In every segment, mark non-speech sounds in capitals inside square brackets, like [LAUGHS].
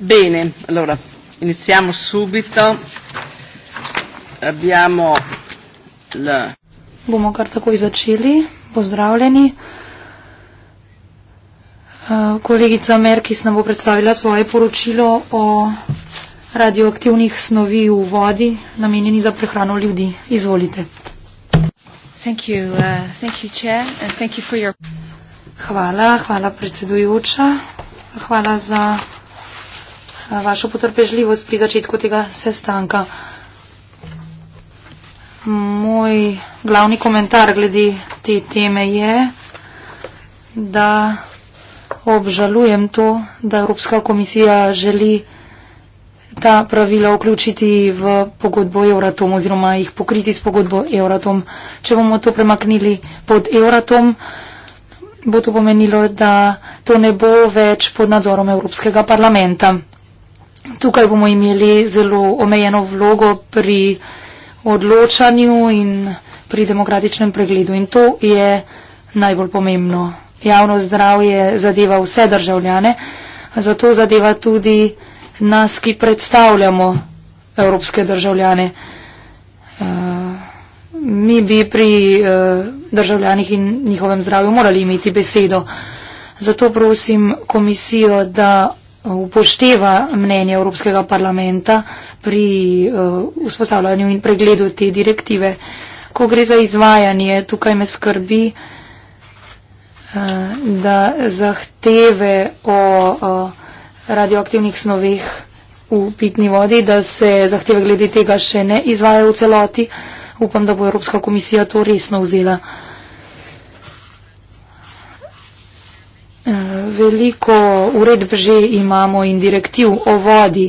Bene, allora iniziamo subito. Abbiamo il. Bomo karta ko začeli, pozdravljeni. Eh, kolegica Merkis nam bo predstavila svoje poročilo o radioaktivnih snovi v vodi, namenjeni za prehrano ljudi. Izvolite. Thank you, uh, thank you, chair, thank you your... Hvala, hvala predsedujoča. Hvala za vašo potrpežljivost pri začetku tega sestanka. Moj glavni komentar glede te teme je, da obžalujem to, da Evropska komisija želi ta pravila vključiti v pogodbo Euratom oziroma jih pokriti s pogodbo Euratom. Če bomo to premaknili pod Euratom, bo to pomenilo, da to ne bo več pod nadzorom Evropskega parlamenta. Tukaj bomo imeli zelo omejeno vlogo pri odločanju in pri demokratičnem pregledu. In to je najbolj pomembno. Javno zdravje zadeva vse državljane, zato zadeva tudi nas, ki predstavljamo evropske državljane. Uh, mi bi pri uh, državljanih in njihovem zdravju morali imeti besedo. Zato prosim komisijo, da upošteva mnenje Evropskega parlamenta pri eh, vzpostavljanju in pregledu te direktive. Ko gre za izvajanje, tukaj me skrbi, eh, da zahteve o eh, radioaktivnih snoveh v pitni vodi, da se zahteve glede tega še ne izvajajo v celoti. Upam, da bo Evropska komisija to resno vzela. veliko uredb že imamo in direktiv o vodi.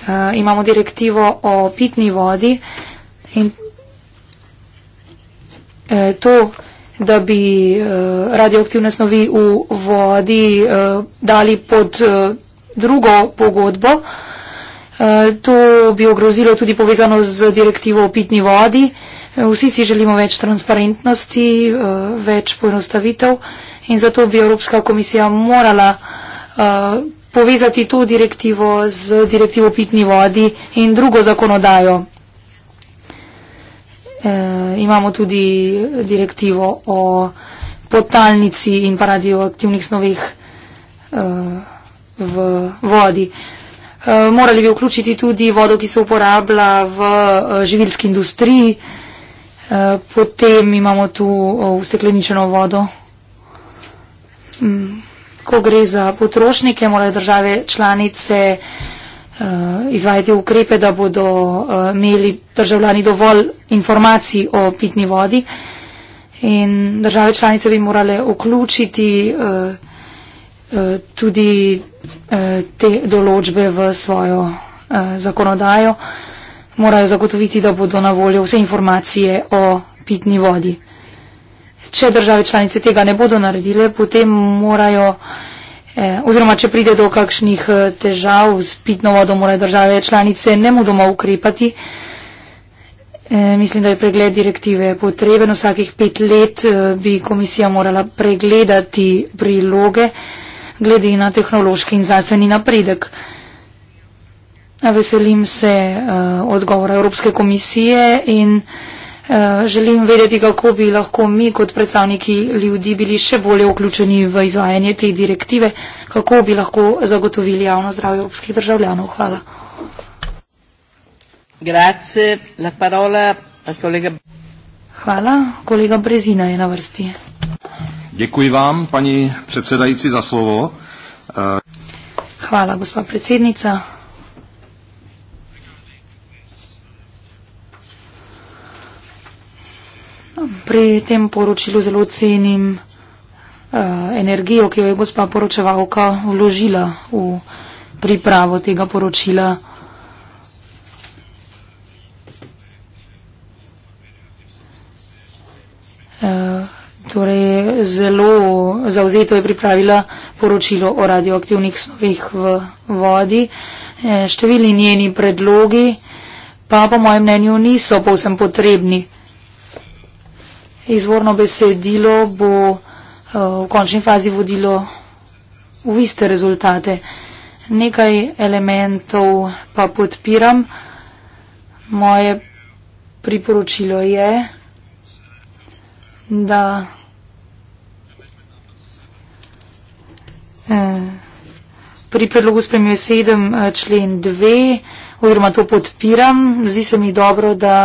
Uh, imamo direktivo o pitni vodi in eh, to, da bi eh, radioaktivne snovi v vodi eh, dali pod eh, drugo pogodbo, eh, to bi ogrozilo tudi povezano z direktivo o pitni vodi. E, vsi si želimo več transparentnosti, eh, več poenostavitev. Eh, in zato bi Evropska komisija morala uh, povezati to direktivo z direktivo pitni vodi in drugo zakonodajo. E, imamo tudi direktivo o potalnici in pa radioaktivnih snoveh e, v vodi. E, morali bi vključiti tudi vodo, ki se uporablja v živilski industriji, e, potem imamo tu ustekleničeno vodo. Mm. ko gre za potrošnike, morajo države članice eh, izvajati ukrepe, da bodo eh, imeli državljani dovolj informacij o pitni vodi in države članice bi morale vključiti eh, tudi te določbe v svojo zakonodajo, morajo zagotoviti, da bodo na voljo vse informacije o pitni vodi. Če države članice tega ne bodo naredile, potem morajo, eh, oziroma če pride do kakšnih eh, težav s pitno vodo, morajo države članice ne mudoma ukrepati. Eh, mislim, da je pregled direktive potreben. Vsakih pet let eh, bi komisija morala pregledati priloge glede na tehnološki in zdravstveni napredek. Veselim se odgovora Evropske komisije in. Eh, želim vedeti, kako bi lahko mi kot predstavniki ljudi bili še bolje vključeni v izvajanje te direktive, kako bi lahko zagotovili javno zdravje evropskih državljanov. Hvala. Grazie, la parola al collega. Hvala, kolega Brezina je na vrsti. Děkuji vám, paní předsedající, za slovo. Eh, Hvala, gospa predsednica. pri tem poročilu zelo cenim uh, energijo, ki jo je gospa poročevalka vložila v pripravo tega poročila. Eh, torej, zelo zauzeto je pripravila poročilo o radioaktivnih snovih v vodi. Eh, številni njeni predlogi pa po mojem mnenju niso povsem potrebni izvorno besedilo bo eh, v končni fazi vodilo v iste rezultate. Nekaj elementov pa podpiram. Moje priporočilo je, da eh, pri predlogu spremljajo 7 eh, člen 2, oziroma to podpiram. Zdi se mi dobro, da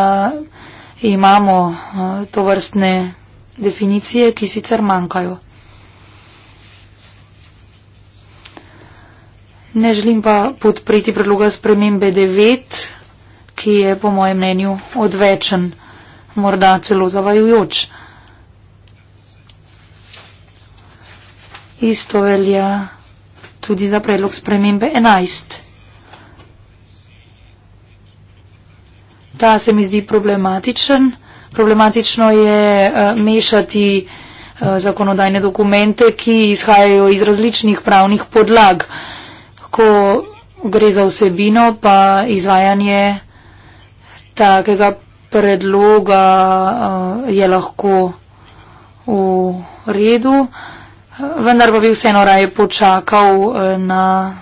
imamo eh, to vrstne definicije, ki sicer manjkajo. Ne želim pa podpreti predloga spremembe 9, ki je po mojem mnenju odvečen, morda celo zavajujoč. Isto velja tudi za predlog spremembe 11. Ta se mi zdi problematičen. Problematično je eh, mešati eh, zakonodajne dokumente, ki izhajajo iz različnih pravnih podlag. Ko gre za vsebino, pa izvajanje takega predloga eh, je lahko v redu, vendar pa bi vseeno raje počakal na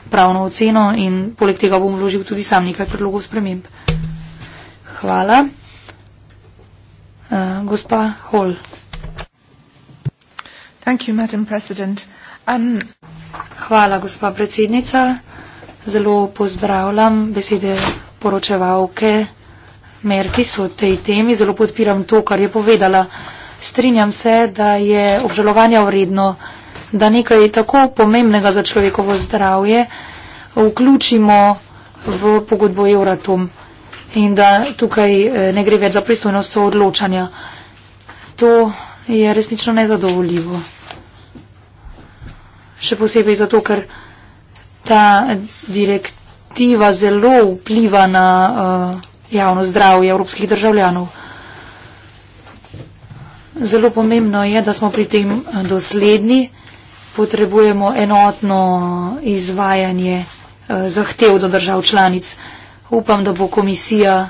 pravno oceno in poleg tega bom vložil tudi sam nekaj predlogov sprememb. Hvala. Uh, gospa Hall. Thank you, Madam President. Um, Hvala, gospa predsednica. Zelo pozdravljam besede poročevalke Merkis o tej temi. Zelo podpiram to, kar je povedala. Strinjam se, da je obžalovanja vredno, da nekaj tako pomembnega za človekovo zdravje vključimo v pogodbo Euratom in da tukaj eh, ne gre več za pristojnost soodločanja. To je resnično nezadovoljivo. Še posebej zato, ker ta direktiva zelo vpliva na uh, javno zdravje evropskih državljanov. Zelo pomembno je, da smo pri tem eh, dosledni, potrebujemo enotno izvajanje uh, zahtev do držav članic. Uh, upam, da bo komisija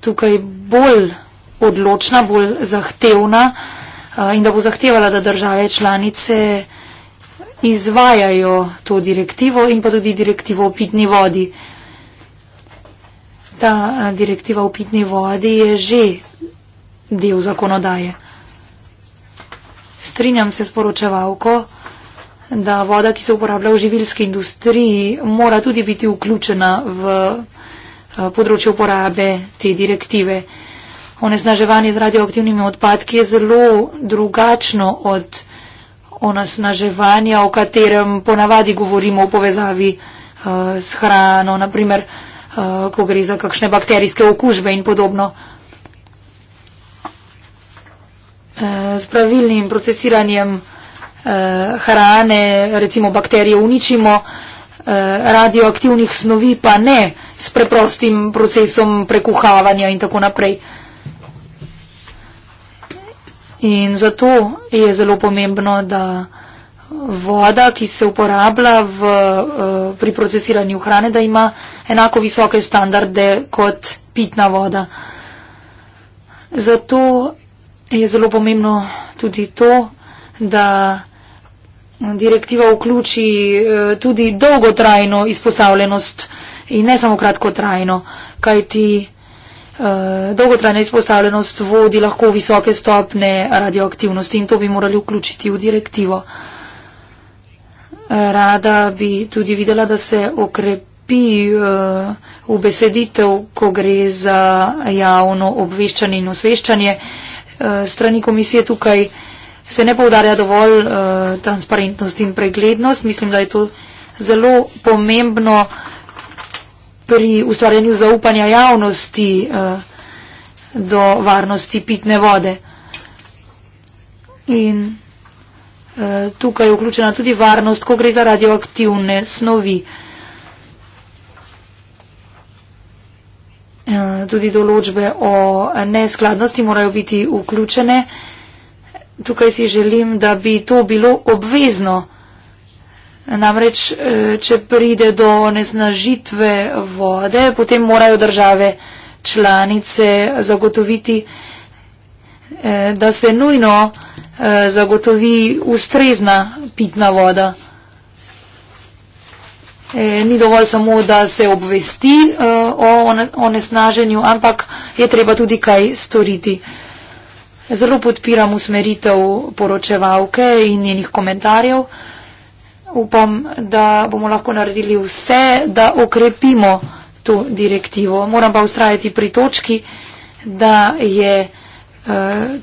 tukaj bolj odločna, bolj zahtevna eh, in da bo zahtevala, da države članice izvajajo to direktivo in pa tudi direktivo o pitni vodi. Ta eh, direktiva o pitni vodi je že del zakonodaje. Strinjam se s poročevalko, da voda, ki se uporablja v živilski industriji, mora tudi biti vključena v. Eh, področju uporabe te direktive. Onesnaževanje z radioaktivnimi odpadki je zelo drugačno od onesnaževanja, o katerem ponavadi govorimo v povezavi uh, s hrano, naprimer, uh, eh, ko gre za kakšne bakterijske okužbe in podobno. S pravilnim procesiranjem eh, hrane, recimo bakterije, uničimo eh, Eh, radioaktivnih snovi, pa ne s preprostim procesom prekuhavanja in tako naprej. In zato je zelo pomembno, da voda, ki se uporablja v, eh, pri procesiranju hrane, da ima enako visoke standarde kot pitna voda. Zato je zelo pomembno tudi to, da direktiva vključi eh, tudi dolgotrajno izpostavljenost in ne samo kratkotrajno, kaj ti eh, dolgotrajna izpostavljenost vodi lahko visoke stopne radioaktivnosti in to bi morali vključiti v direktivo. Eh, rada bi tudi videla, da se okrepi v beseditev, ko gre za javno obveščanje in osveščanje. Strani komisije tukaj vsega, se ne povdarja dovolj uh, transparentnost in preglednost. Mislim, da je to zelo pomembno pri ustvarjanju zaupanja javnosti uh, do varnosti pitne vode. In uh, tukaj je vključena tudi varnost, ko gre za radioaktivne snovi. Tudi določbe o neskladnosti morajo biti vključene. Uh, tukaj si želim, da bi to bilo obvezno. Namreč, eh, če pride do nesnažitve vode, potem morajo države članice zagotoviti, eh, da se nujno eh, zagotovi ustrezna pitna voda. Ni dovolj samo, da se obvesti o nesnaženju, ampak je treba tudi kaj storiti. Zelo podpiram usmeritev poročevalke in njenih komentarjev. Upam, da bomo lahko naredili vse, da okrepimo to direktivo. Moram pa ustrajati pri točki, da je eh,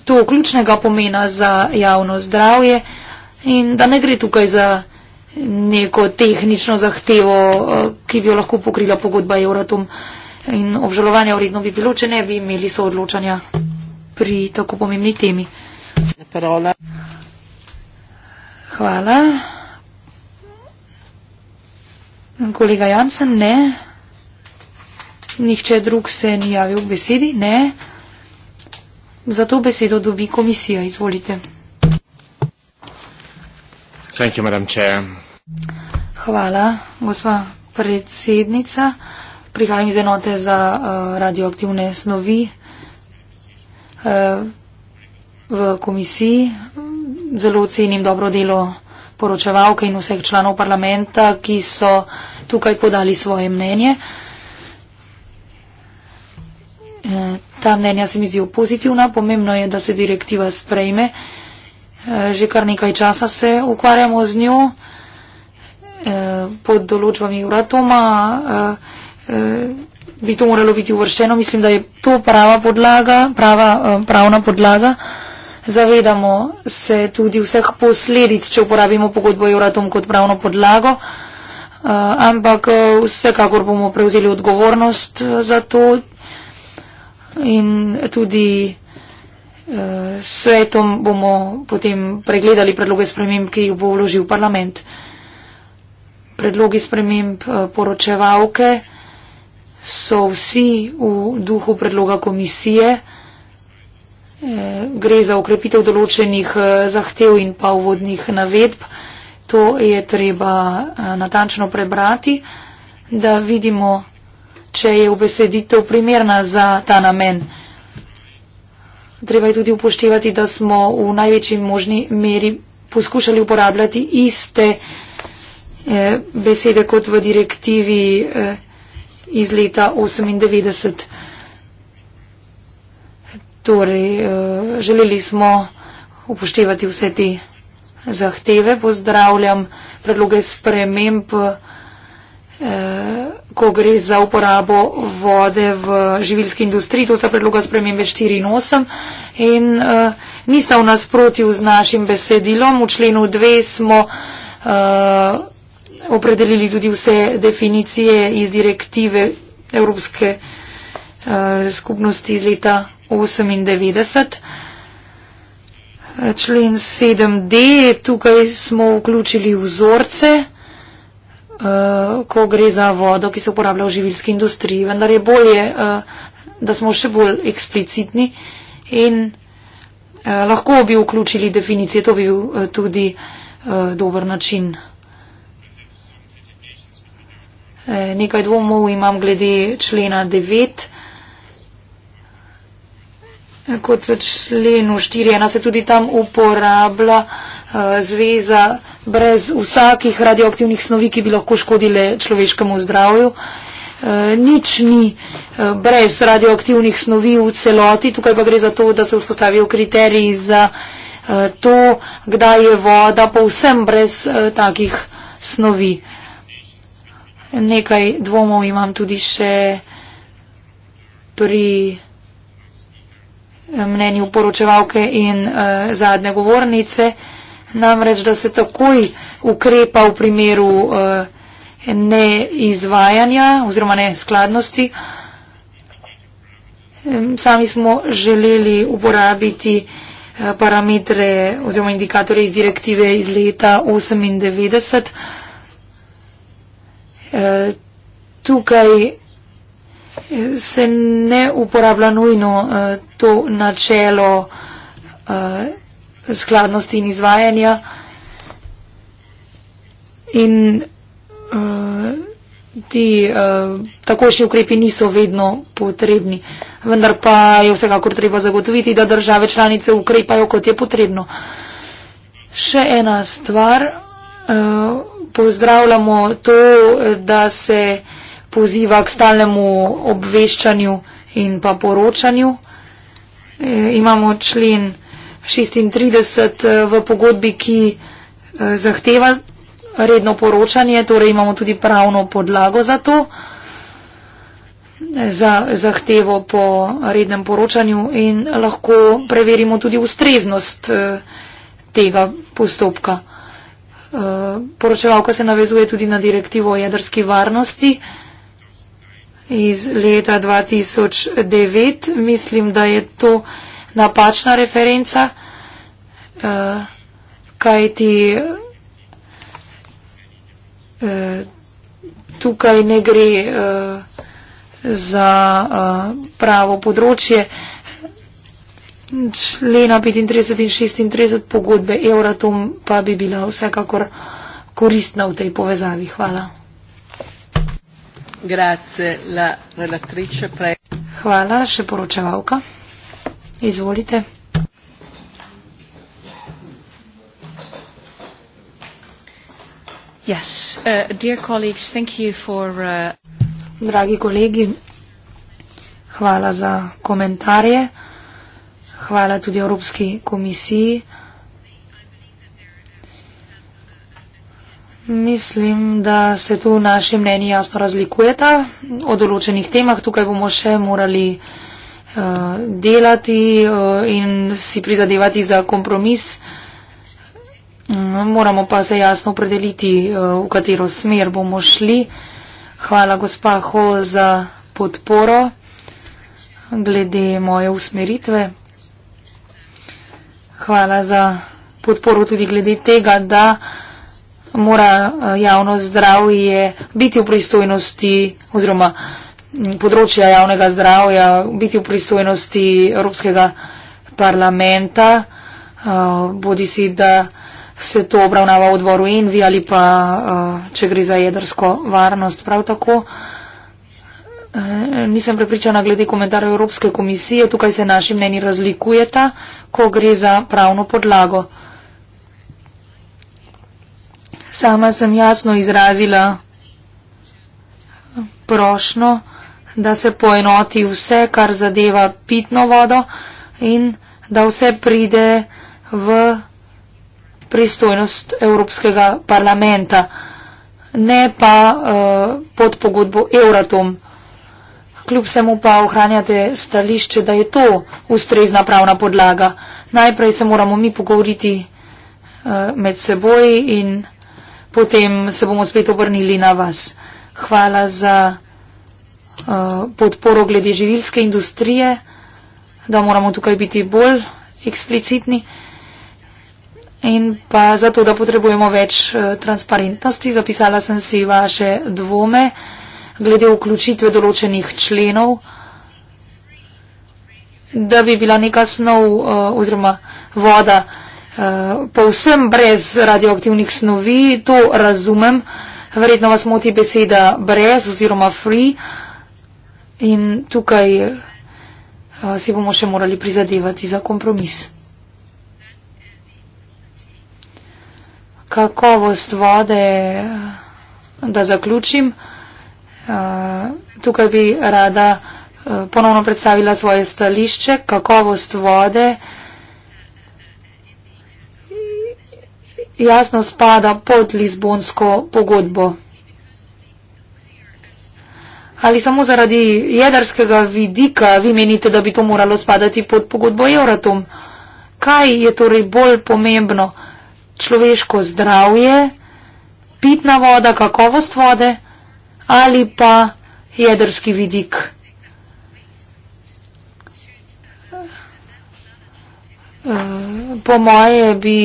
to ključnega pomena za javno zdravje in da ne gre tukaj za neko tehnično zahtevo, eh, ki bi jo lahko pokrila pogodba Euratom. In obžalovanja vredno bi bilo, če ne bi imeli soodločanja pri tako pomembni temi. Hvala. Kolega Jansen, ne. Nihče drug se ni javil v besedi, ne. Za to besedo dobi komisija, izvolite. Thank you, madam chair. Hvala, gospa predsednica. Prihajam iz enote za uh, radioaktivne snovi, v komisiji. Zelo cenim dobro delo poročevalke in vseh članov parlamenta, ki so tukaj podali svoje mnenje. E, ta mnenja se mi zdijo pozitivna. Pomembno je, da se direktiva sprejme. E, že kar nekaj časa se ukvarjamo z njo e, pod določbami uratoma bi to moralo biti uvrščeno. Mislim, da je to prava podlaga, prava, eh, pravna podlaga. Zavedamo se tudi vseh posledic, če uporabimo pogodbo Euratom kot pravno podlago, eh, ampak eh, vsekakor bomo prevzeli odgovornost za to in tudi svetom bomo potem pregledali predloge sprememb, ki jih bo vložil parlament. Predlogi sprememb poročevalke so vsi v duhu predloga komisije. Eh, gre za ukrepitev določenih eh, zahtev in pa uvodnih navedb. To je treba eh, natančno prebrati, da vidimo, če je ubeseditev primerna za ta namen. Treba je tudi upoštevati, da smo v največji možni meri poskušali uporabljati iste besede kot v direktivi iz leta 1998. Torej, eh, želeli smo upoštevati vse te zahteve. Pozdravljam predloge sprememb, eh, ko gre za uporabo vode v živilski industriji. To sta predloga spremembe 4 in 8. In eh, nista v nasprotju z našim besedilom. V členu 2 smo opredelili tudi vse definicije iz direktive Evropske uh, skupnosti iz leta 98. Člen 7D, tukaj smo vključili vzorce, uh, ko gre za vodo, ki se uporablja v živilski industriji, vendar je bolje, uh, da smo še bolj eksplicitni in uh, lahko bi vključili definicije, to bi bil uh, tudi uh, dober način. Eh, nekaj dvomov imam glede člena 9. Eh, kot v členu 4.1 se tudi tam uporablja eh, zveza brez vsakih radioaktivnih snovi, ki bi lahko škodile človeškemu zdravju. Nič ni brez radioaktivnih snovi v celoti, tukaj pa gre za to, da se vzpostavijo kriteriji za to, kdaj je voda povsem brez takih snovi nekaj dvomov imam tudi še pri eh, mnenju poročevalke in uh, zadnje govornice, namreč, da se takoj ukrepa v primeru uh, neizvajanja oziroma neskladnosti. Sami smo želeli uporabiti parametre oziroma indikatore iz direktive iz leta 1998. Eh, tukaj se ne uporablja nujno eh, to načelo eh, skladnosti in izvajanja in ti takošnji ukrepi niso vedno potrebni. Vendar pa je vsekakor treba zagotoviti, da države članice ukrepajo, kot je potrebno. Še ena stvar, pozdravljamo to, da se poziva k stalnemu obveščanju in pa poročanju. E, imamo člen 36 e, v pogodbi, ki e, zahteva redno poročanje, torej imamo tudi pravno podlago za to, za zahtevo po rednem poročanju in lahko preverimo tudi ustreznost tega postopka. Eh, poročevalka se navezuje tudi na direktivo o jedrski varnosti iz leta 2009. Mislim, da je to napačna referenca, eh, kaj ti eh, tukaj ne gre za pravo področje člena 35 in 36 pogodbe Euratom pa bi bila vsekakor koristna v tej povezavi. Hvala. Grazie, la relatrice pre... Hvala, še poročevalka. Izvolite. Yes, uh, dear colleagues, thank you for, uh... Dragi kolegi, hvala za komentarje. Hvala tudi Evropski komisiji. Mislim, da se tu naše mnenje jasno razlikujeta o določenih temah. Tukaj bomo še morali uh, delati uh, in si prizadevati za kompromis. Mm, moramo pa se jasno opredeliti, uh, v katero smer bomo šli. Hvala gospa Ho za podporo glede moje usmeritve hvala za podporo tudi glede tega, da mora eh, javno zdravje biti v pristojnosti oziroma mm, področja javnega zdravja biti v pristojnosti Evropskega parlamenta, eh, bodi si, da se to obravnava v odboru Envi ali pa eh, če gre za jedrsko varnost prav tako. Eh, nisem prepričana glede komentarja Evropske komisije, tukaj se naši mneni razlikujeta, ko gre za pravno podlago. Sama sem jasno izrazila prošno, da se poenoti vse, kar zadeva pitno vodo in da vse pride v pristojnost Evropskega parlamenta, ne pa uh, pod pogodbo Euratom kljub vsemu pa ohranjate stališče, da je to ustrezna pravna podlaga. Najprej se moramo mi pogovoriti eh, med seboj in potem se bomo spet obrnili na vas. Hvala za eh, podporo glede živilske industrije, da moramo tukaj biti bolj eksplicitni in pa zato, da potrebujemo več eh, transparentnosti. Zapisala sem si vaše dvome glede vključitve določenih členov, da bi bila neka snov eh, oziroma voda eh, povsem brez radioaktivnih snovi, to razumem. Verjetno vas moti beseda brez oziroma free in tukaj eh, si bomo še morali prizadevati za kompromis. Kakovost vode, da zaključim, da zaključim, Eh, tukaj bi rada eh, ponovno predstavila svoje stališče, kakovost vode. Jasno spada pod Lizbonsko pogodbo. Ali samo zaradi jedrskega vidika vi menite, da bi to moralo spadati pod pogodbo Euratom? Kaj je torej bolj pomembno? Človeško zdravje, pitna voda, kakovost vode? ali pa jedrski vidik. Eh, po moje bi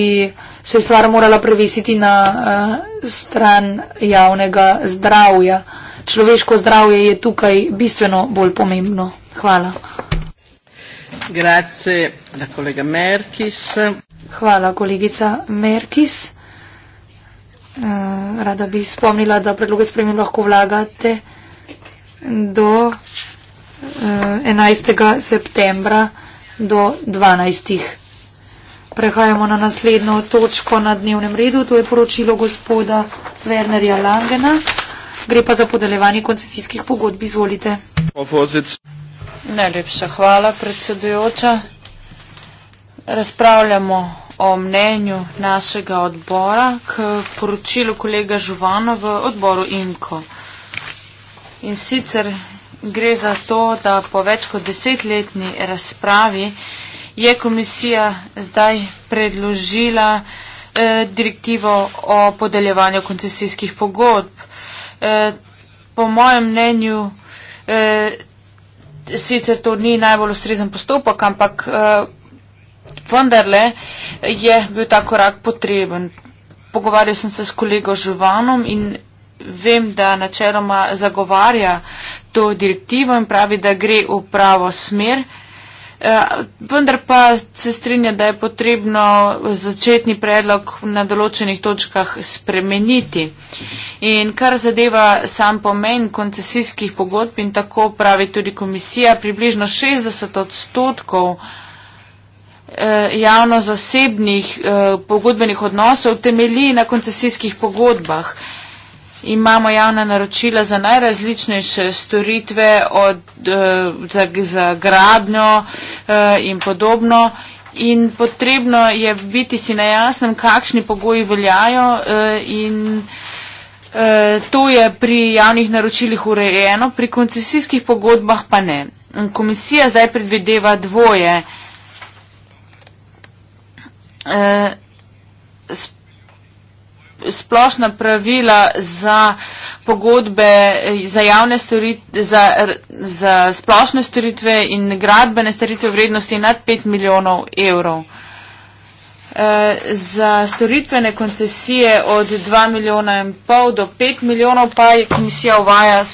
se stvar morala prevesiti na eh, stran javnega zdravja. Človeško zdravje je tukaj bistveno bolj pomembno. Hvala. Grazie, la collega Merkis. Hvala, kolegica Merkis. Eh, rada bi spomnila, da predloge spremem lahko vlagate do 11. Eh, septembra do 12. Prehajamo na naslednjo točko na dnevnem redu, to je poročilo gospoda Wernerja Langena. Gre pa za podelevanje koncesijskih pogodb. Izvolite. Najlepša hvala, predsedujoča. Razpravljamo o mnenju našega odbora k poročilu kolega Žuvana v odboru IMKO. In sicer gre za to, da po več kot desetletni razpravi je komisija zdaj predložila eh, direktivo o podeljevanju koncesijskih pogodb. Eh, po mojem mnenju eh, sicer to ni najbolj ustrezen postopek, ampak eh, vendarle je bil ta korak potreben. Pogovarjal sem se s kolego Žuvanom in vem, da načeloma zagovarja to direktivo in pravi, da gre v pravo smer. Eh, vendar pa se strinja, da je potrebno začetni predlog na določenih točkah spremeniti. In kar zadeva sam pomen koncesijskih pogodb in tako pravi tudi komisija, približno 60 odstotkov uh, Eh, javno-zasebnih eh, pogodbenih odnosov temelji na koncesijskih pogodbah. Imamo javna naročila za najrazličnejše storitve od, eh, za, za gradnjo in podobno. In potrebno je biti si na jasnem, kakšni pogoji veljajo in to je pri javnih naročilih urejeno, pri koncesijskih pogodbah pa ne. Komisija zdaj predvideva dvoje. Eh, splošna pravila za pogodbe eh, za javne storitve, za, za splošne storitve in gradbene storitve vrednosti nad 5 milijonov evrov. E, za storitvene koncesije od 2 milijona in pol do 5 milijonov pa je komisija uvaja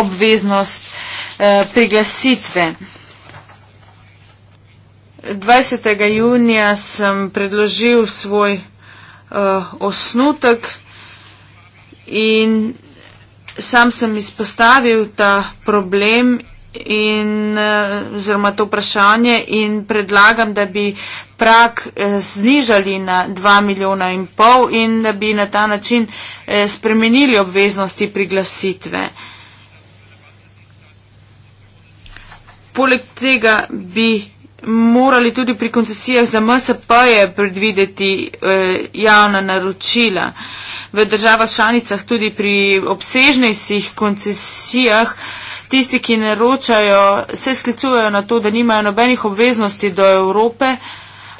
obveznost e, priglasitve. E, 20. junija sem predložil svoj uh, osnutek in sam sem izpostavil ta problem in eh, oziroma to vprašanje in predlagam, da bi prak eh, znižali na 2 milijona in pol in da bi na ta način spremenili obveznosti priglasitve. Poleg tega bi morali tudi pri koncesijah za MSP-je predvideti eh, javna naročila. V državah članicah tudi pri obsežnejših koncesijah tisti, ki naročajo, se sklicujejo na to, da nimajo nobenih obveznosti do Evrope,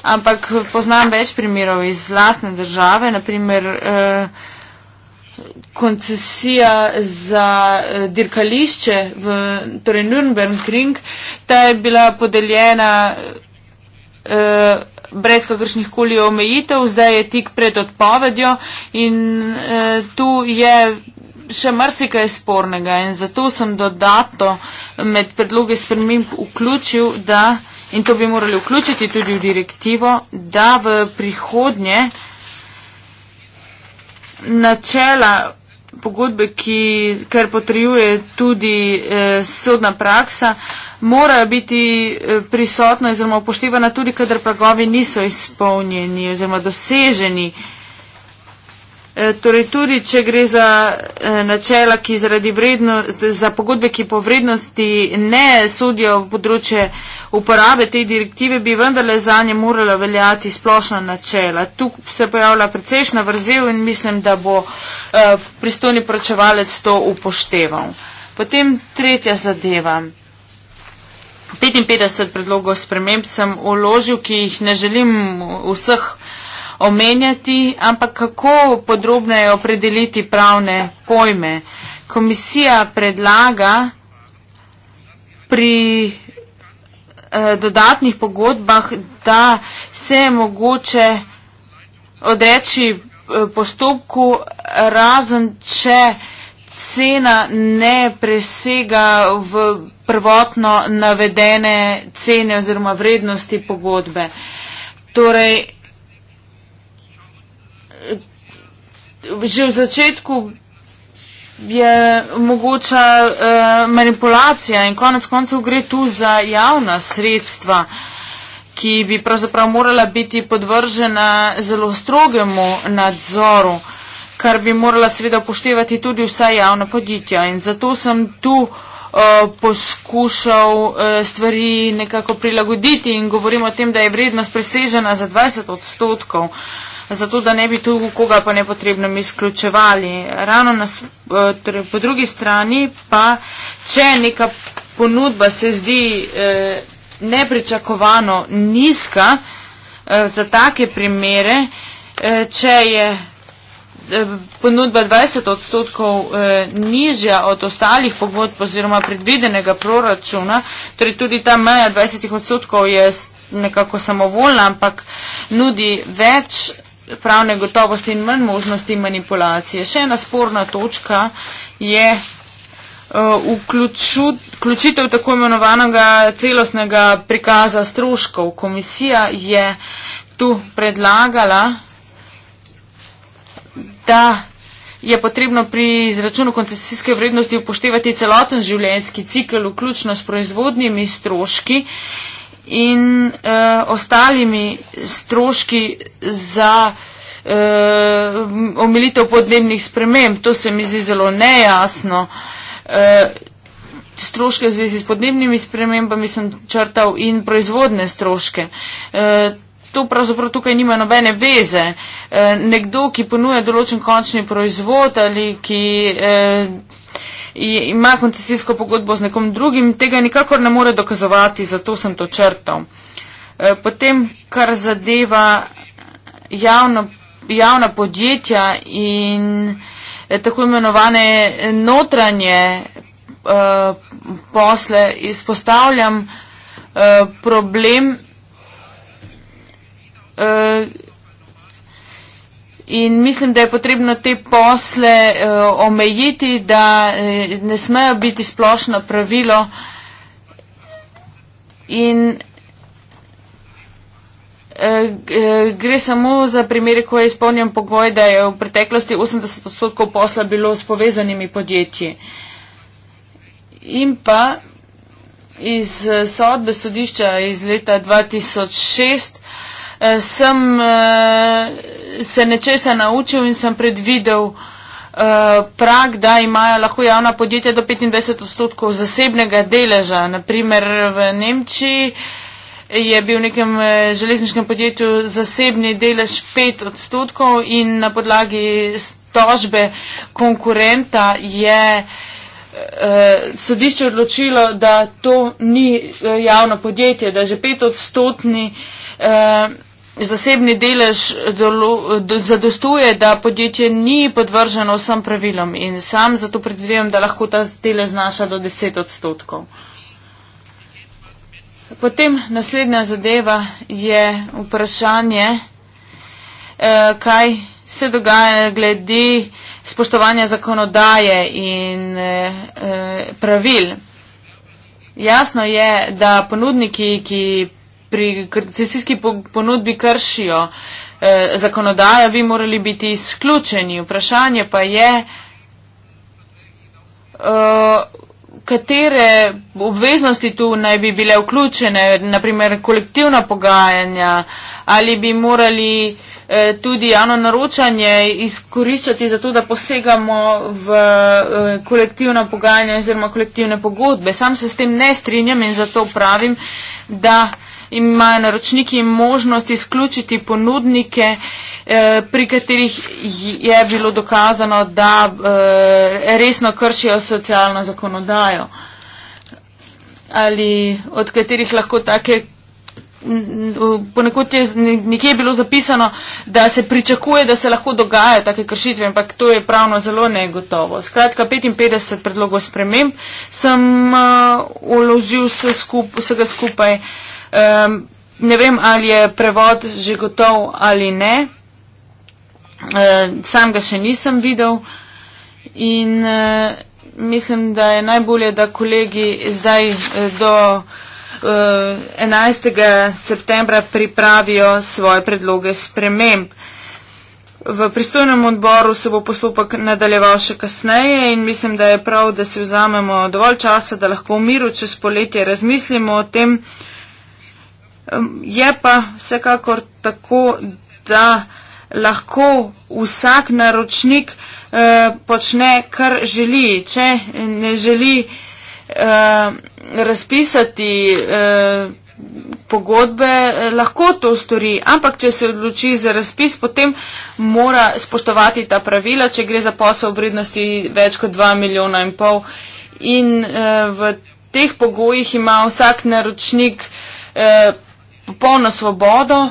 ampak poznam več primerov iz lastne države, naprimer. Eh, koncesija za uh, dirkališče v torej Nürnberg Ring, ta je bila podeljena uh, brez kakršnih koli omejitev, zdaj je tik pred odpovedjo in uh, tu je še marsikaj spornega in zato sem dodato med predloge sprememb vključil, da, in to bi morali vključiti tudi v direktivo, da v prihodnje uh, načela pogodbe, ki, kar potrjuje tudi eh, sodna praksa, morajo biti eh, prisotna oziroma upoštevana tudi, kadar pragovi niso izpolnjeni oziroma doseženi. Eh, E, torej tudi, če gre za e, načela, ki zaradi vrednosti, za pogodbe, ki po vrednosti ne sodijo v področje uporabe te direktive, bi vendarle za nje morala veljati splošna načela. Tu se pojavlja precejšna vrzel in mislim, da bo e, pristojni poročevalec to upošteval. Potem tretja zadeva. 55 predlogov sprememb sem uložil, ki jih ne želim vseh omenjati, ampak kako podrobneje opredeliti pravne pojme. Komisija predlaga pri eh, dodatnih pogodbah, da se je mogoče odreči eh, postopku, razen če cena ne presega v prvotno navedene cene oziroma vrednosti pogodbe. Torej, že v začetku je mogoča uh, manipulacija in konec koncev gre tu za javna sredstva, ki bi pravzaprav morala biti podvržena zelo strogemu nadzoru, kar bi morala seveda upoštevati tudi vsa javna podjetja. In zato sem tu uh, poskušal uh, stvari nekako prilagoditi in govorim o tem, da je vrednost presežena za 20 odstotkov. Uh, zato da ne bi tu koga pa nepotrebno mi izključevali. Ravno na, eh, torej, po drugi strani pa, če neka ponudba se zdi eh, nepričakovano nizka eh, za take primere, eh, če je eh, ponudba 20 odstotkov eh, nižja od ostalih pogodb oziroma predvidenega proračuna, torej tudi ta meja 20 odstotkov je nekako samovoljna, ampak nudi več pravne gotovosti in manj možnosti manipulacije. Še ena sporna točka je uh, vključitev tako imenovanega celostnega prikaza stroškov. Komisija je tu predlagala, da je potrebno pri izračunu koncesijske vrednosti upoštevati celoten življenjski cikl, vključno s proizvodnimi stroški. Uh, in e, ostalimi stroški za e, omilitev podnebnih sprememb. To se mi zdi zelo nejasno. E, stroške v zvezi s podnebnimi spremembami sem črtal in proizvodne stroške. E, to pravzaprav tukaj nima nobene veze. E, nekdo, ki ponuje določen končni proizvod ali ki. E, ima koncesijsko pogodbo z nekom drugim, tega nikakor ne more dokazovati, zato sem to črtal. E, potem, kar zadeva javno, javna podjetja in e, tako imenovane e, notranje posle, izpostavljam problem In mislim, da je potrebno te posle uh, omejiti, da uh, ne smejo biti splošno pravilo. In uh, gre samo za primere, ko je izpolnjen pogoj, da je v preteklosti 80 odstotkov posla bilo s povezanimi podjetji. In pa iz sodbe sodišča iz leta 2006 eh, sem eh, se nečesa naučil in sem predvidel eh, prag, da imajo lahko javna podjetja do 25 odstotkov zasebnega deleža. Naprimer v Nemčiji je bil v nekem eh, železniškem podjetju zasebni delež 5 odstotkov in na podlagi tožbe konkurenta je eh, sodišče odločilo, da to ni eh, javno podjetje, da že 5 odstotni eh, zasebni delež dolo, do, zadostuje, da podjetje ni podvrženo vsem pravilom in sam zato predvidevam, da lahko ta delež znaša do 10 odstotkov. Potem naslednja zadeva je vprašanje, eh, kaj se dogaja glede spoštovanja zakonodaje in eh, eh pravil. Jasno je, da ponudniki, ki pri koncesijski ponudbi kršijo eh, zakonodajo, bi morali biti izključeni. Vprašanje pa je, eh, katere obveznosti tu naj bi bile vključene, naprimer kolektivna pogajanja ali bi morali eh, tudi javno naročanje izkoriščati za to, da posegamo v eh, kolektivna pogajanja oziroma kolektivne pogodbe. Sam se s tem ne strinjam in zato pravim, da eh, imajo naročniki možnost izključiti ponudnike, eh, pri katerih je bilo dokazano, da eh, resno kršijo socialno zakonodajo ali od katerih lahko take ponekod je nekje bilo zapisano, da se pričakuje, da se lahko dogajajo take kršitve, ampak to je pravno zelo negotovo. Skratka, 55 predlogov sprememb sem uh, uložil vse skup, vsega skupaj uh, Um, ne vem, ali je prevod že gotov ali ne. Uh, sam ga še nisem videl in uh, mislim, da je najbolje, da kolegi zdaj uh, do uh, eh, 11. septembra pripravijo svoje predloge sprememb. V pristojnem odboru se bo postopek nadaljeval še kasneje in mislim, da je prav, da si vzamemo dovolj časa, da lahko v miru čez poletje razmislimo o tem, uh, Je pa vsekakor tako, da lahko vsak naročnik eh, počne, kar želi. Če ne želi eh, razpisati eh, pogodbe, lahko to stori, ampak če se odloči za razpis, potem mora spoštovati ta pravila, če gre za posel vrednosti več kot 2 milijona in pol. In v teh pogojih ima vsak naročnik popolno svobodo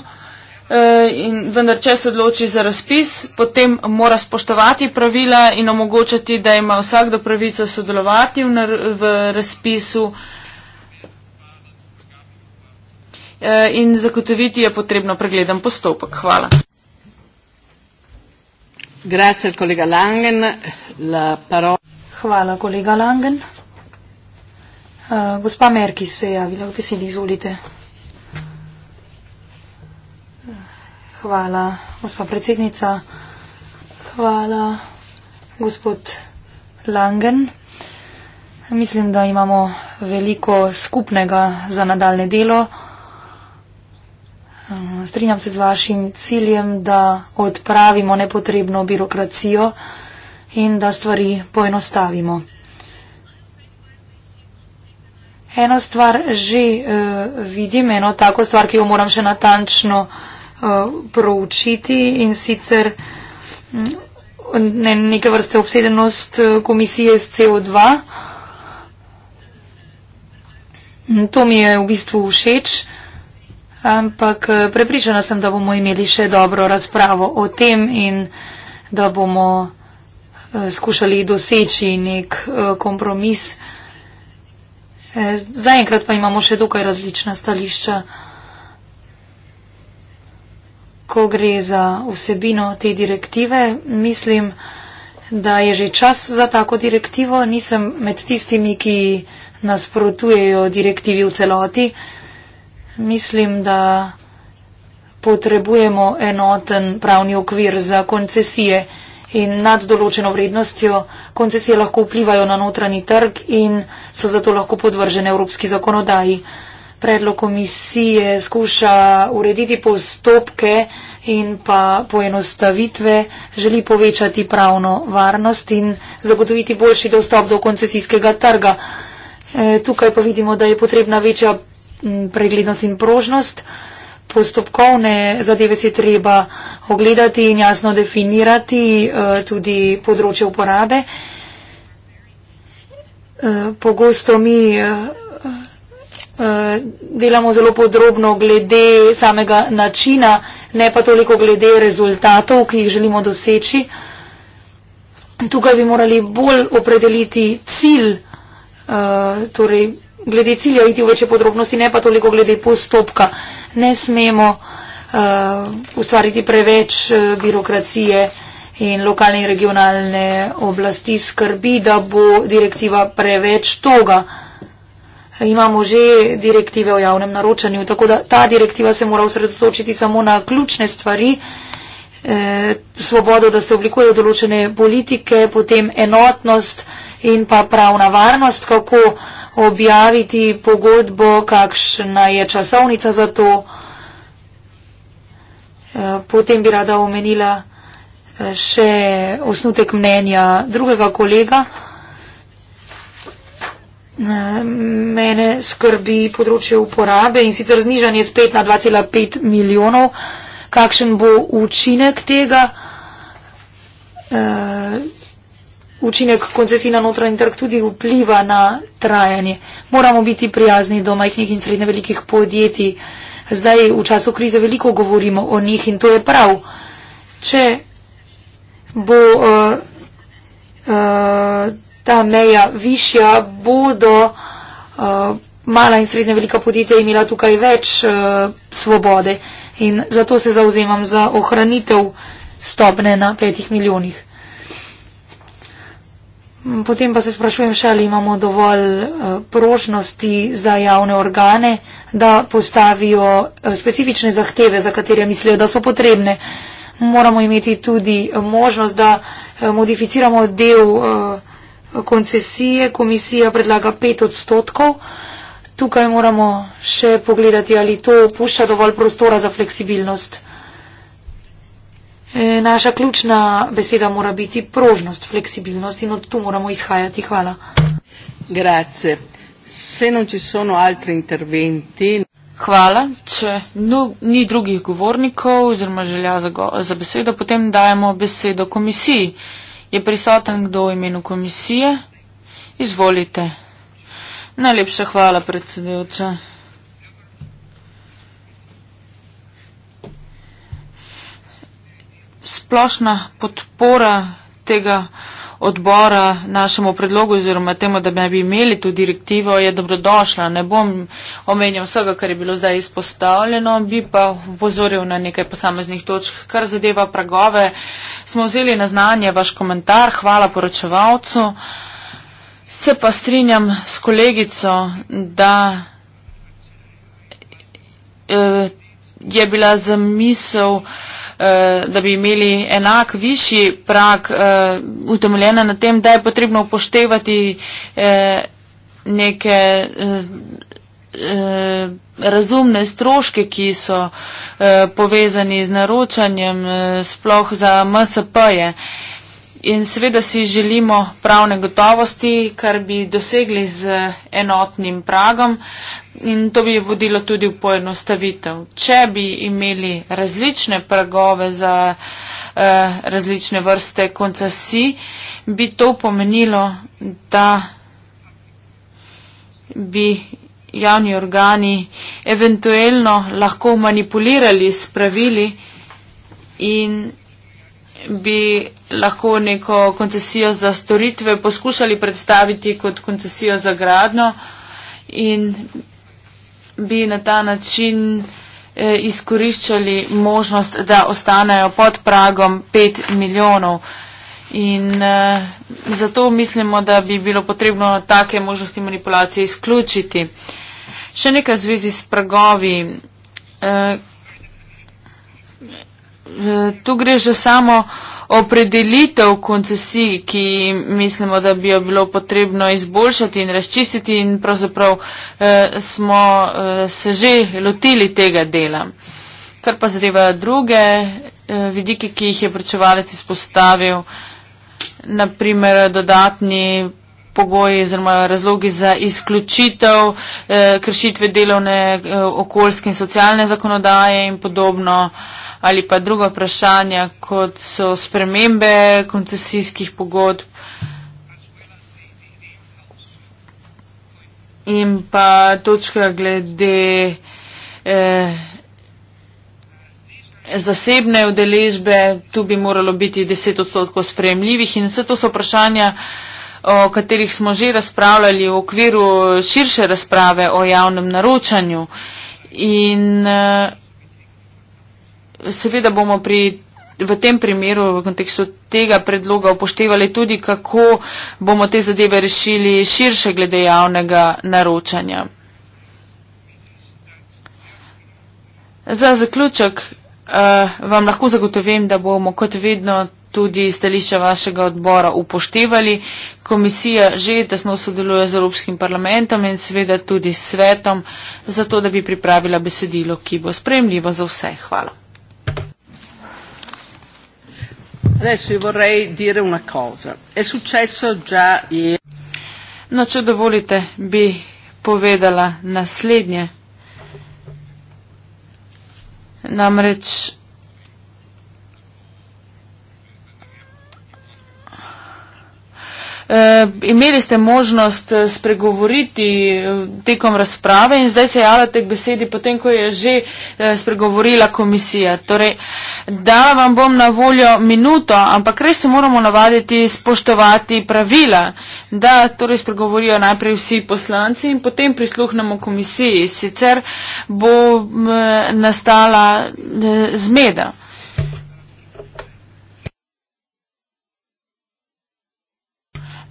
eh, in vendar, če se odloči za razpis, potem mora spoštovati pravila in omogočati, da ima vsakdo pravico sodelovati v, v razpisu eh, in zakotoviti je potrebno pregleden postopek. Hvala. Grazie, kolega Langen. La paro... Hvala, kolega Langen. Uh, gospa Merki se je javila v besedi, izvolite. Hvala, gospa predsednica. Hvala, gospod Langen. Mislim, da imamo veliko skupnega za nadaljne delo. Ehm, strinjam se z vašim ciljem, da odpravimo nepotrebno birokracijo in da stvari poenostavimo. Eno stvar že uh, vidim, eno tako stvar, ki jo moram še natančno. Eh, proučiti in sicer mm, ne, neke vrste obsedenost eh, komisije s CO2. Mm, to mi je v bistvu všeč, ampak eh, prepričana sem, da bomo imeli še dobro razpravo o tem in da bomo skušali doseči nek kompromis. Zaenkrat pa imamo še dokaj različna stališča ko gre za vsebino te direktive. Mislim, da je že čas za tako direktivo. Nisem med tistimi, ki nasprotujejo direktivi v celoti. Mislim, da potrebujemo enoten pravni okvir za koncesije in nad določeno vrednostjo koncesije lahko vplivajo na notranji trg in so zato lahko podvržene evropski zakonodaji predlog komisije skuša urediti postopke in pa poenostavitve, želi povečati pravno varnost in zagotoviti boljši dostop do koncesijskega trga. E, tukaj pa vidimo, da je potrebna večja preglednost in prožnost. Postopkovne zadeve se treba ogledati in jasno definirati e, tudi področje uporabe. E, pogosto mi. E, Eh, delamo zelo podrobno glede samega načina, ne pa toliko glede rezultatov, ki jih želimo doseči. Tukaj bi morali bolj opredeliti cilj, eh, torej glede cilja iti v večje podrobnosti, ne pa toliko glede postopka. Ne smemo eh, ustvariti preveč birokracije in lokalne in regionalne oblasti skrbi, da bo direktiva preveč toga imamo že direktive o javnem naročanju, tako da ta direktiva se mora usredotočiti samo na ključne stvari, eh, svobodo, da se oblikujejo določene politike, potem enotnost in pa pravna varnost, kako objaviti pogodbo, kakšna je časovnica za to. Eh, potem bi rada omenila eh, še osnutek mnenja drugega kolega mene skrbi področje uporabe in sicer znižanje z 5 na 2,5 milijonov. Kakšen bo učinek tega? Uh, učinek koncesij na notranji trg tudi vpliva na trajanje. Moramo biti prijazni do majhnih in srednje velikih podjetij. Zdaj v času krize veliko govorimo o njih in to je prav. Če bo uh, uh, ta meja višja, bodo uh, mala in srednja velika podjetja imela tukaj več uh, svobode in zato se zauzemam za ohranitev stopne na petih milijonih. Mm, potem pa se sprašujem še, ali imamo dovolj eh, prožnosti za javne organe, da postavijo specifične zahteve, za katere mislijo, da so potrebne. Moramo imeti tudi možnost, da modificiramo del koncesije komisija predlaga 5 odstotkov. Tukaj moramo še pogledati, ali to pušča dovolj prostora za fleksibilnost. E, naša ključna beseda mora biti prožnost, fleksibilnost in od tu moramo izhajati. Hvala. Grazie. Se non ci sono altri interventi. Hvala. Če no, ni drugih govornikov oziroma želja za, go, za besedo, potem dajemo besedo komisiji. Je prisoten kdo v imenu komisije? Izvolite. Najlepša hvala, predsedevča. Splošna podpora tega odbora našemu predlogu oziroma temu, da bi imeli to direktivo, je dobrodošla. Ne bom omenjal vsega, kar je bilo zdaj izpostavljeno, bi pa upozoril na nekaj posameznih točk. Kar zadeva pragove, smo vzeli na znanje vaš komentar, hvala poročevalcu. Se pa strinjam s kolegico, da. Eh, je bila zamisel, eh, da bi imeli enak višji prak eh, utemeljena na tem, da je potrebno upoštevati eh, neke razumne stroške, ki so povezani z naročanjem sploh za MSP-je. In seveda si želimo pravne gotovosti, kar bi dosegli z enotnim pragom in to bi vodilo tudi v poenostavitev. Če bi imeli različne pragove za eh, različne vrste koncesi, bi to pomenilo, da bi javni organi eventuelno lahko manipulirali s pravili in bi lahko neko koncesijo za storitve poskušali predstaviti kot koncesijo za gradno in bi na ta način eh, izkoriščali možnost, da ostanejo pod pragom 5 milijonov. In eh, zato mislimo, da bi bilo potrebno take možnosti manipulacije izključiti. Še nekaj v zvezi s pragovi. Eh, Tu gre že samo opredelitev koncesij, ki mislimo, da bi jo bilo potrebno izboljšati in razčistiti in pravzaprav eh, smo eh, se že lotili tega dela. Kar pa zadeva druge eh, vidike, ki jih je pričevalec izpostavil, naprimer dodatni pogoji oziroma razlogi za izključitev eh, kršitve delovne, eh, okoljske in socialne zakonodaje in podobno. Eh, ali pa druga vprašanja, kot so spremembe koncesijskih pogodb. In pa točka glede eh, zasebne udeležbe, tu bi moralo biti 10 odstotkov sprejemljivih in vse to so vprašanja, o katerih smo že razpravljali v okviru širše razprave o javnem naročanju. In, eh, seveda bomo pri, v tem primeru, v kontekstu tega predloga upoštevali tudi, kako bomo te zadeve rešili širše glede javnega naročanja. Za zaključek eh, vam lahko zagotovim, da bomo kot vedno tudi stališče vašega odbora upoštevali. Komisija že tesno sodeluje z Evropskim parlamentom in seveda tudi svetom, zato da bi pripravila besedilo, ki bo spremljivo za vse. Hvala. Adesso io vorrei dire una cosa. È successo già ieri. No, če dovolite, bi povedala naslednje. Namreč E, imeli ste možnost eh, spregovoriti eh, tekom razprave in zdaj se javljate k besedi, potem ko je že spregovorila komisija. Torej, dala vam bom na voljo minuto, ampak res se moramo navaditi spoštovati pravila, da torej spregovorijo najprej vsi poslanci in potem prisluhnemo komisiji. Sicer bo m, nastala m, zmeda.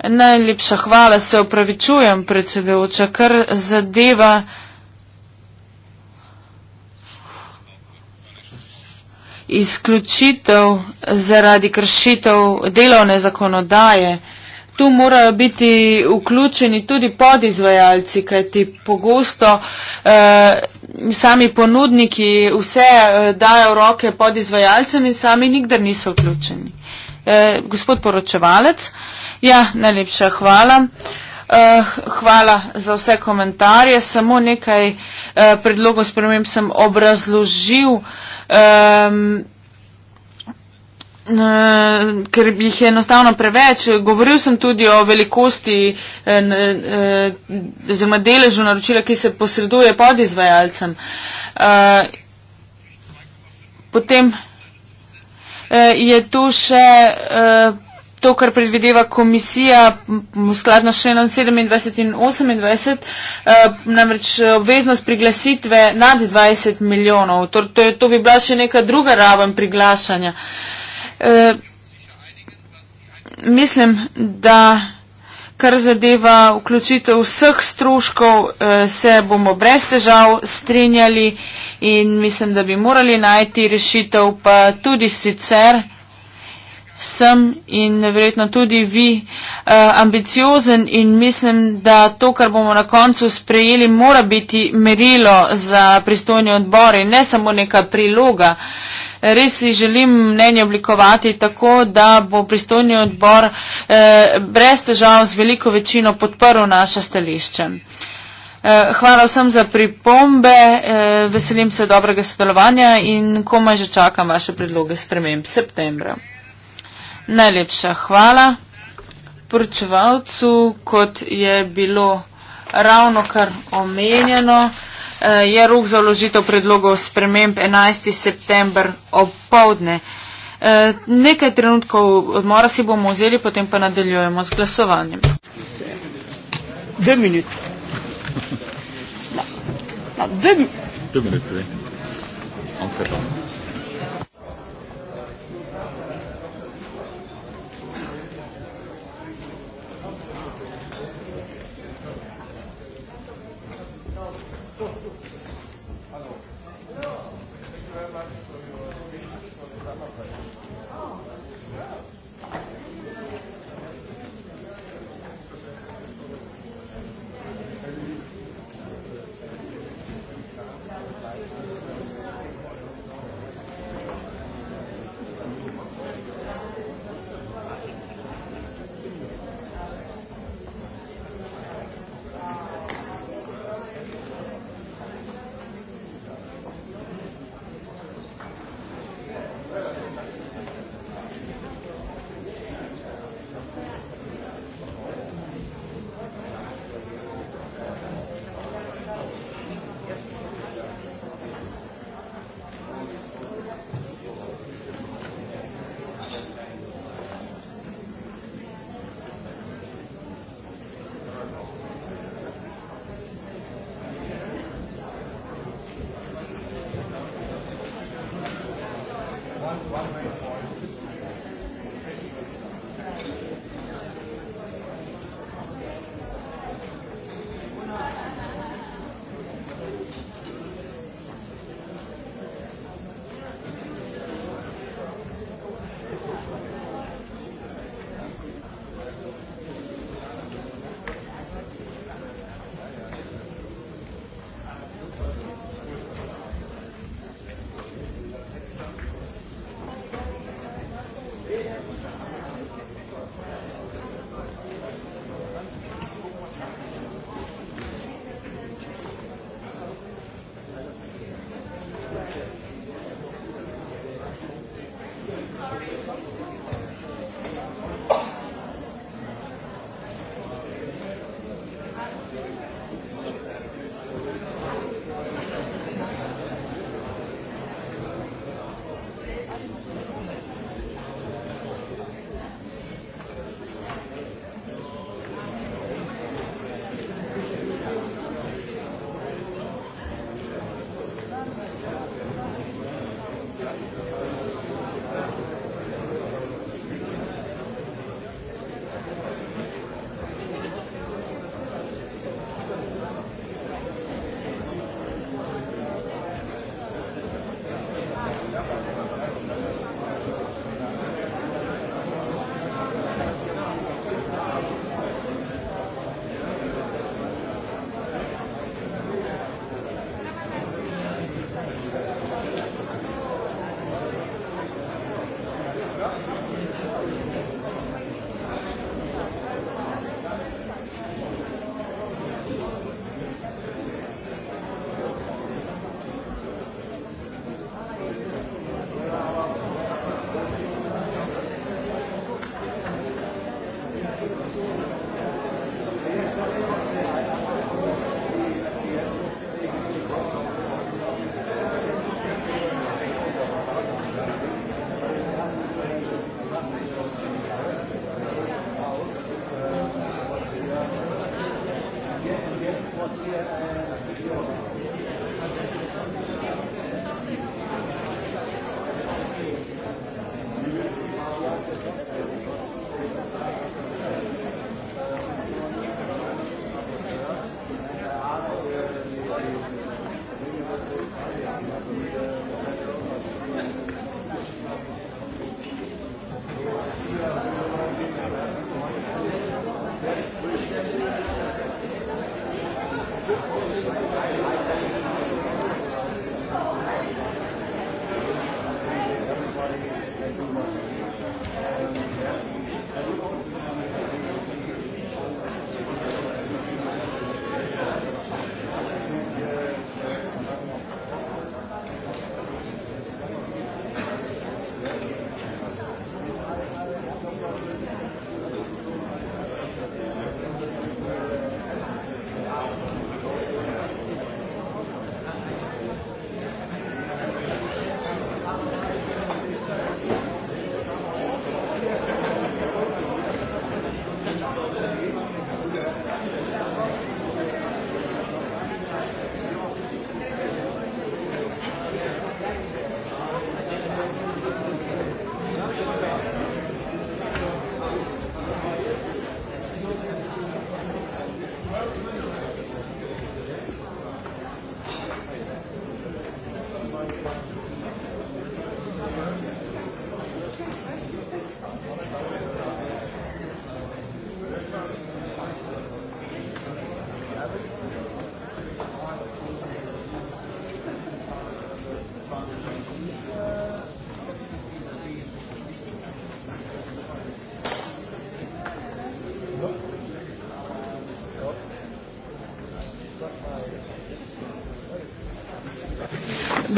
Najlepša hvala, se opravičujem, predsedujoča, kar zadeva. Izključitev zaradi kršitev delovne zakonodaje. Tu morajo biti vključeni tudi podizvajalci, kajti pogosto eh, sami ponudniki vse eh, dajo roke podizvajalcem in sami nikdar niso vključeni. Eh, gospod poročevalec, ja, najlepša hvala. Eh, hvala za vse komentarje. Samo nekaj eh, predlogov sprememb sem obrazložil, eh, eh, ker jih je enostavno preveč. Govoril sem tudi o velikosti eh, eh, deležu naročila, ki se posreduje pod izvajalcem. Eh, potem E, je tu še e, to, kar predvideva komisija skladno še 27 in 28, e, namreč obveznost priglasitve nad 20 milijonov. To, to, je, to bi bila še neka druga raven priglašanja. Mislim, da. Kar zadeva vključitev vseh stroškov, eh, se bomo brez težav strinjali in mislim, da bi morali najti rešitev, pa tudi sicer sem in verjetno tudi vi uh, ambiciozen in mislim, da to, kar bomo na koncu sprejeli, mora biti merilo za pristojni odbor in ne samo neka priloga. Res si želim mnenje oblikovati tako, da bo pristojni odbor eh, brez težav z veliko večino podprl naše stališče. Eh, hvala vsem za pripombe, eh, veselim se dobrega sodelovanja in komaj že čakam vaše predloge sprememb septembra. Najlepša hvala poročevalcu, kot je bilo ravno kar omenjeno. Eh, je rok za vložitev predlogov sprememb 11. september ob povdne. Eh, nekaj trenutkov odmora si bomo vzeli, potem pa nadaljujemo z glasovanjem. Dve minuti. Dve minuti. Dve minuti. On kaj tam.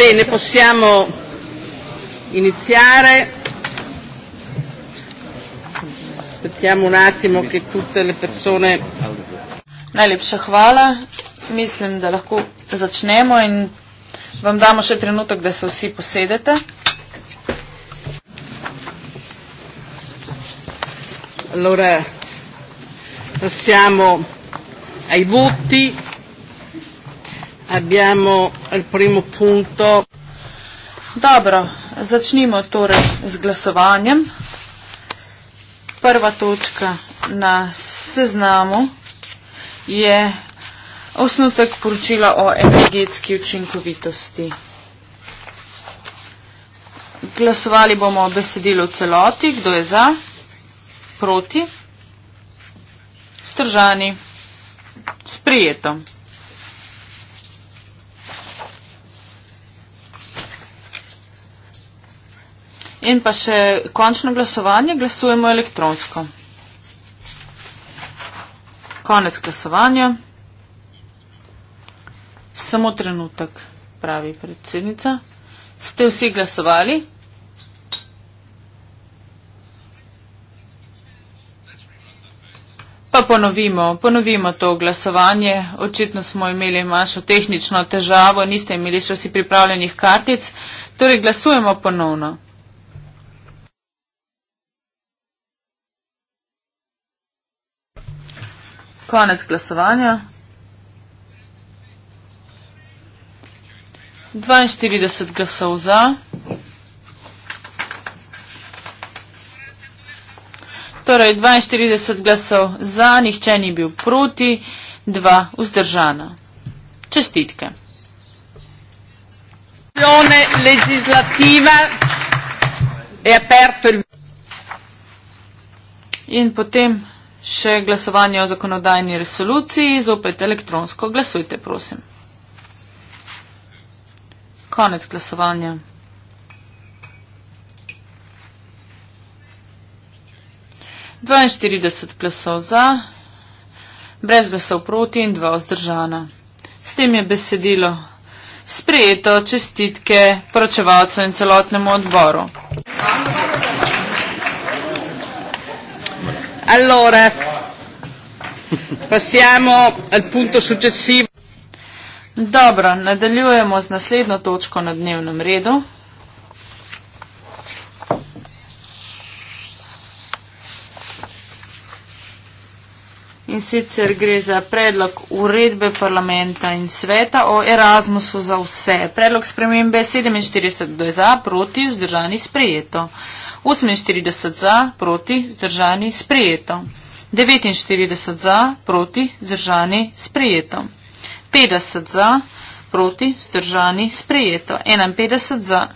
Bene, possiamo iniziare. Aspettiamo un attimo che tutte le persone. Najlepša hvala. Mislim, da lahko začnemo in vam damo še trenutek, da se vsi posedete. Allora, passiamo ai voti. Abbiamo el primo punto. Dobro, začnimo torej z glasovanjem. Prva točka na seznamu je osnutek poročila o energetski učinkovitosti. Glasovali bomo besedilo v celoti, kdo je za, proti, stržani, sprijeto. In pa še končno glasovanje, glasujemo elektronsko. Konec glasovanja. Samo trenutek, pravi predsednica. Ste vsi glasovali? Pa ponovimo, ponovimo to glasovanje. Očitno smo imeli mašo tehnično težavo, niste imeli še vsi pripravljenih kartic. Torej glasujemo ponovno. Konec glasovanja. 42 glasov za. Torej, 42 glasov za, nihče ni bil proti, dva vzdržana. Čestitke. In potem Še glasovanje o zakonodajni resoluciji, zopet elektronsko. Glasujte, prosim. Konec glasovanja. Dvainštirideset glasov za, brez glasov proti in dva vzdržana. S tem je besedilo sprejeto čestitke poročevalcu in celotnemu odboru. Hvala. Allora, passiamo al punto successivo. Dobro, nadaljujemo z naslednjo točko na dnevnem redu. In sicer gre za predlog uredbe parlamenta in sveta o Erasmusu za vse. Predlog spremembe 47 do za, proti, vzdržani sprejeto. 48 za, proti, zdržani, sprejeto. 49 za, proti, zdržani, sprejeto. 50 za, proti, zdržani, sprejeto. 51 za,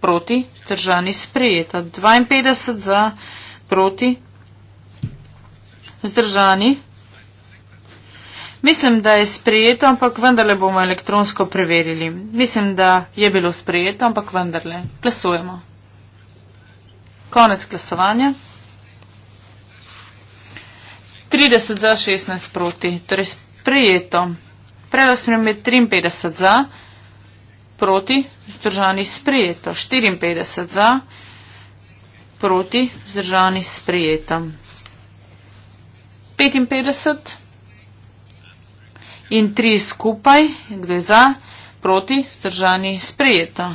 proti, zdržani, sprejeto. 52 za, proti, zdržani. Mislim, da je sprejeto, ampak vendarle bomo elektronsko preverili. Mislim, da je bilo sprejeto, ampak vendarle. Plesujemo. Konec glasovanja. 30 za, 16 proti. Torej sprejeto. Predlog sprememb je 53 za, proti, vzdržani sprejeto. 54 za, proti, vzdržani sprejeto. 55 in 3 skupaj, kdo je za, proti, vzdržani sprejeto.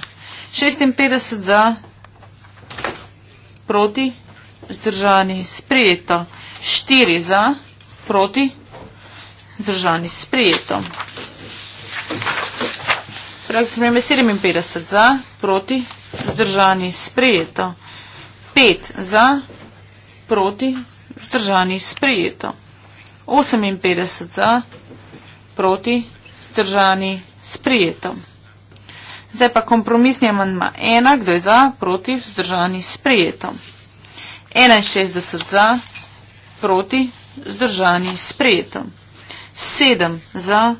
56 za, proti, zdržani, sprejeto. 4 za, proti, zdržani, sprejeto. Prav se vreme 57 za, proti, zdržani, sprejeto. 5 za, proti, zdržani, sprejeto. 58 za, proti, zdržani, sprejeto. Zdaj pa kompromisni amandma. Ena, kdo je za, proti, vzdržani, sprejeto. 61 za, proti, vzdržani, sprejeto. 7 za,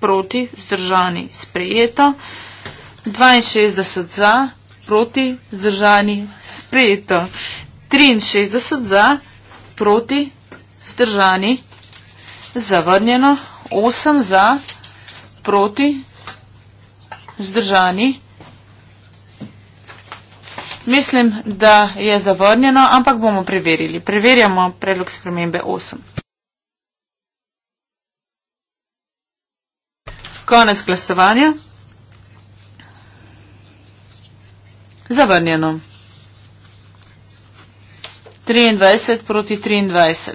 proti, vzdržani, sprejeto. 62 za, proti, vzdržani, sprejeto. 63 za, proti, vzdržani, zavrnjeno. 8 za, proti, vzdržani. Mislim, da je zavrnjeno, ampak bomo preverili. Preverjamo predlog spremembe 8. Konec glasovanja. Zavrnjeno. 23 proti 23.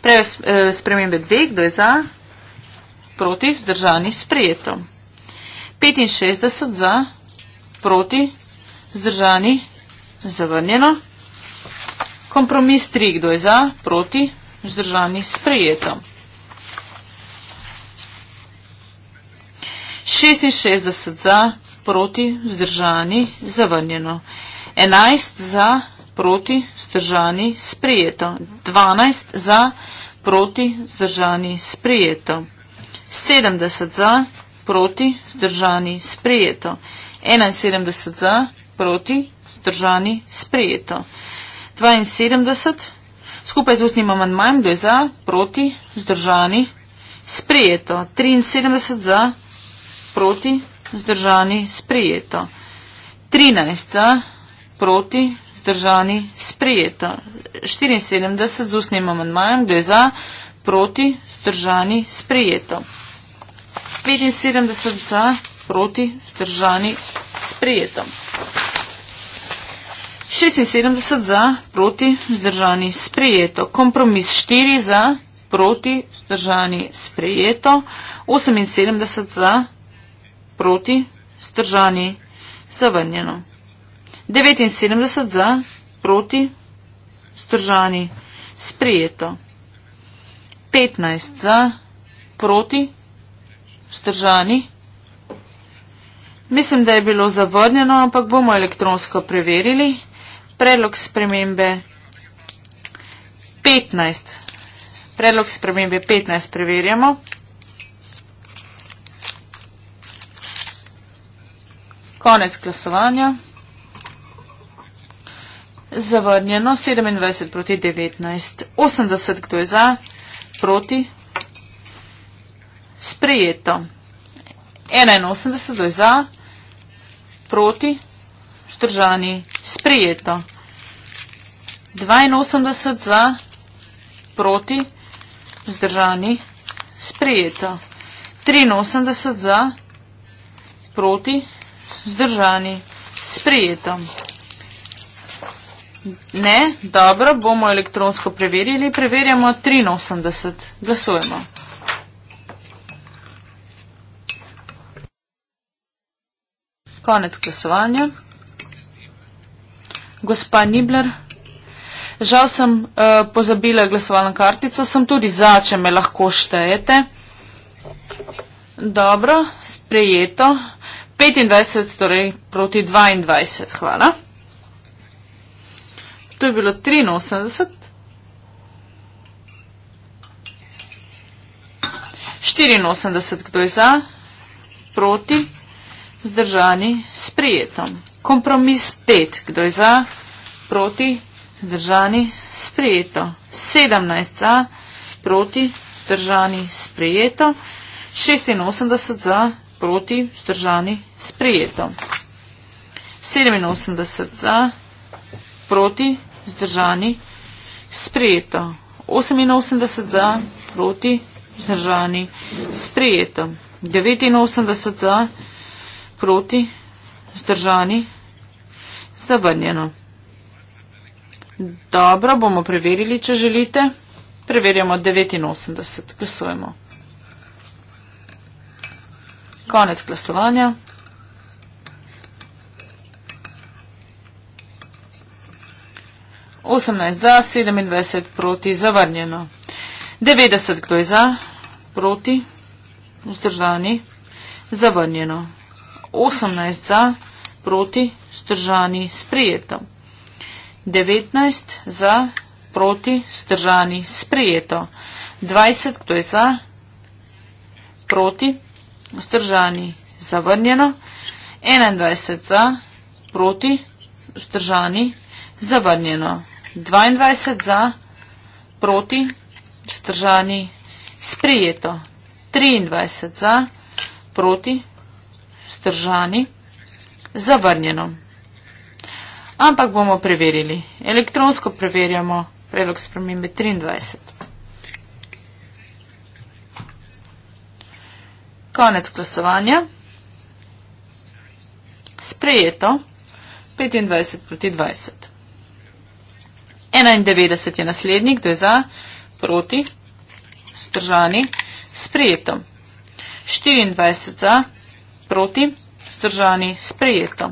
Prej eh, spremembe 2, kdo je za? proti, vzdržani, sprejeto. 65 za, proti, vzdržani, zavrnjeno. Kompromis 3, kdo je za, proti, vzdržani, sprejeto. 66 za, proti, vzdržani, zavrnjeno. 11 za, proti, vzdržani, sprejeto. 12 za, proti, vzdržani, sprejeto. 70 za, proti, zdržani, sprejeto. 71 za, proti, zdržani, sprejeto. 72, skupaj z ustnim amandmajem, kdo je za, proti, zdržani, sprejeto. 73 za, proti, zdržani, sprejeto. 13 za, proti, zdržani, sprejeto. 74 z ustnim amandmajem, kdo je za, proti, zdržani, sprejeto. 75 za, proti, vzdržani, sprijeto. 76 za, proti, vzdržani, sprijeto. Kompromis 4 za, proti, vzdržani, sprijeto. 78 za, proti, vzdržani, zavrnjeno. 79 za, proti, vzdržani, sprijeto. 15 za, proti, vzdržani, sprijeto vzdržani. Mislim, da je bilo zavrnjeno, ampak bomo elektronsko preverili. Predlog spremembe 15. Predlog spremembe 15 preverjamo. Konec glasovanja. Zavrnjeno 27 proti 19. 80 kdo je za, proti sprejeto. 81 je za, proti, vzdržani, sprejeto. 82 za, proti, vzdržani, sprejeto. 83 za, proti, vzdržani, sprejeto. Ne, dobro, bomo elektronsko preverili. Preverjamo 83. Glasujemo. Konec glasovanja. Gospa Nibler. Žal sem uh, pozabila glasovalno kartico, sem tudi za, če me lahko štejete. Dobro, sprejeto. 25, torej proti 22, hvala. To je bilo 83. 84, kdo je za, proti. Zdržani, sprijeto. Kompromis 5. Kdo je za? Proti. Zdržani, sprijeto. 17 za. Proti. Zdržani, sprijeto. 86 za. Proti. Zdržani, sprijeto. 87 za. Proti. Zdržani, sprijeto. 88 za. Proti. Zdržani, sprijeto. 89 za. Proti proti, zdržani, zavrnjeno. Dobro, bomo preverili, če želite. Preverjamo 89, glasujemo. Konec glasovanja. Osemnajst za, sedemindvajset proti, zavrnjeno. Devetdeset kdo je za, proti, vzdržani, zavrnjeno. 18 za, proti, stržani, sprijeto. 19 za, proti, stržani, sprijeto. 20, kdo je za, proti, stržani, zavrnjeno. 21 za, proti, stržani, zavrnjeno. 22 za, proti, stržani, sprijeto. 23 za, proti, stržani, sprijeto vzdržani? Zavrnjeno. Ampak bomo preverili. Elektronsko preverjamo predlog spremembe 23. Konec glasovanja. Sprejeto 25 proti 20. 91 je naslednji, kdo je za, proti, vzdržani, sprejeto. 24 za, proti, vzdržani, sprejeto.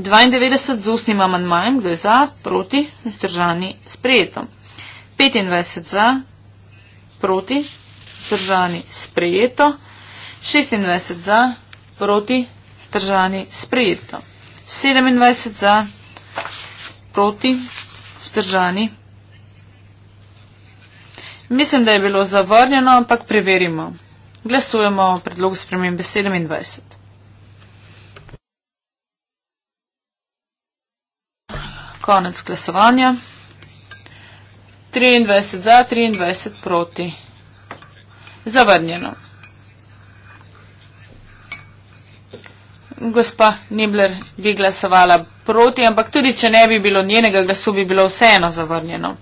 92 z ustnim amandmajem, kdo je za, proti, vzdržani, sprejeto. 25 za, proti, vzdržani, sprejeto. 26 za, proti, vzdržani, sprejeto. 27 za, proti, vzdržani. Mislim, da je bilo zavrnjeno, ampak preverimo. Glasujemo o predlogu spremembe 27. Konec glasovanja. 23 za, 23 proti. Zavrnjeno. Gospa Nibler bi glasovala proti, ampak tudi, če ne bi bilo njenega glasu, bi bilo vseeno zavrnjeno.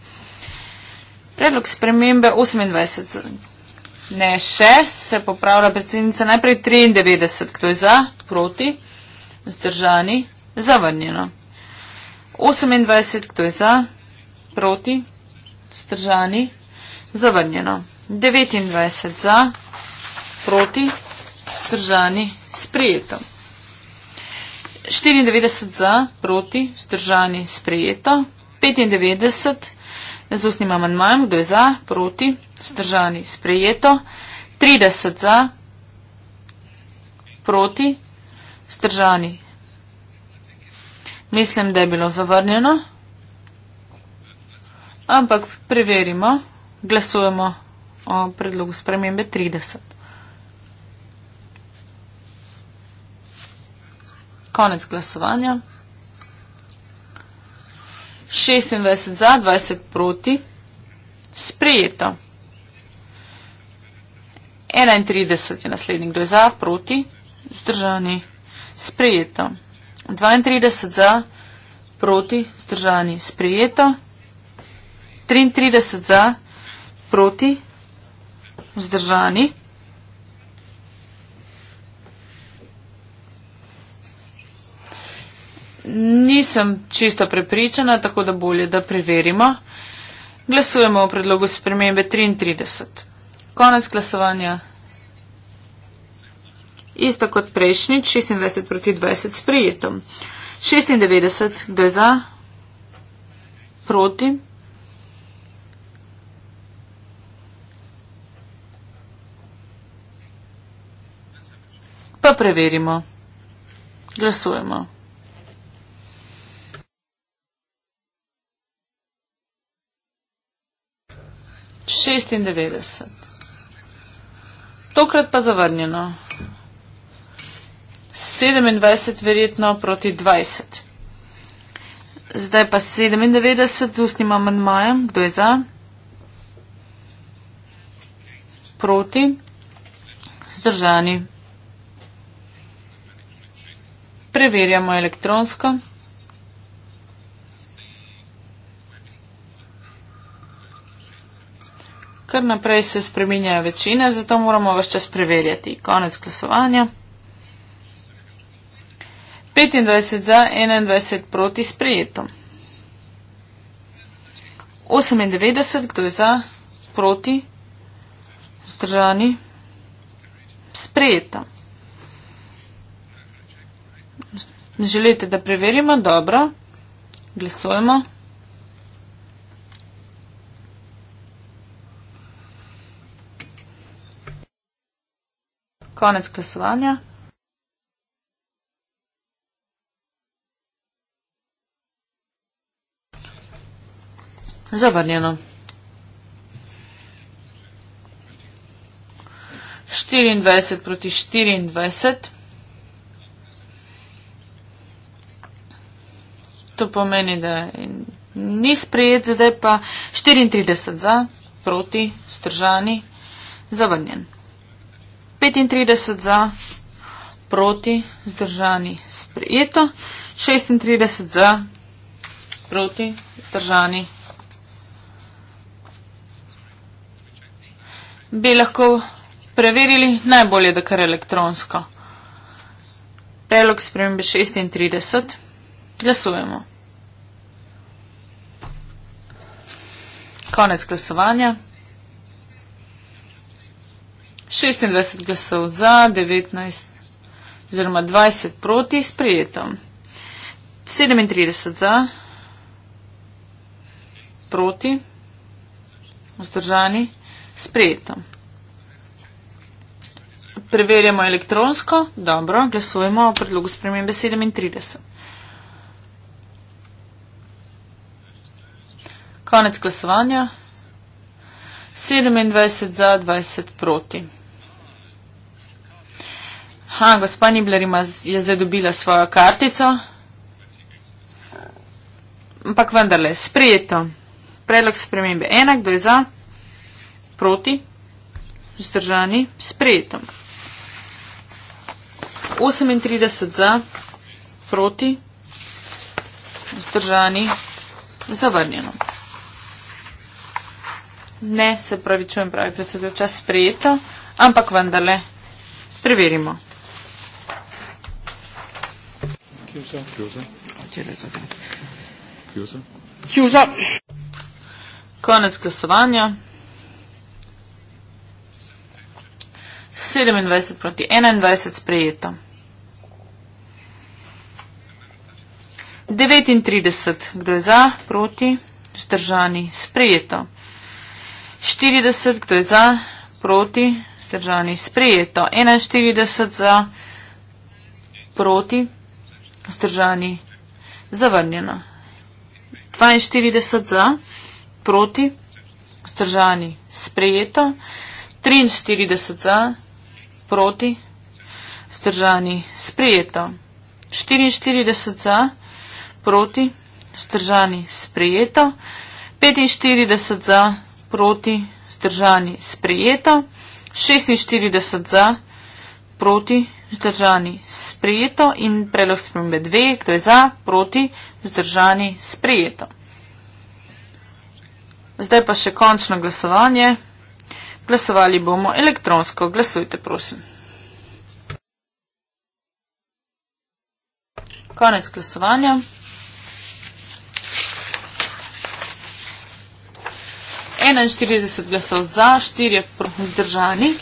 Predlog spremembe 28. Ne, še se popravlja predsednica. Najprej 93, kdo je za, proti, zdržani, zavrnjeno. 28, kdo je za, proti, zdržani, zavrnjeno. 29 za, proti, zdržani, sprijeto. 94 za, proti, zdržani, sprijeto. 95 za z ustnim amandmajem, kdo je za, proti, zdržani, sprejeto, 30 za, proti, zdržani. Mislim, da je bilo zavrnjeno, ampak preverimo, glasujemo o predlogu spremembe 30. Konec glasovanja. 26 za, 20 proti. Sprejeto. 31 je naslednji, kdo je za, proti, zdržani, sprejeto. 32 za, proti, zdržani, sprejeto. 33 za, proti, zdržani, sprejeto. nisem čisto prepričana, tako da bolje, da preverimo. Glasujemo o predlogu spremembe 33. Konec glasovanja. Isto kot prejšnjič, 26 proti 20 sprijetom. 96, kdo je za? Proti? Pa preverimo. Glasujemo. 96. Tokrat pa zavrnjeno. 27 verjetno proti 20. Zdaj pa 97 z ustnim amandmajem. Kdo je za? Proti. Zdržani. Preverjamo elektronsko. kar naprej se spreminjajo večine, zato moramo vse čas preverjati. Konec glasovanja. 25 za, 21 proti sprejetom. 98, kdo je za, proti, vzdržani, sprejeta. Želite, da preverimo? Dobro. Glasujemo. Konec glasovanja. Zavrnjeno. 24 proti 24. To pomeni, da ni sprejet, zdaj pa 34 za, proti, stržani, zavrnjen. 35 za, proti, zdržani, sprejeto. 36 za, proti, zdržani. Bi lahko preverili najbolje, da kar elektronsko. Prelog spremembe 36. Glasujemo. Konec glasovanja. 26 glasov za, 19 oziroma 20 proti sprejeto. 37 za, proti, vzdržani, sprejeto. Preverjamo elektronsko, dobro, glasujemo o predlogu spremembe 37. Konec glasovanja. 27 za, 20 proti. Ha, gospa Nibler ima, je zdaj dobila svojo kartico. Ampak vendarle, sprejeto. Predlog spremembe. Enak, kdo je za? Proti? Zdržani? Sprejeto. 38 za? Proti? Zdržani? Zavrnjeno. Ne, se pravi, čujem pravi predsedujoča, sprejeto, ampak vendarle, preverimo. Chiusa. Chiusa. Chiusa. Chiusa. Chiusa. Konec glasovanja. 27 proti 21 sprejeto. 39, kdo je za, proti, zdržani, sprejeto. 40, kdo je za, proti, zdržani, sprejeto. 41 za, proti, Vzdržani. Zavrnjeno. 42 za, proti, vzdržani, sprejeto. 43 za, proti, vzdržani, sprejeto. 44 za, proti, vzdržani, sprejeto. 45 za, proti, vzdržani, sprejeto. 46 za, proti, vzdržani, sprejeto vzdržani, sprejeto in predlog spremembe dve, kdo je za, proti, vzdržani, sprejeto. Zdaj pa še končno glasovanje. Glasovali bomo elektronsko. Glasujte, prosim. Konec glasovanja. Enaj 40 glasov za, štirje vzdržani,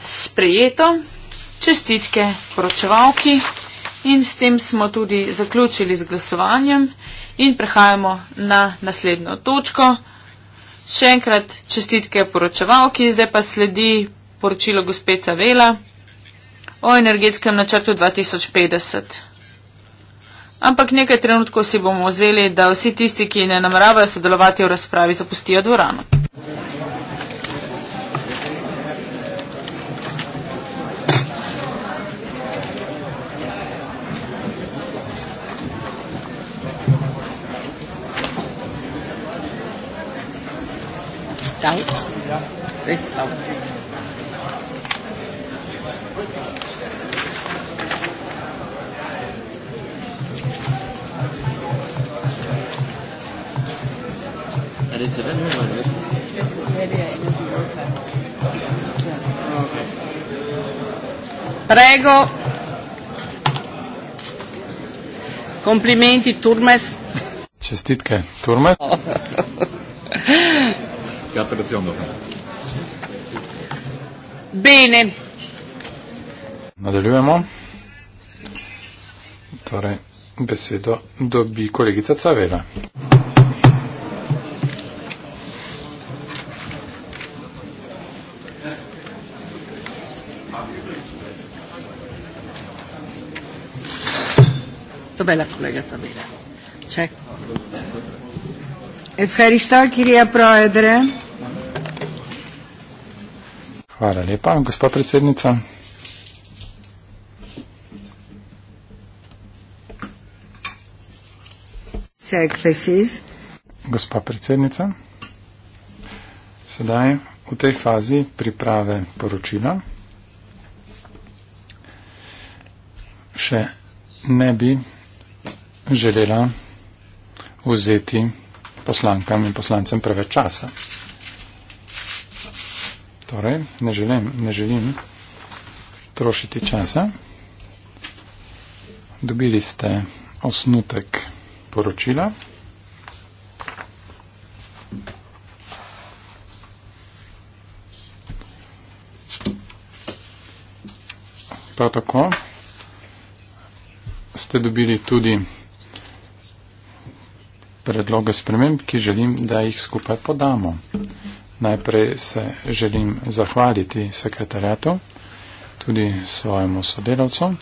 sprejeto čestitke poročevalki in s tem smo tudi zaključili z glasovanjem in prehajamo na naslednjo točko. Še enkrat čestitke poročevalki, zdaj pa sledi poročilo gospe Cavela o energetskem načrtu 2050. Ampak nekaj trenutkov si bomo vzeli, da vsi tisti, ki ne nameravajo sodelovati v razpravi, zapustijo dvorano. Tau. Sí, tau. And it's a venue, isn't it? It's the Prego. Complimenti, Turmes. Čestitke, Turmes. [LAUGHS] Bene. Nadaljujemo. Torej, besedo dobi kolegica Cavela. To bella collega Tabela. Ciao. Ευχαριστώ κυρία Πρόεδρε. Hvala lepa, gospa predsednica. Gospa predsednica, sedaj v tej fazi priprave poročila še ne bi želela vzeti poslankam in poslancem preveč časa. Torej, ne želim, ne želim trošiti časa. Dobili ste osnutek poročila. Prav tako ste dobili tudi predloge sprememb, ki želim, da jih skupaj podamo. Najprej se želim zahvaliti sekretarjatu, tudi svojemu sodelavcu,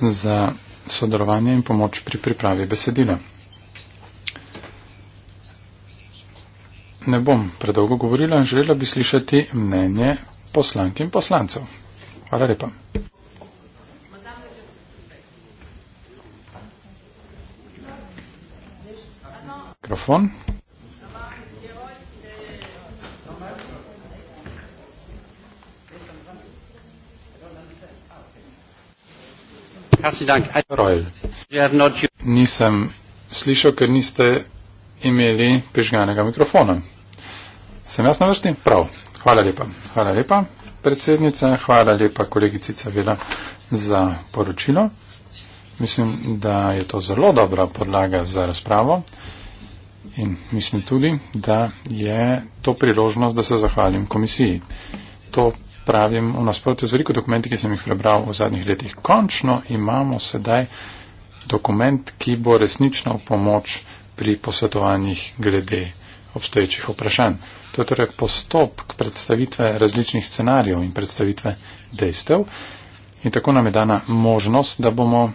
za sodelovanje in pomoč pri pripravi besedila. Ne bom predolgo govorila, želela bi slišati mnenje poslank in poslancev. Hvala lepa. mikrofon. Nisem slišal, ker niste imeli prižganega mikrofona. Sem jaz na vrsti? Prav. Hvala lepa. Hvala lepa, predsednica. Hvala lepa, kolegici Cavila, za poročilo. Mislim, da je to zelo dobra podlaga za razpravo in mislim tudi, da je to priložnost, da se zahvalim komisiji. To pravim v nasprotju z veliko dokumenti, ki sem jih prebral v zadnjih letih. Končno imamo sedaj dokument, ki bo resnično v pomoč pri posvetovanjih glede obstoječih vprašanj. To je torej postopk predstavitve različnih scenarijev in predstavitve dejstev. In tako nam je dana možnost, da bomo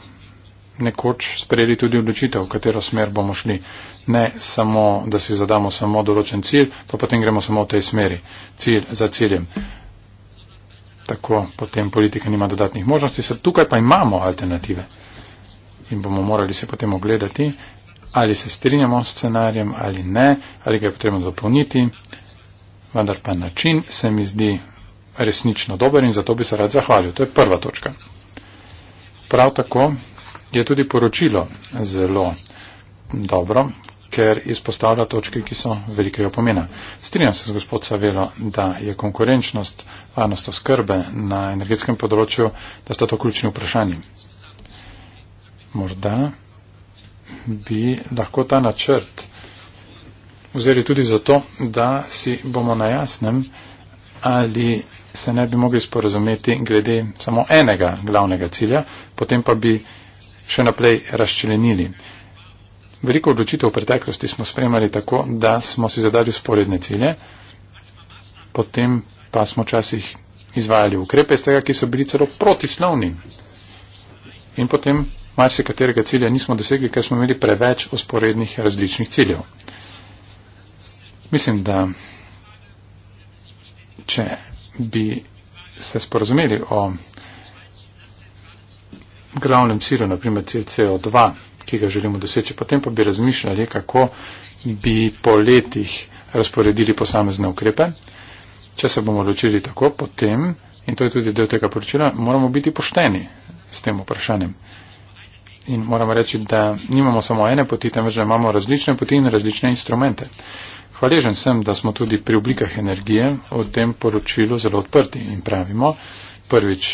nekoč sprejeli tudi odločitev, v katero smer bomo šli. Ne samo, da si zadamo samo določen cilj, pa potem gremo samo v tej smeri, cilj za ciljem. Tako potem politika nima dodatnih možnosti, se tukaj pa imamo alternative. In bomo morali se potem ogledati, ali se strinjamo s scenarijem ali ne, ali ga je potrebno dopolniti. Vendar pa način se mi zdi resnično dober in zato bi se rad zahvalil. To je prva točka. Prav tako je tudi poročilo zelo dobro, ker izpostavlja točke, ki so velikega pomena. Strinjam se z gospod Savelo, da je konkurenčnost, varnost oskrbe na energetskem področju, da sta to ključni vprašanji. Morda bi lahko ta načrt vzeli tudi zato, da si bomo na jasnem, ali se ne bi mogli sporazumeti glede samo enega glavnega cilja, potem pa bi še naprej razčlenili. Veliko odločitev v preteklosti smo spremljali tako, da smo si zadali usporedne cilje, potem pa smo včasih izvajali ukrepe iz tega, ki so bili celo protislovni. In potem marsikaterega cilja nismo dosegli, ker smo imeli preveč usporednih različnih ciljev. Mislim, da če bi se sporozumeli o glavnem cilju, naprimer cilj CO2, ki ga želimo doseči. Potem pa bi razmišljali, kako bi po letih razporedili posamezne ukrepe. Če se bomo ločili tako, potem, in to je tudi del tega poročila, moramo biti pošteni s tem vprašanjem. In moramo reči, da nimamo samo ene poti, temveč da imamo različne poti in različne instrumente. Hvaležen sem, da smo tudi pri oblikah energije v tem poročilu zelo odprti in pravimo, prvič,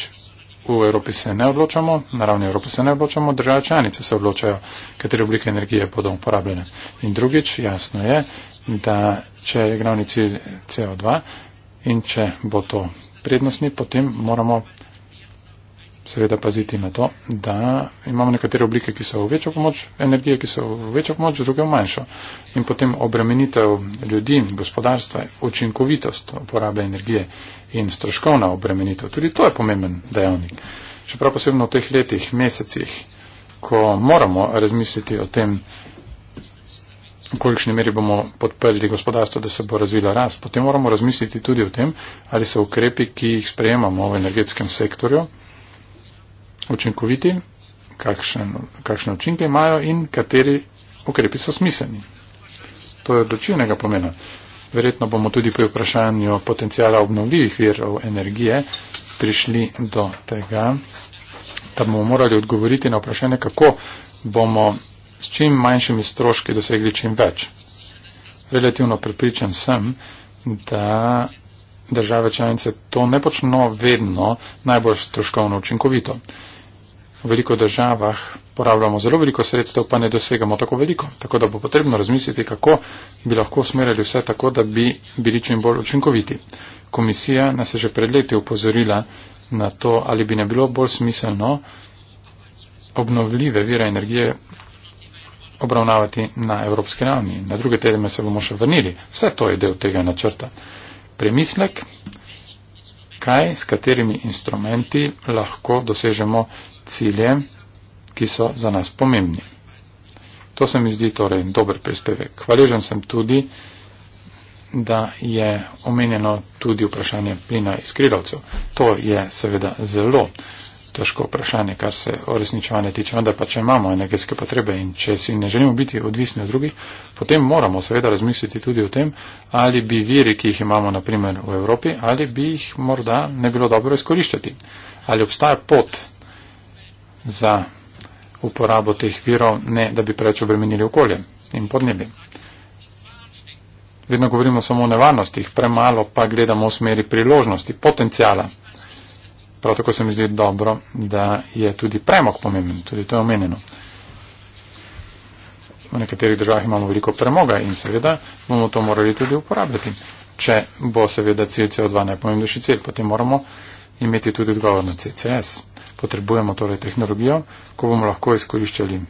v Evropi se ne odločamo, na ravni Evrope se ne odločamo, države članice se odločajo, katere oblike energije bodo uporabljene. In drugič, jasno je, da če je glavni cilj CO2 in če bo to prednostni, potem moramo seveda paziti na to, da imamo nekatere oblike, ki so v večjo pomoč, energije, ki so v večjo pomoč, druge v manjšo. In potem obremenitev ljudi, gospodarstva, učinkovitost uporabe energije in stroškovna obremenitev. Tudi to je pomemben dejavnik. Čeprav posebno v teh letih, mesecih, ko moramo razmisliti o tem, v kolikšni meri bomo podprli gospodarstvo, da se bo razvila rast, potem moramo razmisliti tudi o tem, ali so ukrepi, ki jih sprejemamo v energetskem sektorju, učinkoviti, kakšen, kakšne učinke imajo in kateri ukrepi so smiselni. To je odločilnega pomena verjetno bomo tudi pri vprašanju potencijala obnovljivih virov energije prišli do tega, da bomo morali odgovoriti na vprašanje, kako bomo s čim manjšimi stroški dosegli čim več. Relativno prepričan sem, da države članice to ne počno vedno najbolj stroškovno učinkovito. V veliko državah porabljamo zelo veliko sredstev, pa ne dosegamo tako veliko. Tako da bo potrebno razmisliti, kako bi lahko usmerjali vse tako, da bi bili čim bolj učinkoviti. Komisija nas je že pred leti upozorila na to, ali bi ne bilo bolj smiselno obnovljive vire energije obravnavati na evropski ravni. Na druge tedne se bomo še vrnili. Vse to je del tega načrta. Premislek, kaj, s katerimi instrumenti lahko dosežemo cilje ki so za nas pomembni. To se mi zdi torej dober prispevek. Hvaležen sem tudi, da je omenjeno tudi vprašanje plina iz krilovcev. To je seveda zelo težko vprašanje, kar se uresničevanja tiče, vendar pa če imamo energetske potrebe in če si ne želimo biti odvisni od drugih, potem moramo seveda razmisliti tudi o tem, ali bi viri, ki jih imamo naprimer v Evropi, ali bi jih morda ne bilo dobro izkoriščati. Ali obstaja pot za uporabo teh virov, ne da bi preč obremenili okolje in podnebje. Vedno govorimo samo o nevarnostih, premalo pa gledamo v smeri priložnosti, potencijala. Prav tako se mi zdi dobro, da je tudi premog pomemben, tudi to je omenjeno. V nekaterih državah imamo veliko premoga in seveda bomo to morali tudi uporabljati. Če bo seveda cilj CO2 najpomembnejši cilj, potem moramo imeti tudi odgovor na CCS potrebujemo torej tehnologijo, ko bomo lahko izkoriščali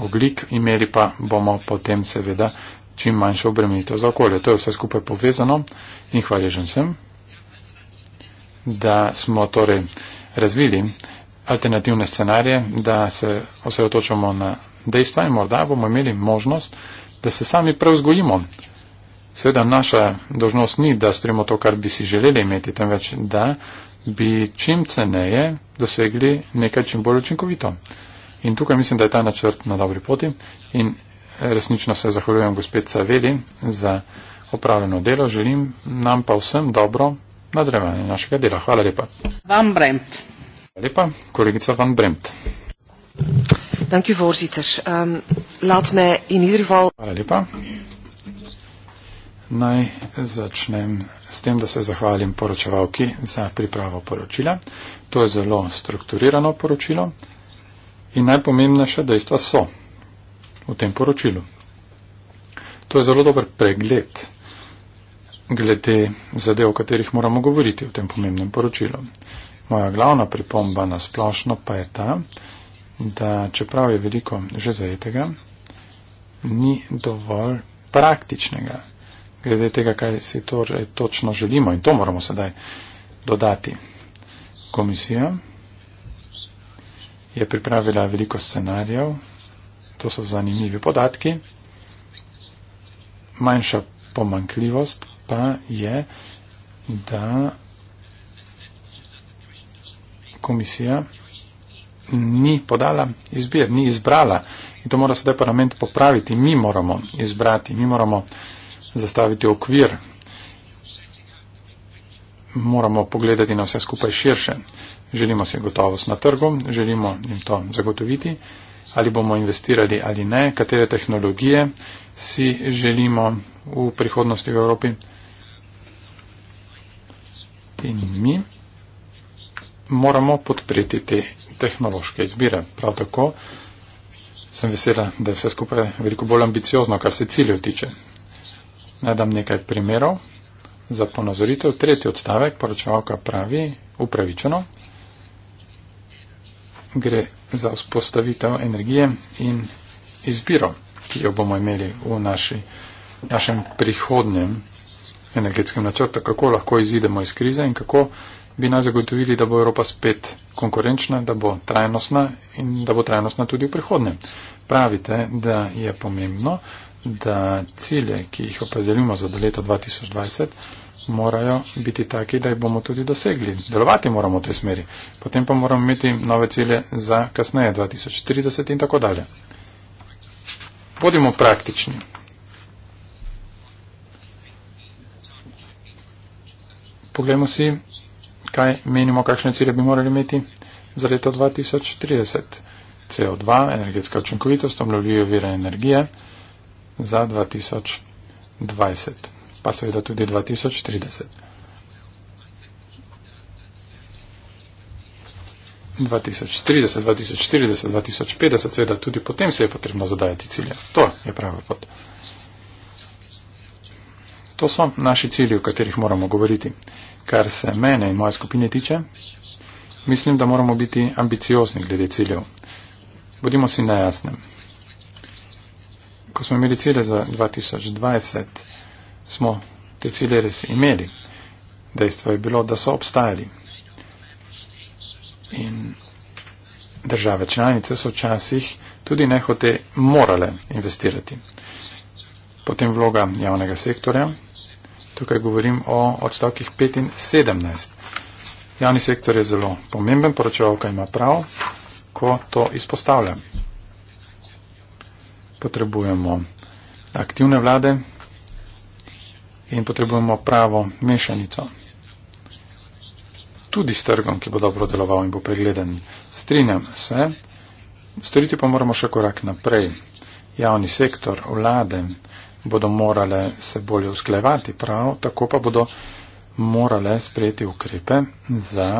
oglik, imeli pa bomo potem seveda čim manjšo obremenitev za okolje. To je vse skupaj povezano in hvaležen sem, da smo torej razvili alternativne scenarije, da se osredotočamo na dejstva in morda bomo imeli možnost, da se sami preuzgojimo. Seveda naša dožnost ni, da spremo to, kar bi si želeli imeti, temveč da bi čim ceneje dosegli nekaj čim bolj učinkovito. In tukaj mislim, da je ta načrt na dobri poti in resnično se zahvaljujem gospod Caveli za opravljeno delo. Želim nam pa vsem dobro nadrevanje našega dela. Hvala lepa. Van Bremt. Hvala lepa, kolegica Van Bremt. Dank u voorzitter. Um, laat mij in ieder geval. Hvala lepa. Naj začnem s tem, da se zahvalim poročevalki za pripravo poročila. To je zelo strukturirano poročilo in najpomembnejše dejstva so v tem poročilu. To je zelo dober pregled glede zadev, o katerih moramo govoriti v tem pomembnem poročilu. Moja glavna pripomba na splošno pa je ta, da čeprav je veliko že zajetega, ni dovolj praktičnega glede tega, kaj si torej točno želimo in to moramo sedaj dodati. Komisija je pripravila veliko scenarijev, to so zanimivi podatki. Manjša pomankljivost pa je, da komisija ni podala izbir, ni izbrala in to mora sedaj parlament popraviti. Mi moramo izbrati, mi moramo izbrati zastaviti okvir. Moramo pogledati na vse skupaj širše. Želimo se gotovost na trgu, želimo jim to zagotoviti, ali bomo investirali ali ne, katere tehnologije si želimo v prihodnosti v Evropi. In mi moramo podpreti te tehnološke izbire. Prav tako sem vesela, da je vse skupaj veliko bolj ambiciozno, kar se ciljev tiče. Naj dam nekaj primerov za ponazoritev. Tretji odstavek poročevalka pravi upravičeno. Gre za vzpostavitev energije in izbiro, ki jo bomo imeli v naši, našem prihodnem energetskem načrtu, kako lahko izidemo iz krize in kako bi nas zagotovili, da bo Evropa spet konkurenčna, da bo trajnostna in da bo trajnostna tudi v prihodnje. Pravite, da je pomembno, da cilje, ki jih opredelimo za leto 2020, morajo biti taki, da jih bomo tudi dosegli. Delovati moramo v tej smeri. Potem pa moramo imeti nove cilje za kasneje, 2030 in tako dalje. Bodimo praktični. Poglejmo si, kaj menimo, kakšne cilje bi morali imeti za leto 2030. CO2, energetska učinkovitost, obnovljive vire energije za 2020, pa seveda tudi 2030. 2030, 2040, 2050, seveda tudi potem se je potrebno zadajati cilje. To je prava pot. To so naši cilji, o katerih moramo govoriti. Kar se mene in moje skupine tiče, mislim, da moramo biti ambiciozni glede ciljev. Bodimo si nejasni ko smo imeli cilje za 2020, smo te cilje res imeli. Dejstvo je bilo, da so obstajali. In države članice so včasih tudi nehote morale investirati. Potem vloga javnega sektorja. Tukaj govorim o odstavkih 5 in 17. Javni sektor je zelo pomemben, poročevalka ima prav, ko to izpostavljam potrebujemo aktivne vlade in potrebujemo pravo mešanico. Tudi s trgom, ki bo dobro deloval in bo pregleden. Strinjam se, storiti pa moramo še korak naprej. Javni sektor, vlade bodo morale se bolje usklevati prav, tako pa bodo morale sprejeti ukrepe za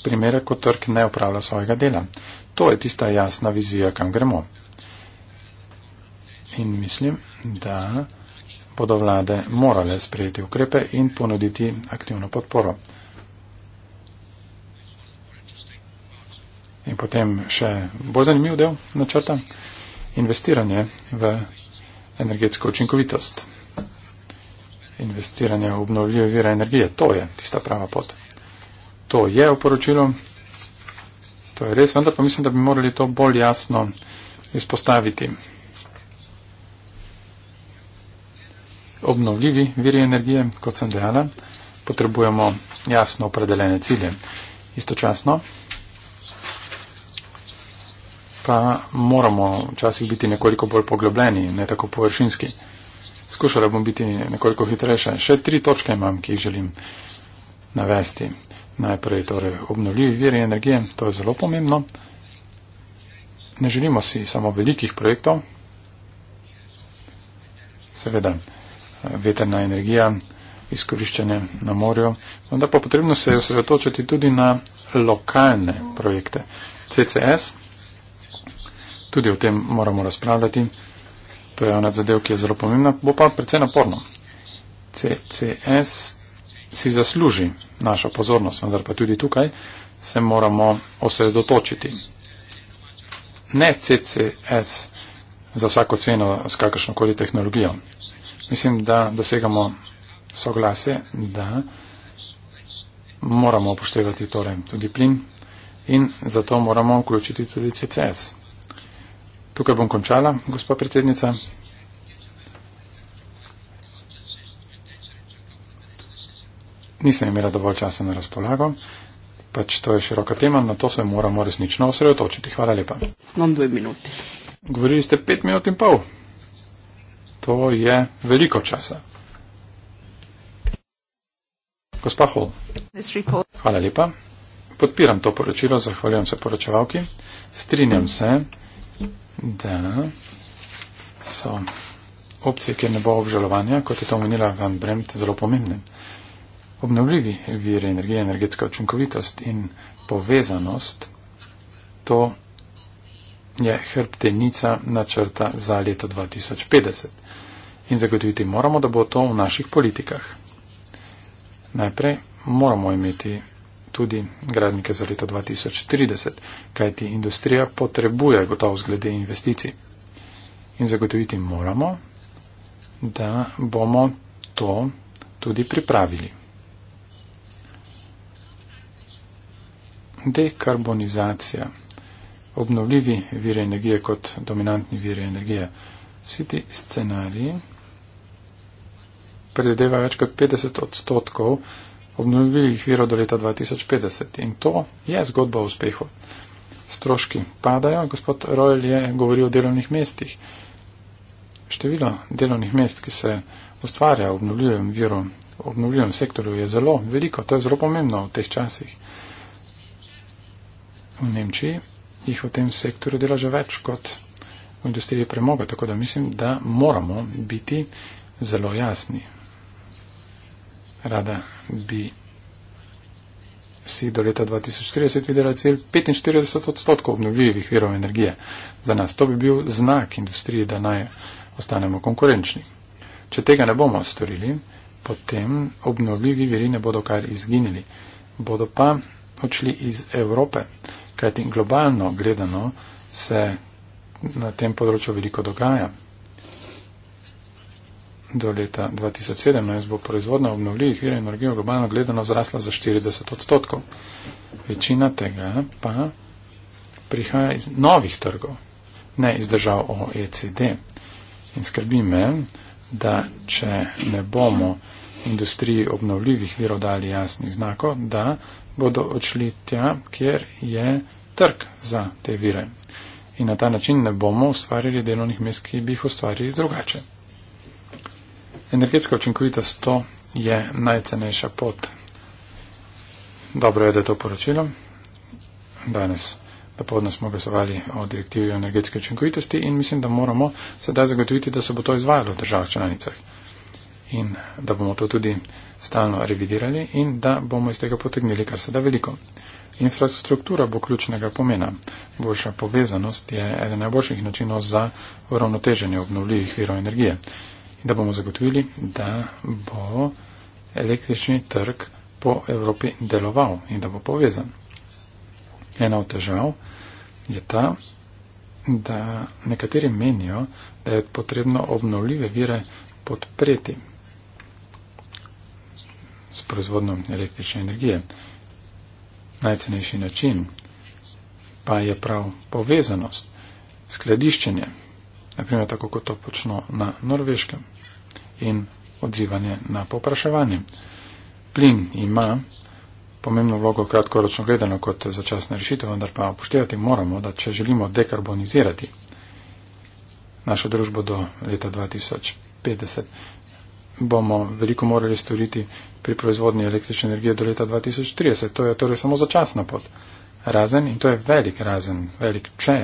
primere, ko trg ne opravlja svojega dela. To je tista jasna vizija, kam gremo in mislim, da bodo vlade morale sprejeti ukrepe in ponuditi aktivno podporo. In potem še bolj zanimiv del načrta, investiranje v energetsko učinkovitost. Investiranje v obnovljive vire energije, to je tista prava pot. To je oporočilo, to je res, vendar pa mislim, da bi morali to bolj jasno izpostaviti. obnovljivi viri energije, kot sem dejala, potrebujemo jasno opredeljene cilje. Istočasno pa moramo včasih biti nekoliko bolj poglobljeni, ne tako površinski. Skušala bom biti nekoliko hitrejša. Še tri točke imam, ki jih želim navesti. Najprej torej obnovljivi viri energije, to je zelo pomembno. Ne želimo si samo velikih projektov. Seveda veterna energija izkoriščene na morju, vendar pa potrebno se je osredotočiti tudi na lokalne projekte. CCS, tudi o tem moramo razpravljati, to je ena zadev, ki je zelo pomembna, bo pa predvsej naporno. CCS si zasluži našo pozornost, vendar pa tudi tukaj se moramo osredotočiti. Ne CCS za vsako ceno s kakršnokoli tehnologijo mislim, da dosegamo soglasje, da moramo upoštevati torej tudi plin in zato moramo vključiti tudi CCS. Tukaj bom končala, gospod predsednica. Nisem imela dovolj časa na razpolago, pač to je široka tema, na to se moramo resnično osredotočiti. Hvala lepa. Imam dve minuti. Govorili ste pet minut in pol to je veliko časa. Gospa Hol, hvala lepa. Podpiram to poročilo, zahvaljujem se poročevalki. Strinjam se, da so opcije, kjer ne bo obžalovanja, kot je to omenila Van Bremt, zelo pomembne. Obnovljivi viri energije, energetska učinkovitost in povezanost, to je hrbtenica načrta za leto 2050 in zagotoviti moramo, da bo to v naših politikah. Najprej moramo imeti tudi gradnike za leto 2030, kajti industrija potrebuje gotovo zglede investicij. In zagotoviti moramo, da bomo to tudi pripravili. Dekarbonizacija, obnovljivi vire energije kot dominantni vire energije, vsi ti scenariji predvideva več kot 50 odstotkov obnovljivih virov do leta 2050. In to je zgodba o uspehu. Stroški padajo, gospod Royal je govoril o delovnih mestih. Število delovnih mest, ki se ustvarja v obnovljivem viru, v obnovljivem sektorju, je zelo veliko. To je zelo pomembno v teh časih. V Nemčiji jih v tem sektorju dela že več kot v industriji premoga, tako da mislim, da moramo biti zelo jasni rada bi si do leta 2030 videla cel 45 odstotkov obnovljivih virov energije za nas. To bi bil znak industriji, da naj ostanemo konkurenčni. Če tega ne bomo storili, potem obnovljivi viri ne bodo kar izginili, bodo pa odšli iz Evrope, kajti globalno gledano se na tem področju veliko dogaja do leta 2017 bo proizvodna obnovljivih virov energije globalno gledano zrasla za 40 odstotkov. Večina tega pa prihaja iz novih trgov, ne iz držav OECD. In skrbi me, da če ne bomo industriji obnovljivih virov dali jasnih znakov, da bodo odšli tja, kjer je trg za te vire. In na ta način ne bomo ustvarili delovnih mest, ki bi jih ustvarili drugače. Energetska učinkovitost to je najcenejša pot. Dobro je, da je to poročilo. Danes popodne smo glasovali o direktivi o energetski učinkovitosti in mislim, da moramo sedaj zagotoviti, da se bo to izvajalo v državah članicah in da bomo to tudi stalno revidirali in da bomo iz tega potegnili kar se da veliko. Infrastruktura bo ključnega pomena. Boljša povezanost je eden najboljših načinov za uravnoteženje obnovljivih virov energije da bomo zagotovili, da bo električni trg po Evropi deloval in da bo povezan. Ena od težav je ta, da nekateri menijo, da je potrebno obnovljive vire podpreti s proizvodno električne energije. Najcenejši način pa je prav povezanost, skladiščenje naprimer tako kot to počno na norveškem, in odzivanje na popraševanje. Plin ima pomembno vlogo kratkoročno gledano kot začasna rešitev, vendar pa upoštevati moramo, da če želimo dekarbonizirati našo družbo do leta 2050, bomo veliko morali storiti pri proizvodnji električne energije do leta 2030. To je torej samo začasna pot. Razen, in to je velik razen, velik če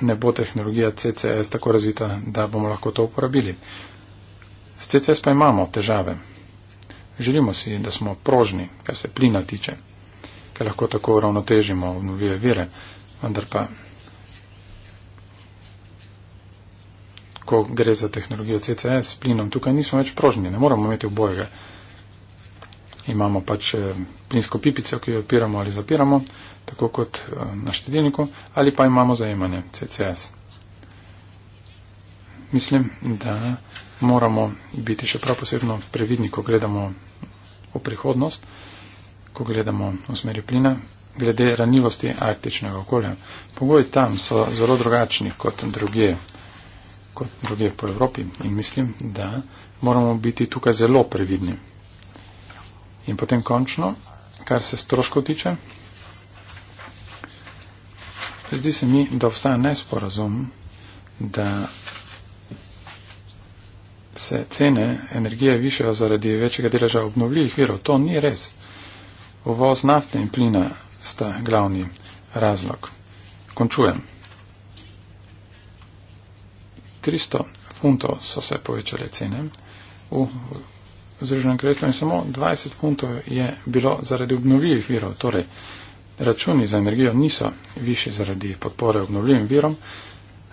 ne bo tehnologija CCS tako razvita, da bomo lahko to uporabili. S CCS pa imamo težave. Želimo si, da smo prožni, kar se plina tiče, ker lahko tako ravnotežimo obnovljive vire, vendar pa, ko gre za tehnologijo CCS, s plinom tukaj nismo več prožni, ne moramo imeti obojega. Imamo pač eh, plinsko pipico, ki jo opiramo ali zapiramo, tako kot eh, na štedilniku, ali pa imamo zajemanje CCS. Mislim, da moramo biti še prav posebno previdni, ko gledamo v prihodnost, ko gledamo v smeri plina, glede ranljivosti arktičnega okolja. Pogoji tam so zelo drugačni kot druge, kot druge po Evropi in mislim, da moramo biti tukaj zelo previdni. In potem končno, kar se stroškov tiče, Zdi se mi, da obstaja nesporazum, da se cene energije višajo zaradi večjega deleža obnovljivih virov. To ni res. Uvoz nafte in plina sta glavni razlog. Končujem. 300 funtov so se povečale cene v Združenem kraljestvu in samo 20 funtov je bilo zaradi obnovljivih virov. Torej, Računi za energijo niso više zaradi podpore obnovljivim virom,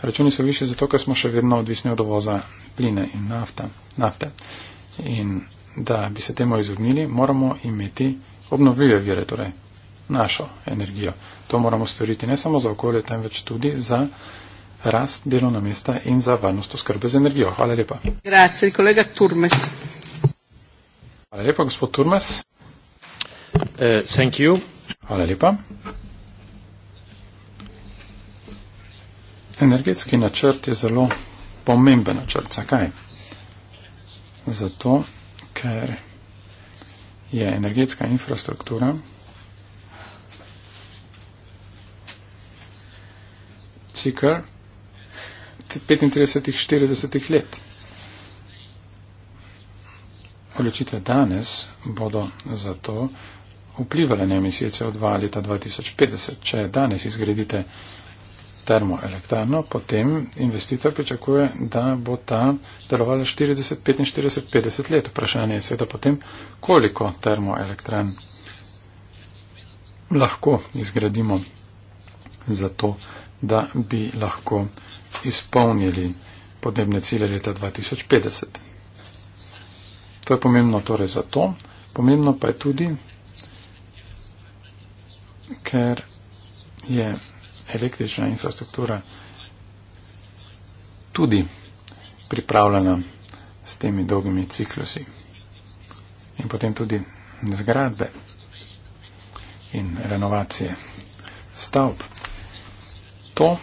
računi so više zato, ker smo še vedno odvisni od dovoza pline in nafta, nafte. In da bi se temu izognili, moramo imeti obnovljive vire, torej našo energijo. To moramo storiti ne samo za okolje, temveč tudi za rast delovna mesta in za varnost oskrbe z energijo. Hvala lepa. Grazie, kolega Turmes. Hvala lepa, gospod Turmes. Uh, thank you. Hvala lepa. Energetski načrt je zelo pomemben načrt. Zakaj? Zato, ker je energetska infrastruktura cikl 35-40 let. Odločitve danes bodo zato vplivale na emisije CO2 leta 2050. Če danes izgradite termoelektrano, potem investitor pričakuje, da bo ta delovala 40, 45, 50 let. Vprašanje je seveda potem, koliko termoelektran lahko izgradimo za to, da bi lahko izpolnili podnebne cilje leta 2050. To je pomembno torej zato, pomembno pa je tudi, ker je električna infrastruktura tudi pripravljena s temi dolgimi ciklusi in potem tudi zgradbe in renovacije stavb. To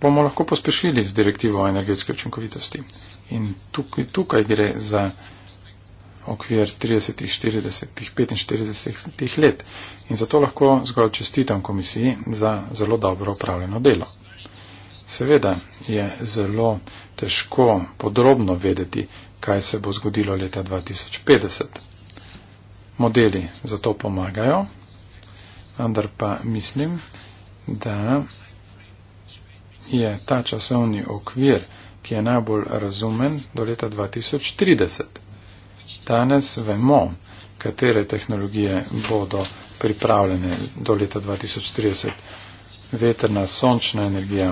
bomo lahko pospešili z direktivo o energetske učinkovitosti in tukaj, tukaj gre za okvir 30, 40, 45 let. In zato lahko zgolj čestitam komisiji za zelo dobro upravljeno delo. Seveda je zelo težko podrobno vedeti, kaj se bo zgodilo leta 2050. Modeli za to pomagajo, vendar pa mislim, da je ta časovni okvir, ki je najbolj razumen, do leta 2030. Danes vemo, katere tehnologije bodo pripravljene do leta 2030. Veterna, sončna energija.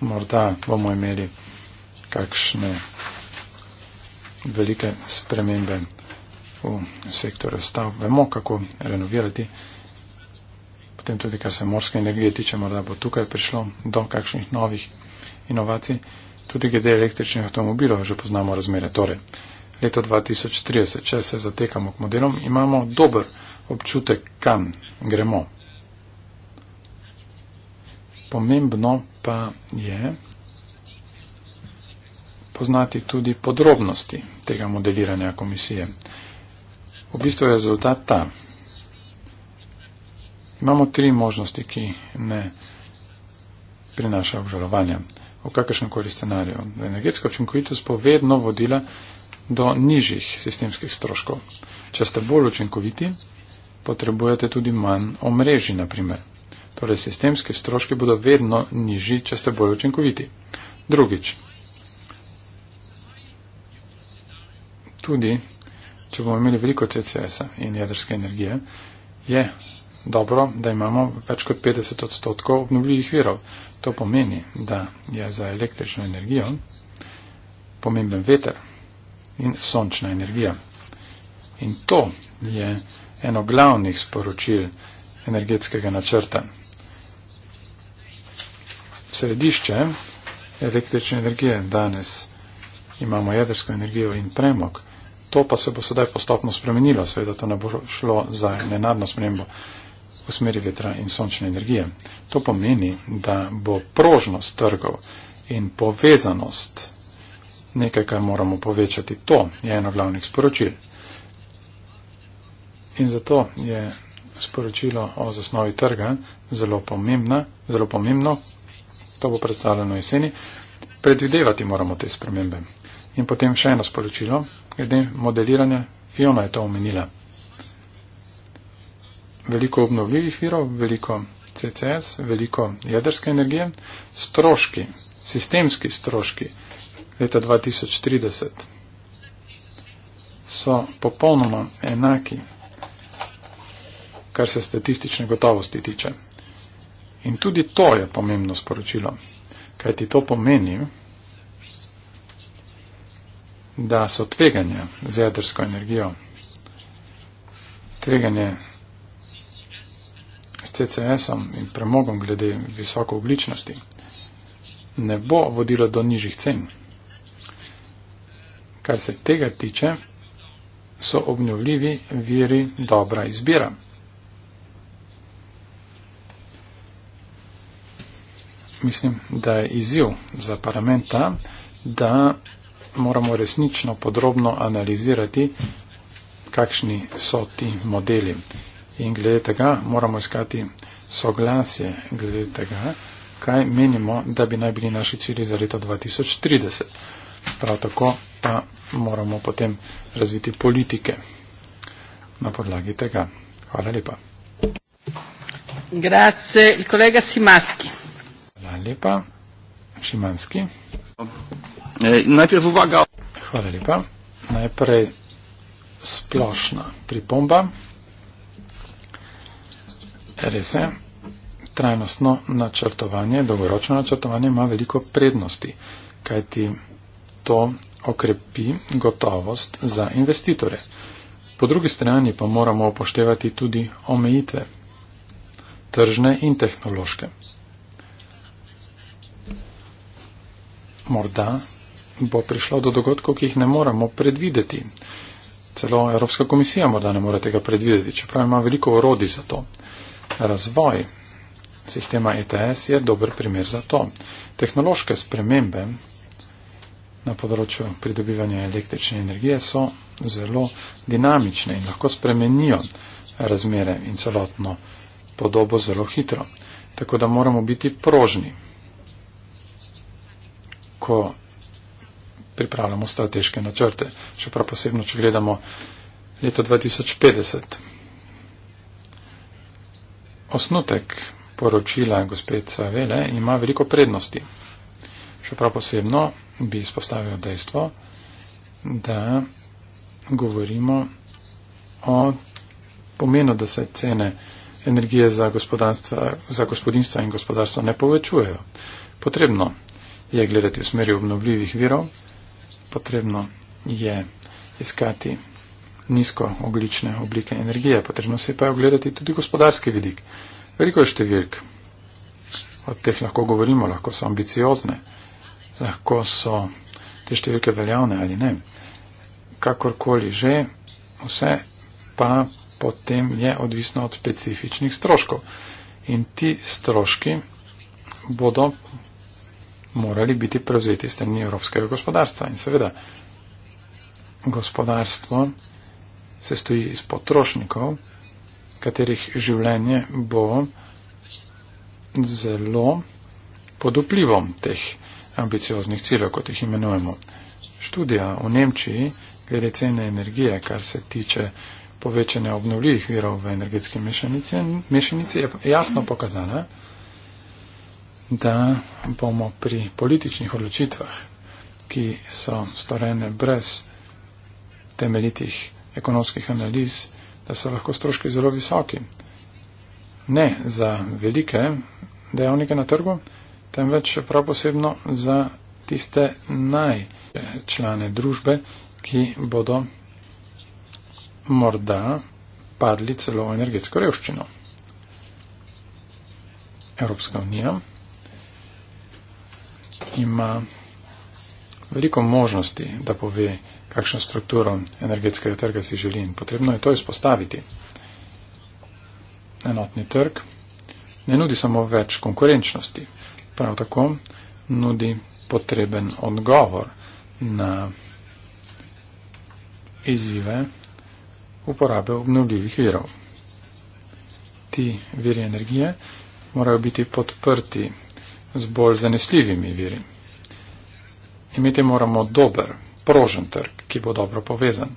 Morda bomo imeli kakšne velike spremembe v sektorju stav. Vemo, kako renovirati. Potem tudi, kar se morske energije tiče, morda bo tukaj prišlo do kakšnih novih inovacij. Tudi glede električnih avtomobilov že poznamo razmere. Torej, leto 2030, če se zatekamo k modelom, imamo dober občutek, kam gremo. Pomembno pa je poznati tudi podrobnosti tega modeliranja komisije. V bistvu je rezultat ta. Imamo tri možnosti, ki ne prinašajo obžalovanja v kakršnem koli scenariju. Energetska učinkovitost pa vedno vodila do nižjih sistemskih stroškov. Če ste bolj učinkoviti, potrebujete tudi manj omrežji, naprimer. Torej, sistemski stroški bodo vedno nižji, če ste bolj učinkoviti. Drugič, tudi, če bomo imeli veliko CCS-a in jedrske energije, je dobro, da imamo več kot 50 odstotkov obnovljivih virov. To pomeni, da je za električno energijo pomemben veter in sončna energija. In to je eno glavnih sporočil energetskega načrta. Središče električne energije danes imamo jedrsko energijo in premog. To pa se bo sedaj postopno spremenilo, seveda to ne bo šlo za nenadno spremembo v smeri vetra in sončne energije. To pomeni, da bo prožnost trgov in povezanost nekaj, kar moramo povečati. To je eno glavnih sporočil. In zato je sporočilo o zasnovi trga zelo, pomembna, zelo pomembno. To bo predstavljeno jeseni. Predvidevati moramo te spremembe. In potem še eno sporočilo, glede modeliranja. Fiona je to omenila veliko obnovljivih virov, veliko CCS, veliko jedrske energije, stroški, sistemski stroški leta 2030 so popolnoma enaki, kar se statistične gotovosti tiče. In tudi to je pomembno sporočilo, kaj ti to pomeni, da so tveganja z jedrsko energijo, tveganje s CCS-om in premogom glede visokoobličnosti, ne bo vodilo do nižjih cen. Kar se tega tiče, so obnovljivi viri dobra izbira. Mislim, da je izziv za parlamenta, da moramo resnično podrobno analizirati, kakšni so ti modeli In glede tega moramo iskati soglasje, glede tega, kaj menimo, da bi naj bili naši cilji za leto 2030. Prav tako pa moramo potem razviti politike na podlagi tega. Hvala lepa. Grazie, il collega Simaski. Hvala lepa, Šimanski. Eh, najprej uvaga. Hvala lepa. Najprej splošna pripomba. Res je, trajnostno načrtovanje, dolgoročno načrtovanje ima veliko prednosti, kajti to okrepi gotovost za investitore. Po drugi strani pa moramo upoštevati tudi omejitve, tržne in tehnološke. Morda bo prišlo do dogodkov, ki jih ne moramo predvideti. Celo Evropska komisija morda ne more tega predvideti, čeprav ima veliko orodi za to. Razvoj sistema ETS je dober primer za to. Tehnološke spremembe na področju pridobivanja električne energije so zelo dinamične in lahko spremenijo razmere in celotno podobo zelo hitro. Tako da moramo biti prožni, ko pripravljamo strateške načrte. Še prav posebno, če gledamo leto 2050 osnutek poročila gospeca Vele ima veliko prednosti. Še prav posebno bi izpostavil dejstvo, da govorimo o pomenu, da se cene energije za, za gospodinstva in gospodarstvo ne povečujejo. Potrebno je gledati v smeri obnovljivih virov, potrebno je iskati nizko oglične oblike energije. Potrebno se pa je ogledati tudi gospodarski vidik. Veliko je številk. Od teh lahko govorimo, lahko so ambiciozne, lahko so te številke veljavne ali ne. Kakorkoli že, vse pa potem je odvisno od specifičnih stroškov. In ti stroški bodo morali biti prevzeti strani evropskega gospodarstva. In seveda, gospodarstvo sestoji iz potrošnikov, katerih življenje bo zelo pod vplivom teh ambicioznih ciljev, kot jih imenujemo. Študija v Nemčiji glede cene energije, kar se tiče povečanja obnovljivih virov v energetski mešanici, mešanici je jasno pokazala, da bomo pri političnih odločitvah, ki so storene brez temeljitih ekonomskih analiz, da so lahko stroški zelo visoki. Ne za velike dejavnike na trgu, temveč prav posebno za tiste najčlane družbe, ki bodo morda padli celo v energetsko revščino. Evropska unija ima veliko možnosti, da pove, kakšno strukturo energetskega trga si želi in potrebno je to izpostaviti. Enotni trg ne nudi samo več konkurenčnosti, prav tako nudi potreben odgovor na izzive uporabe obnovljivih virov. Ti viri energije morajo biti podprti z bolj zanesljivimi viri. Imeti moramo dober prožen trg, ki bo dobro povezan.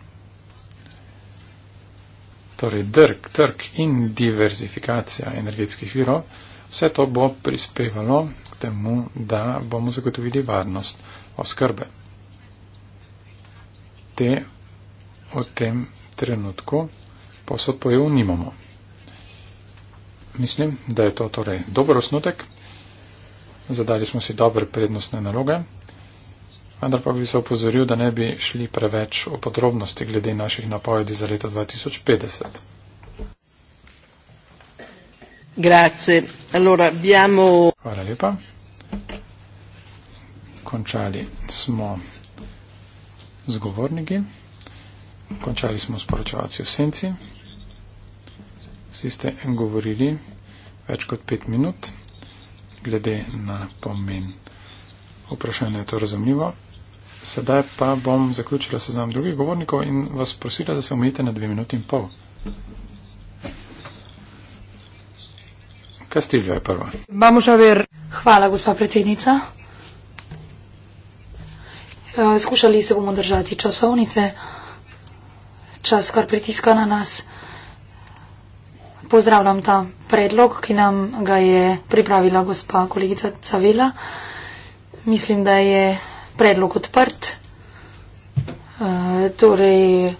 Torej, drg, trg in diverzifikacija energetskih virov, vse to bo prispevalo k temu, da bomo zagotovili varnost oskrbe. Te v tem trenutku posod po EU nimamo. Mislim, da je to torej dober osnutek. Zadali smo si dobre prednostne naloge vendar pa bi se opozoril, da ne bi šli preveč v podrobnosti glede naših napovedi za leto 2050. Grazie. Allora, abbiamo... Hvala lepa. Končali smo z govorniki, končali smo s poročevalci v senci. Vsi ste govorili več kot pet minut glede na pomen. Vprašanje je to razumljivo. Sedaj pa bom zaključila seznam drugih govornikov in vas prosila, da se omejite na dve minuti in pol. Kastiljo je prva. Vamos a ver. Hvala, gospa predsednica. Eh, skušali se bomo držati časovnice. Čas, kar pritiska na nas. Pozdravljam ta predlog, ki nam ga je pripravila gospa kolegica Cavela. Mislim, da je predlog odprt. Eh, torej, eh,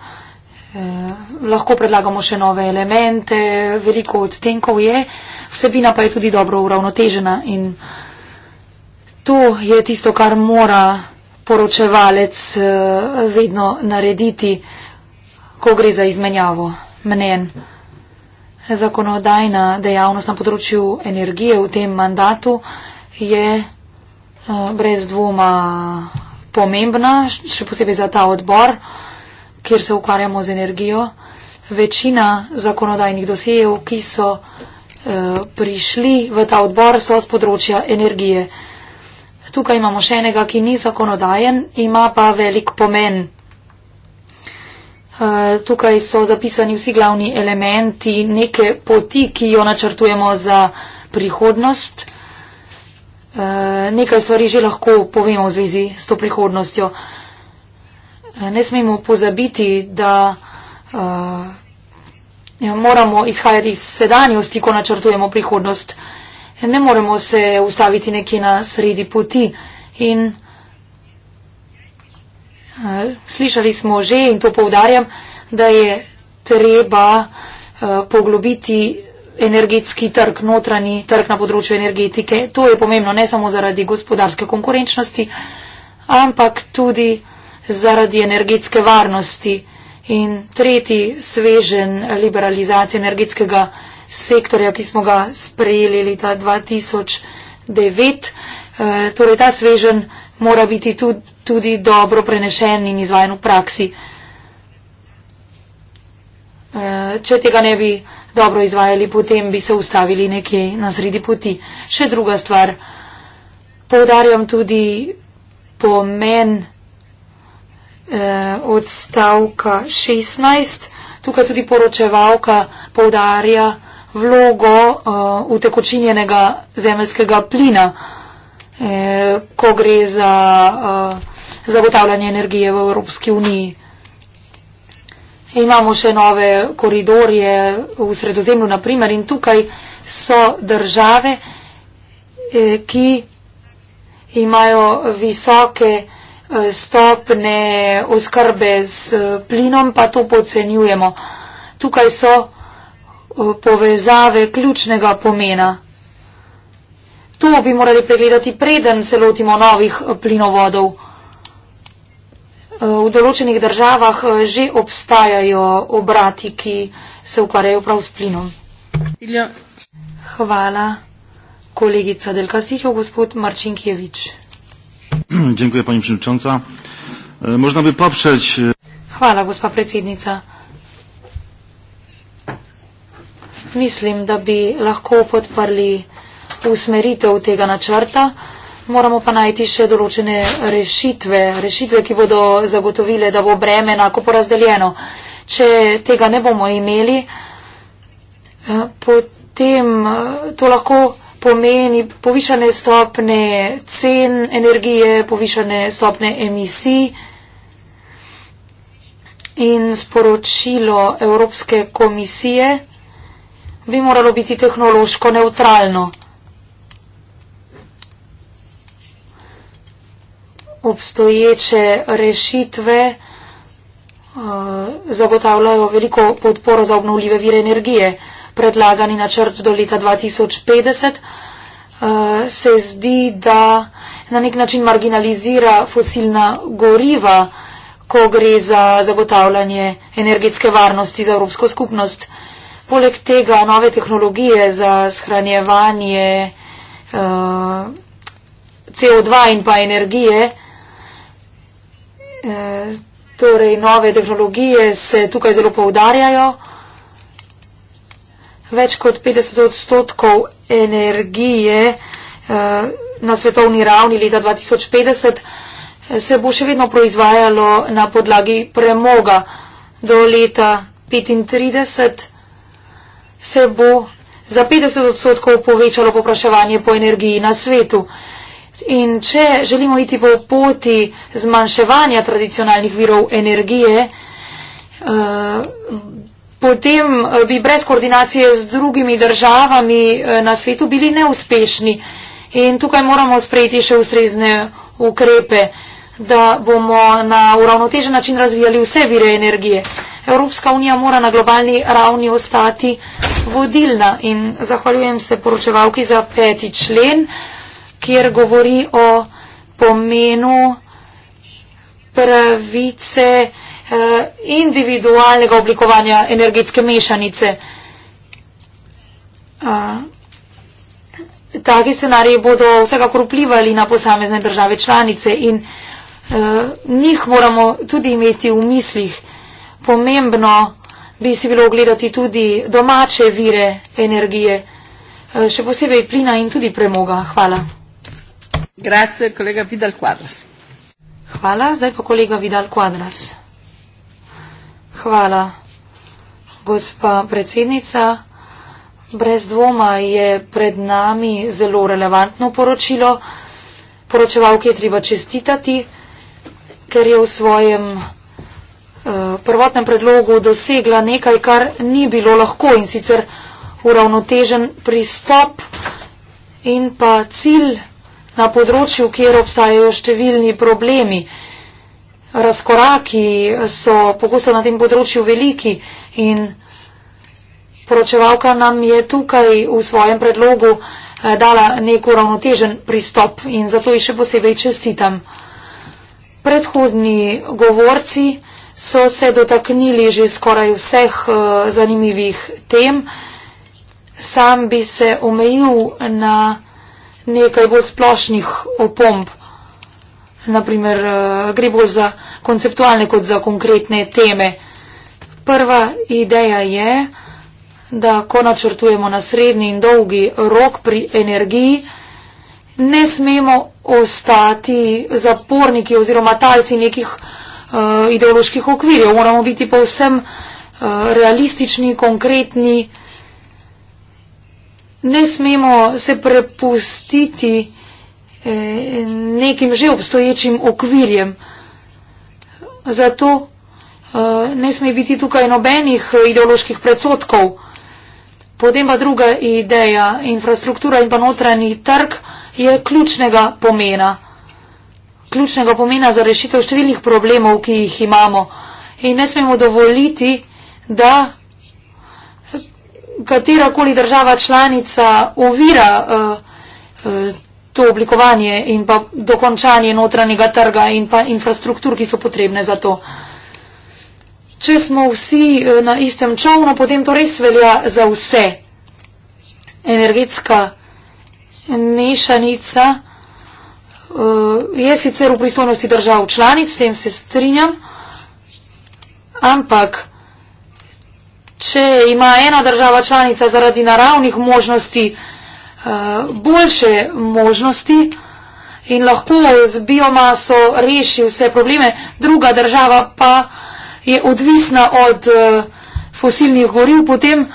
lahko predlagamo še nove elemente, veliko odtenkov je, vsebina pa je tudi dobro uravnotežena in to je tisto, kar mora poročevalec eh, vedno narediti, ko gre za izmenjavo mnen. Zakonodajna dejavnost na področju energije v tem mandatu je brez dvoma pomembna, še posebej za ta odbor, kjer se ukvarjamo z energijo. Večina zakonodajnih dosejev, ki so e, prišli v ta odbor, so z področja energije. Tukaj imamo še enega, ki ni zakonodajen, ima pa velik pomen. E, tukaj so zapisani vsi glavni elementi neke poti, ki jo načrtujemo za prihodnost. Eh, nekaj stvari že lahko povemo v zvezi s to prihodnostjo. Eh, ne smemo pozabiti, da eh, ja, moramo izhajati iz sedanjosti, ko načrtujemo prihodnost. Ne moremo se ustaviti nekje na sredi poti. In slišali smo že, in to povdarjam, da je treba poglobiti energetski trg, notranji trg na področju energetike. To je pomembno ne samo zaradi gospodarske konkurenčnosti, ampak tudi zaradi energetske varnosti. In tretji svežen liberalizacije energetskega sektorja, ki smo ga sprejeli leta 2009, eh, torej ta svežen mora biti tudi, tudi dobro prenešen in izvajen v praksi. Eh, če tega ne bi dobro izvajali, potem bi se ustavili nekje na sredi poti. Še druga stvar, povdarjam tudi pomen eh, odstavka 16, tukaj tudi poročevalka povdarja vlogo eh, utekočinjenega zemljskega plina, eh, ko gre za eh, zagotavljanje energije v Evropski uniji imamo še nove koridorje v sredozemlju, naprimer, in tukaj so države, eh, ki imajo visoke eh, stopne oskrbe z eh, plinom, pa to podcenjujemo. Tukaj so povezave ključnega pomena. To bi morali pregledati preden se lotimo novih plinovodov. Eh, v določenih državah eh, že obstajajo obrati, ki se ukvarjajo prav s plinom. Ilja. Hvala, kolegica Delka Stihov, gospod Marčinkjevič. [CLEARS THROAT] Dziękuję, pani przewodnicząca. E, można by poprzeć. Chwała, e, gospa predsjednica. Myślę, że by lahko podparli usmeritev tego naczarta. Moramo pa najti še določene rešitve, rešitve, ki bodo zagotovile, da bo breme enako porazdeljeno. Če tega ne bomo imeli, eh, potem eh, to lahko pomeni povišane stopne cen energije, povišane stopne emisij in sporočilo Evropske komisije bi moralo biti tehnološko neutralno. obstoječe rešitve eh, zagotavljajo veliko podporo za obnovljive vire energije. Predlagani načrt do leta 2050 eh, se zdi, da na nek način marginalizira fosilna goriva, ko gre za zagotavljanje energetske varnosti za Evropsko skupnost. Poleg tega nove tehnologije za shranjevanje eh, CO2 in pa energije torej nove tehnologije se tukaj zelo poudarjajo. Več kot 50 odstotkov energije eh, na svetovni ravni leta 2050 eh, se bo še vedno proizvajalo na podlagi premoga. Do leta 35 se bo za 50 odstotkov povečalo popraševanje po energiji na svetu. In če želimo iti po poti zmanjševanja tradicionalnih virov energije, eh, potem eh, bi brez koordinacije z drugimi državami eh, na svetu bili neuspešni. In tukaj moramo sprejeti še ustrezne ukrepe, da bomo na uravnotežen način razvijali vse vire energije. Evropska unija mora na globalni ravni ostati vodilna in zahvaljujem se poročevalki za peti člen kjer govori o pomenu pravice eh, individualnega oblikovanja energetske mešanice. Taki scenariji bodo vsekakor vplivali na posamezne države članice in eh, njih moramo tudi imeti v mislih. Pomembno bi si bilo ogledati tudi domače vire energije, eh, še posebej plina in tudi premoga. Hvala. Grazie, kolega Vidal Quadras. Hvala, zdaj pa kolega Vidal Quadras. Hvala, gospa predsednica. Brez dvoma je pred nami zelo relevantno poročilo. Poročevalke je treba čestitati, ker je v svojem eh, prvotnem predlogu dosegla nekaj, kar ni bilo lahko in sicer uravnotežen pristop in pa cilj na področju, kjer obstajajo številni problemi. Razkoraki so pogosto na tem področju veliki in poročevalka nam je tukaj v svojem predlogu eh, dala neko ravnotežen pristop in zato ji še posebej čestitam. Predhodni govorci so se dotaknili že skoraj vseh eh, zanimivih tem. Sam bi se omejil na nekaj bolj splošnih opomb. Naprimer, eh, gre bolj za konceptualne kot za konkretne teme. Prva ideja je, da ko načrtujemo na srednji in dolgi rok pri energiji, ne smemo ostati zaporniki oziroma talci nekih uh, ideoloških okvirjev. Moramo biti povsem uh, realistični, konkretni ne smemo se prepustiti eh, nekim že obstoječim okvirjem. Zato eh, ne sme biti tukaj nobenih ideoloških predsotkov. Potem pa druga ideja, infrastruktura in pa notranji trg je ključnega pomena. Ključnega pomena za rešitev številnih problemov, ki jih imamo. In ne smemo dovoliti, da katera koli država članica ovira eh, eh, to oblikovanje in pa dokončanje notranjega trga in pa infrastruktur, ki so potrebne za to. Če smo vsi eh, na istem čovnu, potem to res velja za vse. Energetska mešanica je sicer v pristojnosti držav članic, s tem se strinjam, ampak če ima ena država članica zaradi naravnih možnosti eh, boljše možnosti in lahko z biomaso reši vse probleme, druga država pa je odvisna od eh, fosilnih goril, potem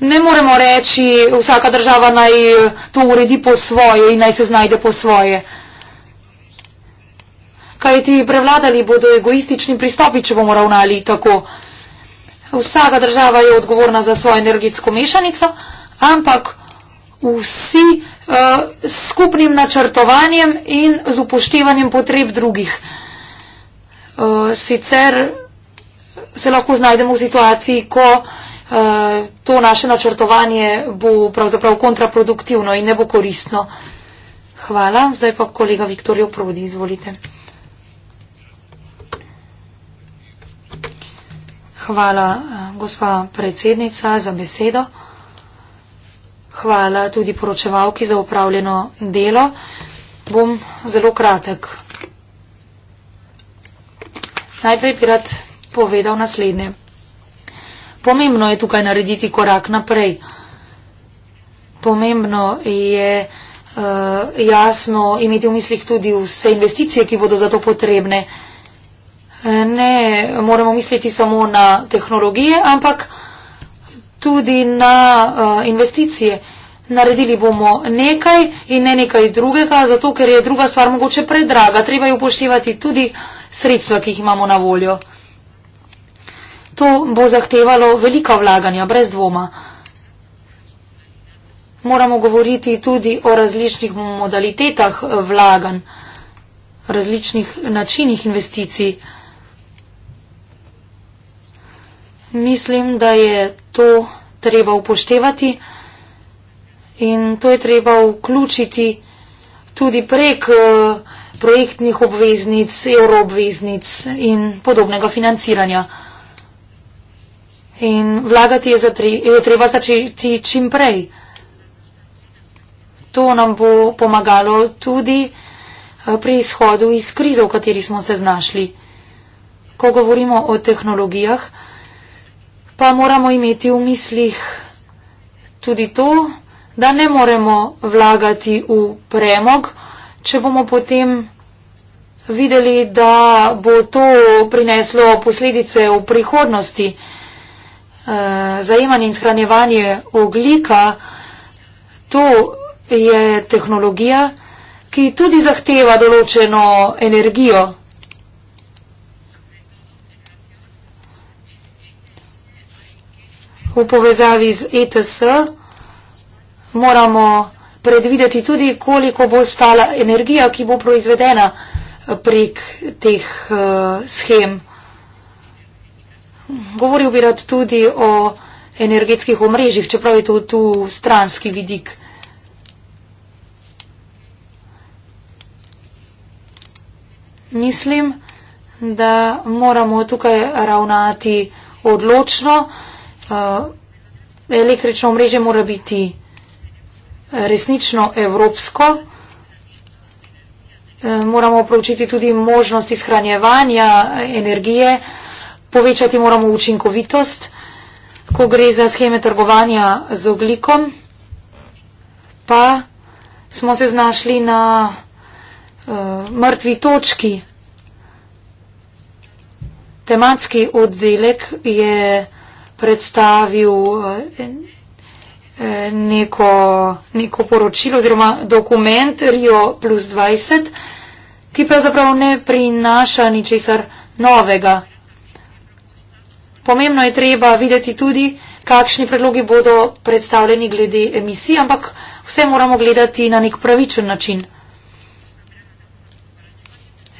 ne moremo reči, vsaka država naj eh, to uredi po svoje in naj se znajde po svoje. Kaj ti prevladali bodo egoistični pristopi, če bomo ravnali tako? Vsaka država je odgovorna za svojo energetsko mešanico, ampak vsi uh, skupnim načrtovanjem in z upoštevanjem potreb drugih. Uh, sicer se lahko znajdemo v situaciji, ko uh, to naše načrtovanje bo pravzaprav kontraproduktivno in ne bo koristno. Hvala. Zdaj pa kolega Viktorijo Prodi, izvolite. hvala, eh, gospa predsednica, za besedo. Hvala tudi poročevalki za upravljeno delo. Bom zelo kratek. Najprej bi rad povedal naslednje. Pomembno je tukaj narediti korak naprej. Pomembno je uh, jasno imeti v mislih tudi vse investicije, ki bodo za to potrebne. Uh, ne moremo misliti samo na tehnologije, ampak tudi na uh, investicije. Naredili bomo nekaj in ne nekaj drugega, zato ker je druga stvar mogoče predraga. Treba je upoštevati tudi sredstva, ki jih imamo na voljo. To bo zahtevalo velika vlaganja, brez dvoma. Moramo govoriti tudi o različnih modalitetah vlaganj, različnih načinih investicij. Mislim, da je to treba upoštevati in to je treba vključiti tudi prek eh, projektnih obveznic, evroobveznic in podobnega financiranja. In vlagati je, zatre, je treba začeti čim prej. To nam bo pomagalo tudi eh, pri izhodu iz krize, v kateri smo se znašli. Ko govorimo o tehnologijah, pa moramo imeti v mislih tudi to, da ne moremo vlagati v premog, če bomo potem videli, da bo to prineslo posledice v prihodnosti. Eh, zajemanje in shranjevanje oglika, to je tehnologija, ki tudi zahteva določeno energijo. v povezavi z ETS moramo predvideti tudi, koliko bo stala energija, ki bo proizvedena eh, prek teh eh, schem. Govoril bi rad tudi o energetskih omrežjih, čeprav je to tu stranski vidik. Mislim, da moramo tukaj ravnati odločno. Uh, električno omrežje mora biti uh, resnično evropsko. Uh, moramo proučiti tudi možnosti shranjevanja energije, povečati moramo učinkovitost, ko gre za scheme trgovanja z oglikom, pa smo se znašli na uh, mrtvi točki. Tematski oddelek je predstavil eh, neko, neko poročilo oziroma dokument Rio plus 20, ki pravzaprav ne prinaša ničesar novega. Pomembno je treba videti tudi, kakšni predlogi bodo predstavljeni glede emisij, ampak vse moramo gledati na nek pravičen način.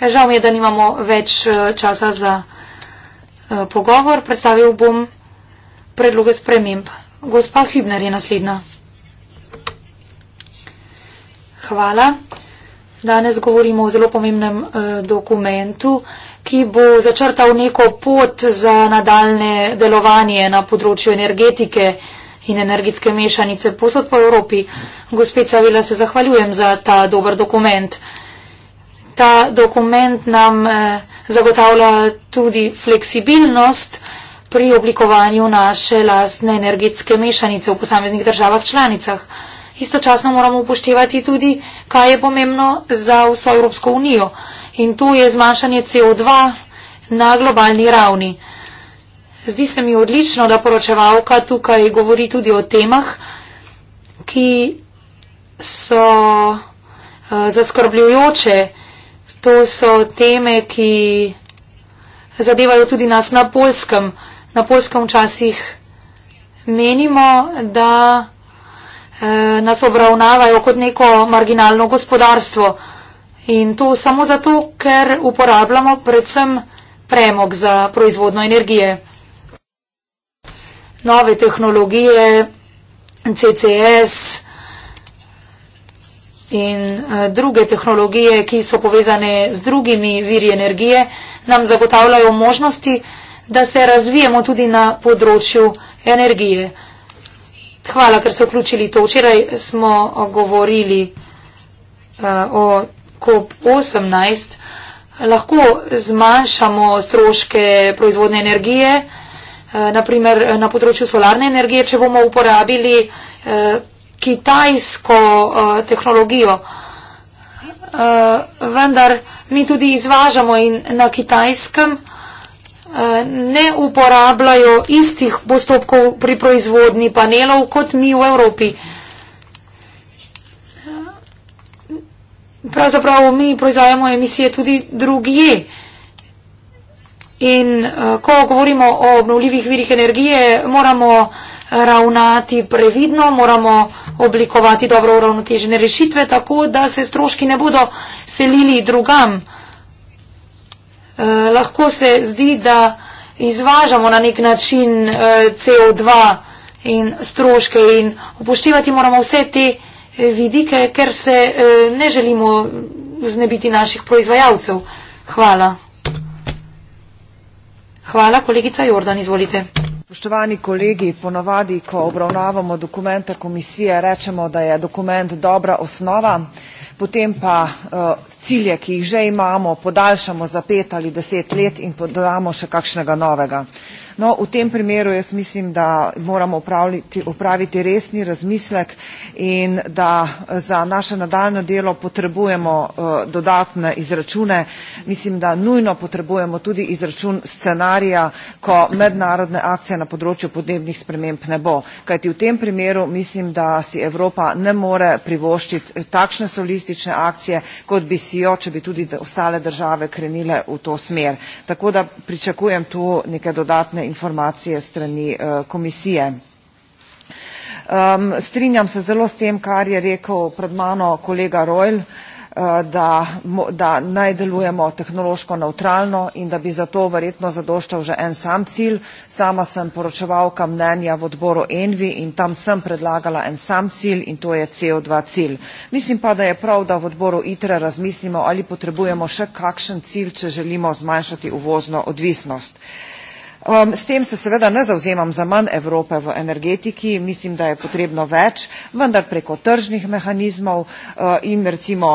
Žal mi je, da nimamo več eh, časa za eh, pogovor. Predstavil bom predloge sprememb. Gospa Hübner je naslednja. Hvala. Danes govorimo o zelo pomembnem eh, dokumentu, ki bo začrtal neko pot za nadaljne delovanje na področju energetike in energetske mešanice posod po Evropi. Gospe Cavila, se zahvaljujem za ta dober dokument. Ta dokument nam eh, zagotavlja tudi fleksibilnost, eh, pri oblikovanju naše lastne energetske mešanice v posameznih državah članicah. Istočasno moramo upoštevati tudi, kaj je pomembno za vso Evropsko unijo in to je zmanjšanje CO2 na globalni ravni. Zdi se mi odlično, da poročevalka tukaj govori tudi o temah, ki so eh, zaskrbljujoče. To so teme, ki zadevajo tudi nas na polskem področju na polskem včasih menimo, da eh, nas obravnavajo kot neko marginalno gospodarstvo. In to samo zato, ker uporabljamo predvsem premog za proizvodno energije. Nove tehnologije, CCS in eh, druge tehnologije, ki so povezane z drugimi viri energije, nam zagotavljajo možnosti, da se razvijemo tudi na področju energije. Hvala, ker ste vključili to. Včeraj smo govorili uh, o COP18. Lahko zmanjšamo stroške proizvodne energije, uh, eh, naprimer eh, na področju solarne energije, če bomo uporabili uh, kitajsko uh, tehnologijo. Uh, vendar mi tudi izvažamo in na kitajskem ne uporabljajo istih postopkov pri proizvodni panelov kot mi v Evropi. Pravzaprav mi proizvajamo emisije tudi drugje. In eh, ko govorimo o obnovljivih virih energije, moramo ravnati previdno, moramo oblikovati dobro uravnotežene rešitve, tako da se stroški ne bodo selili drugam. Eh, lahko se zdi, da izvažamo na nek način uh, eh, CO2 in stroške in upoštevati moramo vse te eh, vidike, ker se uh, ne želimo znebiti naših proizvajalcev. Hvala. Hvala, kolegica Jordan, izvolite. Poštovani kolegi, ponovadi, ko obravnavamo dokumente komisije, rečemo, da je dokument dobra osnova. Uh, potem pa eh, cilje, ki jih že imamo, podaljšamo za pet ali deset let in podamo še kakšnega novega. No, v tem primeru jaz mislim, da moramo upraviti, upraviti resni razmislek in da eh, za naše nadaljno delo potrebujemo uh, dodatne izračune. Mislim, da nujno potrebujemo tudi izračun scenarija, ko mednarodne akcije na področju podnebnih sprememb ne bo. Kajti v tem primeru mislim, da si Evropa ne more privoščiti eh, takšne solistične akcije, kot bi si jo, če bi tudi ostale države krenile v to smer. Tako da pričakujem tu neke dodatne informacije strani eh, komisije. Strinjam se zelo s tem, kar je rekel pred mano kolega Rojl, eh, da, da naj delujemo tehnološko neutralno in da bi zato verjetno zadoščal že en sam cilj. Sama sem poročevalka mnenja v odboru Envi in tam sem predlagala en sam cilj in to je CO2 cilj. Mislim pa, da je prav, da v odboru ITRE razmislimo, ali potrebujemo še kakšen cilj, če želimo zmanjšati uvozno odvisnost. Uh, Um, s tem se seveda ne zauzemam za manj Evrope v energetiki, mislim, da je potrebno več, vendar preko tržnih mehanizmov uh, in recimo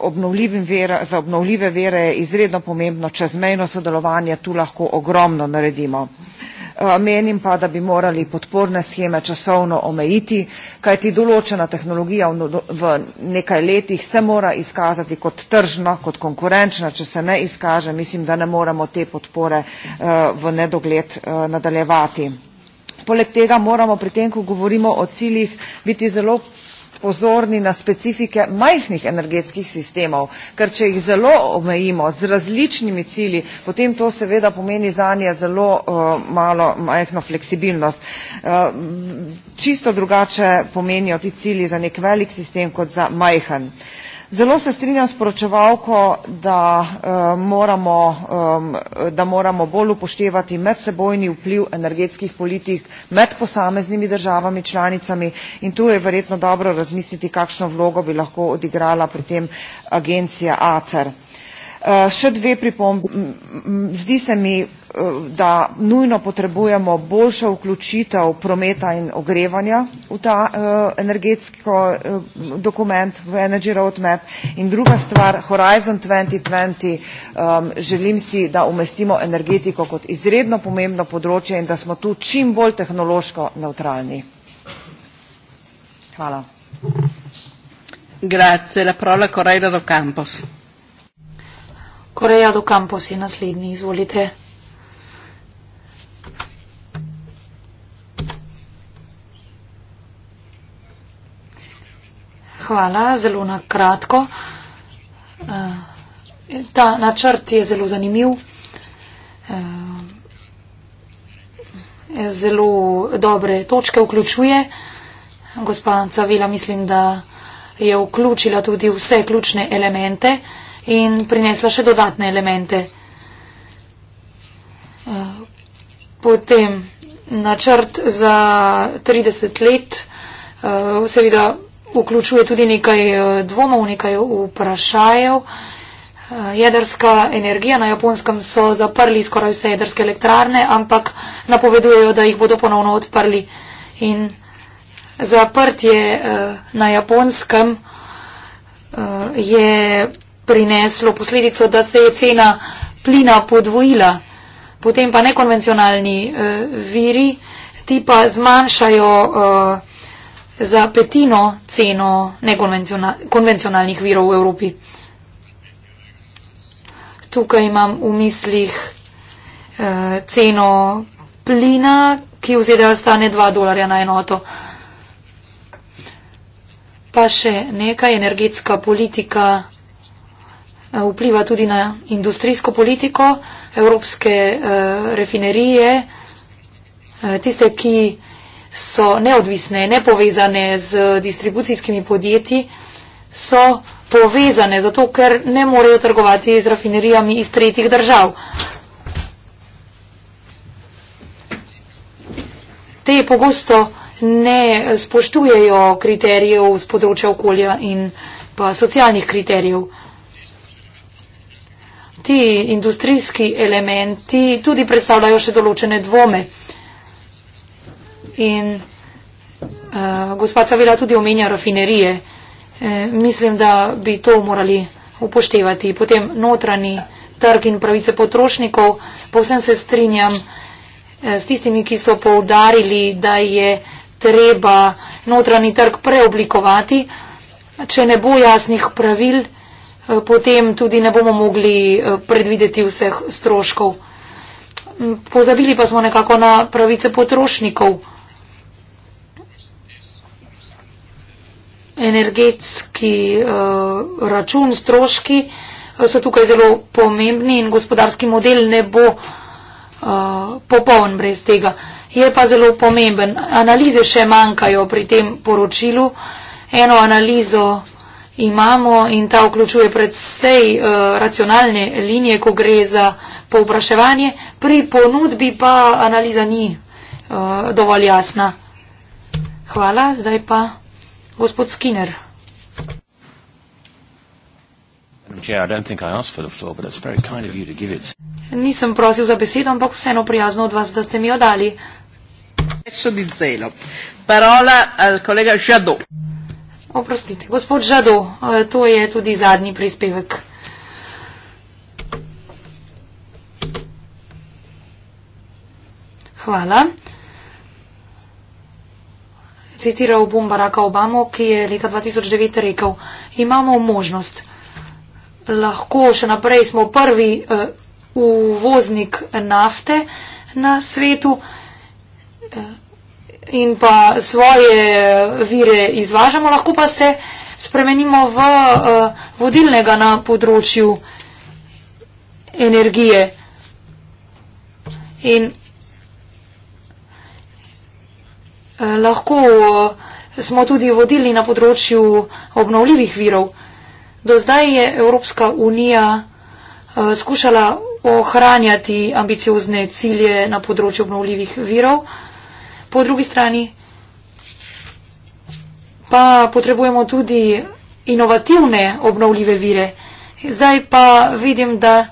uh, vera, za obnovljive vere je izredno pomembno čezmejno sodelovanje, tu lahko ogromno naredimo. Uh, Eh, menim pa, da bi morali podporne scheme časovno omejiti, kajti določena tehnologija no-, v nekaj letih se mora izkazati kot tržna, kot konkurenčna. Če se ne izkaže, mislim, da ne moramo te podpore eh, v nedogled eh, nadaljevati. Poleg tega moramo pri tem, ko govorimo o ciljih, biti zelo pozorni, pozorni na specifike majhnih energetskih sistemov, ker če jih zelo omejimo z različnimi cilji, potem to seveda pomeni zanje zelo uh, malo majhno fleksibilnost. Uh, čisto drugače pomenijo ti cilji za nek velik sistem kot za majhen. Uh, Zelo se strinjam s poročevalko, da, um, moramo, um, da moramo bolj upoštevati medsebojni vpliv energetskih politik med posameznimi državami članicami in tu je verjetno dobro razmisliti, kakšno vlogo bi lahko odigrala pri tem agencija ACER. Eh, še dve pripombe. Zdi se mi, eh, da nujno potrebujemo boljšo vključitev prometa in ogrevanja v ta eh, energetski dokument, v Energy Roadmap. In druga stvar, Horizon 2020, ehm, želim si, da umestimo energetiko kot izredno pomembno področje in da smo tu čim bolj tehnološko neutralni. Hvala. Grazie, la parola a Corrado Campos. Koreja do Kampos je naslednji, izvolite. Hvala, zelo na kratko. Eh, ta načrt je zelo zanimiv. Eh, zelo dobre točke vključuje. Gospa Cavila mislim, da je vključila tudi vse ključne elemente in prinesla še dodatne elemente. Eh, potem načrt za 30 let eh, seveda vključuje tudi nekaj eh, dvomov, nekaj vprašajev. Jedrska energija na japonskem so zaprli skoraj vse jedrske elektrarne, ampak napovedujejo, da jih bodo ponovno odprli. In zaprtje na japonskem je prineslo posledico, da se je cena plina podvojila. Potem pa nekonvencionalni eh, viri, ti pa zmanjšajo eh, za petino ceno nekonvencionalnih virov v Evropi. Tukaj imam v mislih eh, ceno plina, ki v ZDA stane 2 dolarja na enoto. Pa še nekaj energetska politika. Eh, vpliva tudi na industrijsko politiko, evropske uh, refinerije, uh, tiste, ki so neodvisne, nepovezane z distribucijskimi podjetji, so povezane zato, ker ne morejo trgovati z rafinerijami iz tretjih držav. Te pogosto ne spoštujejo kriterijev z področja okolja in pa socialnih kriterijev ti industrijski elementi tudi predstavljajo še določene dvome. In uh, eh, gospod Savila tudi omenja rafinerije. E, mislim, da bi to morali upoštevati. Potem notrani trg in pravice potrošnikov. Povsem se strinjam eh, s tistimi, ki so poudarili, da je treba notrani trg preoblikovati, če ne bo jasnih pravil. Eh, potem tudi ne bomo mogli eh, predvideti vseh stroškov. Mm, pozabili pa smo nekako na pravice potrošnikov. Energetski eh, račun, stroški so tukaj zelo pomembni in gospodarski model ne bo popoln brez tega. Je pa zelo pomemben. Analize še manjkajo pri tem poročilu. Eno analizo imamo in ta vključuje predvsej uh, racionalne linije, ko gre za povpraševanje, pri ponudbi pa analiza ni uh, dovolj jasna. Hvala, zdaj pa gospod Skinner. Floor, kind of Nisem prosil za besedo, ampak vseeno prijazno od vas, da ste mi jo dali. Parola al eh, kolega Žadov oprostite. Gospod Žado, to je tudi zadnji prispevek. Hvala. Citiral bom Baracka Obamo, ki je leta 2009 rekel, imamo možnost, lahko še naprej smo prvi uh, uvoznik nafte na svetu. Uh, in pa svoje vire izvažamo, lahko pa se spremenimo v uh, vodilnega na področju energije. In uh, lahko uh, smo tudi vodilni na področju obnovljivih virov. Do zdaj je Evropska unija uh, skušala ohranjati ambiciozne cilje na področju obnovljivih virov. Uh, Po drugi strani pa potrebujemo tudi inovativne obnovljive vire. Zdaj pa vidim, da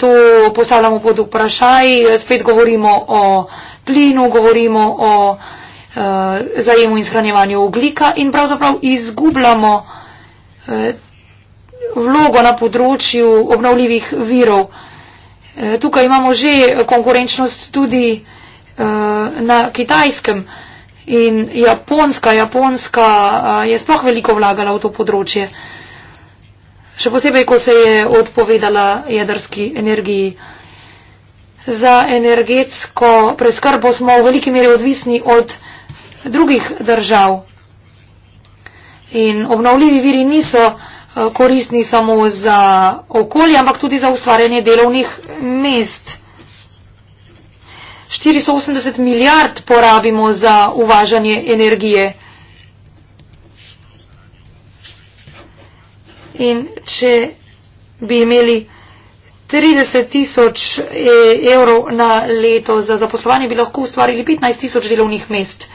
to postavljamo pod vprašaj, spet govorimo o plinu, govorimo o uh, zajemu in shranjevanju oglika in pravzaprav izgubljamo uh, vlogo na področju obnovljivih virov. Uh, tukaj imamo že konkurenčnost tudi uh, Eh, na kitajskem in japonska, japonska eh, je sploh veliko vlagala v to področje. Še posebej, ko se je odpovedala jedrski energiji. Za energetsko preskrbo smo v veliki meri odvisni od drugih držav. In obnovljivi viri niso eh, koristni samo za okolje, ampak tudi za ustvarjanje delovnih mest. 480 milijard porabimo za uvažanje energije. In če bi imeli 30 tisoč e, evrov na leto za zaposlovanje, bi lahko ustvarili 15 tisoč delovnih mest.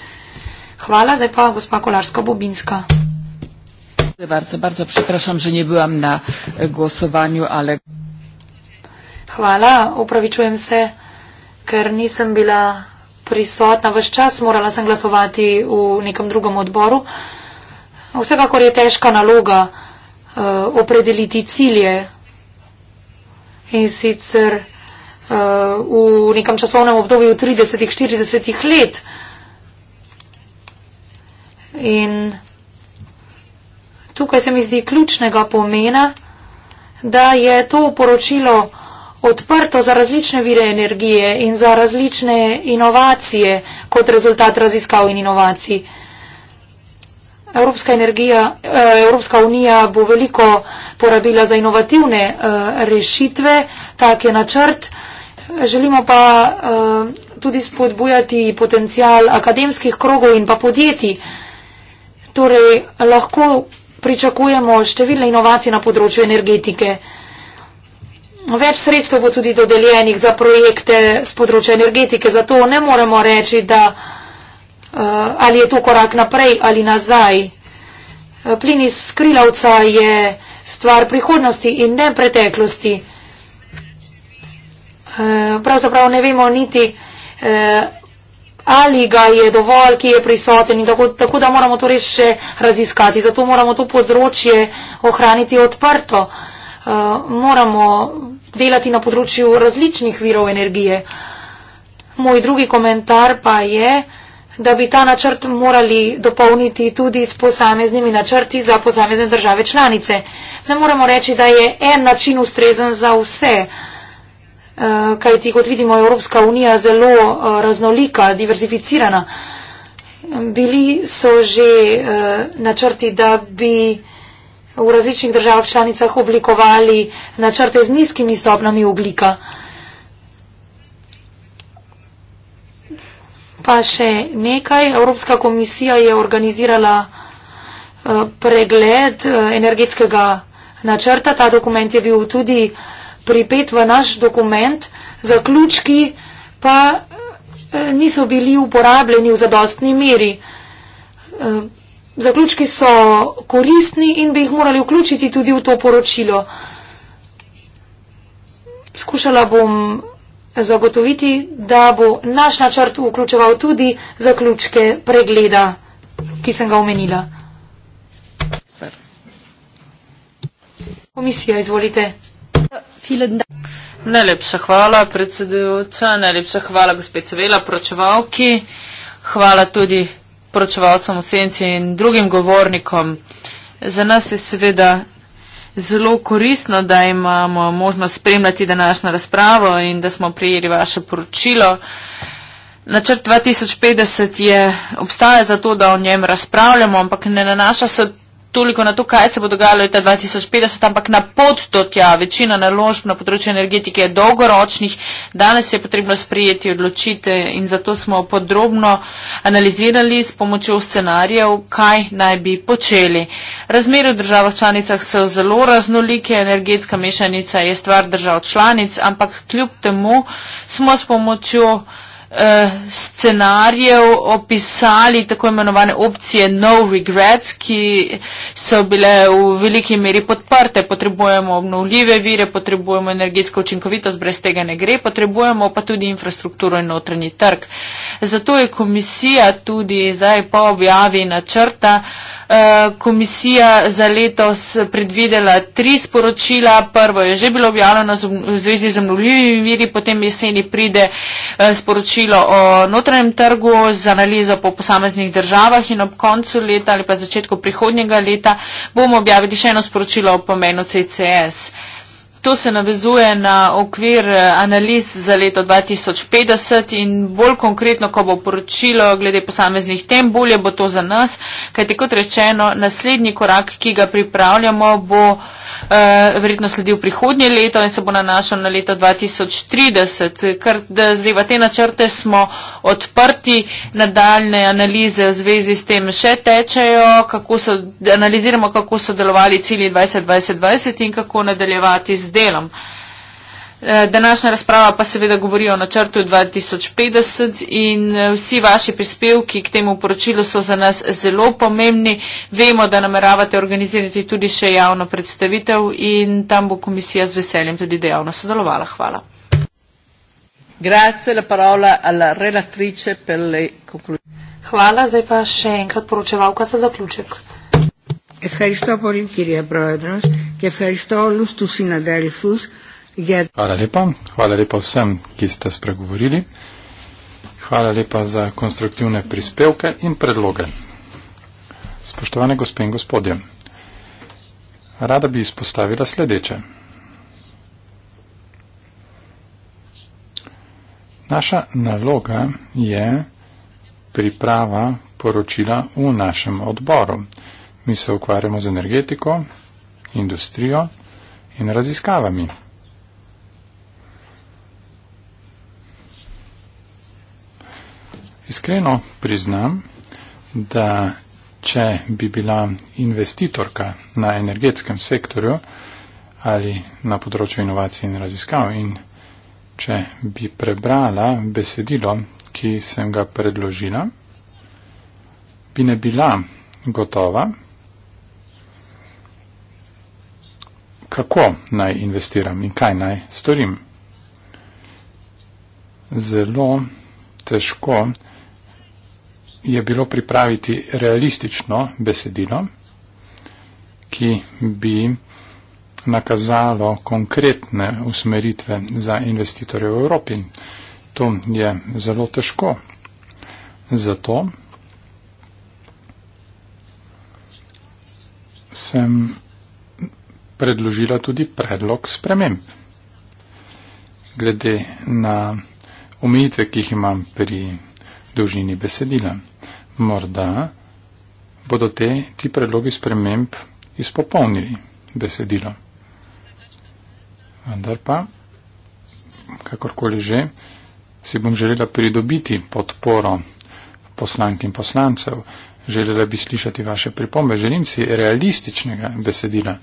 Hvala, zdaj pa gospa Kolarska-Bobinska. Bardzo, bardzo przepraszam, że nie byłam na głosowaniu, ale... Hvala, upravičujem se ker nisem bila prisotna vse čas, morala sem glasovati v nekem drugem odboru. Vsekakor je težka naloga uh, opredeliti cilje in sicer uh, v nekem časovnem obdobju 30-40 let. In tukaj se mi zdi ključnega pomena, da je to poročilo odprto za različne vire energije in za različne inovacije kot rezultat raziskav in inovacij. Evropska, energija, eh, Evropska unija bo veliko porabila za inovativne eh, rešitve, tak je načrt. Želimo pa eh, tudi spodbujati potencial akademskih krogov in pa podjetij. Torej lahko pričakujemo številne inovacije na področju energetike. Več sredstev bo tudi dodeljenih za projekte z področja energetike, zato ne moremo reči, da, eh, ali je to korak naprej ali nazaj. Eh, plin iz skrilavca je stvar prihodnosti in ne preteklosti. Eh, pravzaprav ne vemo niti, ali ga je dovolj, ki je prisoten in tako, tako da moramo to res še raziskati. Zato moramo to področje ohraniti odprto. Moramo delati na področju različnih virov energije. Moj drugi komentar pa je, da bi ta načrt morali dopolniti tudi s posameznimi načrti za posamezne države članice. Ne moramo reči, da je en način ustrezen za vse, eh, kajti kot vidimo Evropska unija zelo eh, raznolika, diverzificirana. Bili so že eh, načrti, da bi v različnih državah članicah oblikovali načrte z nizkimi stopnami oglika. Pa še nekaj. Evropska komisija je organizirala eh, pregled eh, energetskega načrta. Ta dokument je bil tudi pripet v naš dokument. Zaključki pa eh, niso bili uporabljeni v zadostni meri. Zaključki so koristni in bi jih morali vključiti tudi v to poročilo. Skušala bom zagotoviti, da bo naš načrt vključeval tudi zaključke pregleda, ki sem ga omenila. Komisija, izvolite. Najlepša hvala, predsedujoča, najlepša hvala, gospod Cevela, pročevalki. Hvala tudi poročevalcem v senci in drugim govornikom. Za nas je seveda zelo koristno, da imamo možnost spremljati današnjo razpravo in da smo prijeli vaše poročilo. Načrt 2050 je, obstaja zato, da o njem razpravljamo, ampak ne nanaša se toliko na to, kaj se bo dogajalo leta 2050, ampak na pot do tja. Večina naložb na področju energetike je dolgoročnih, danes je potrebno sprijeti odločite in zato smo podrobno analizirali s pomočjo scenarijev, kaj naj bi počeli. Razmere v državah članicah so zelo raznolike, energetska mešanica je stvar držav članic, ampak kljub temu smo s pomočjo uh, scenarijev opisali tako imenovane opcije no regrets, ki so bile v veliki meri podprte. Potrebujemo obnovljive vire, potrebujemo energetsko učinkovitost, brez tega ne gre, potrebujemo pa tudi infrastrukturo in notranji trg. Zato je komisija tudi zdaj po objavi načrta uh, Eh, komisija za letos predvidela tri sporočila. Prvo je že bilo objavljeno v zvezi z obnovljivimi viri, potem jeseni pride eh, sporočilo o notranjem trgu z analizo po posameznih državah in ob koncu leta ali pa začetku prihodnjega leta bomo objavili še eno sporočilo o pomenu CCS. Uh, To se navezuje na okvir eh, analiz za leto 2050 in bolj konkretno, ko bo poročilo glede posameznih tem, bolje bo to za nas, kajte kot rečeno, naslednji korak, ki ga pripravljamo, bo eh, verjetno sledil prihodnje leto in se bo nanašal na leto 2030, ker da zdaj v te načrte smo odprti, nadaljne analize v zvezi s tem še tečejo, kako so, analiziramo, kako so delovali cilji 2020-2020 in kako nadaljevati z 2030-2050 delom. Eh, današnja razprava pa seveda govori o načrtu 2050 in eh, vsi vaši prispevki k temu poročilu so za nas zelo pomembni. Vemo, da nameravate organizirati tudi še javno predstavitev in tam bo komisija z veseljem tudi dejavno sodelovala. Hvala. Grazie, la parola alla relatrice per le conclusioni. Hvala, zdaj pa še enkrat poročevalka za zaključek. Ευχαριστώ πολύ κύριε Πρόεδρος και ευχαριστώ όλους τους συναδέλφους για... Χαλά λίπα, χαλά λίπα σέμ και είστε σπρεγουβουρίλοι. Χαλά λίπα за конструктивне приспевка и предлога. Спочтоване господин господи, рада би изпоставила следече. Наша налога е приправа поручила у нашем отбору. Mi se ukvarjamo z energetiko, industrijo in raziskavami. Iskreno priznam, da če bi bila investitorka na energetskem sektorju ali na področju inovacij in raziskav in če bi prebrala besedilo, ki sem ga predložila, bi ne bila gotova, kako naj investiram in kaj naj storim. Zelo težko je bilo pripraviti realistično besedilo, ki bi nakazalo konkretne usmeritve za investitorje v Evropi. To je zelo težko. Zato sem predložila tudi predlog sprememb. Glede na omejitve, ki jih imam pri dolžini besedila, morda bodo te, ti predlogi sprememb izpopolnili besedilo. Vendar pa, kakorkoli že, si bom želela pridobiti podporo poslank in poslancev, želela bi slišati vaše pripombe, želim si realističnega besedila.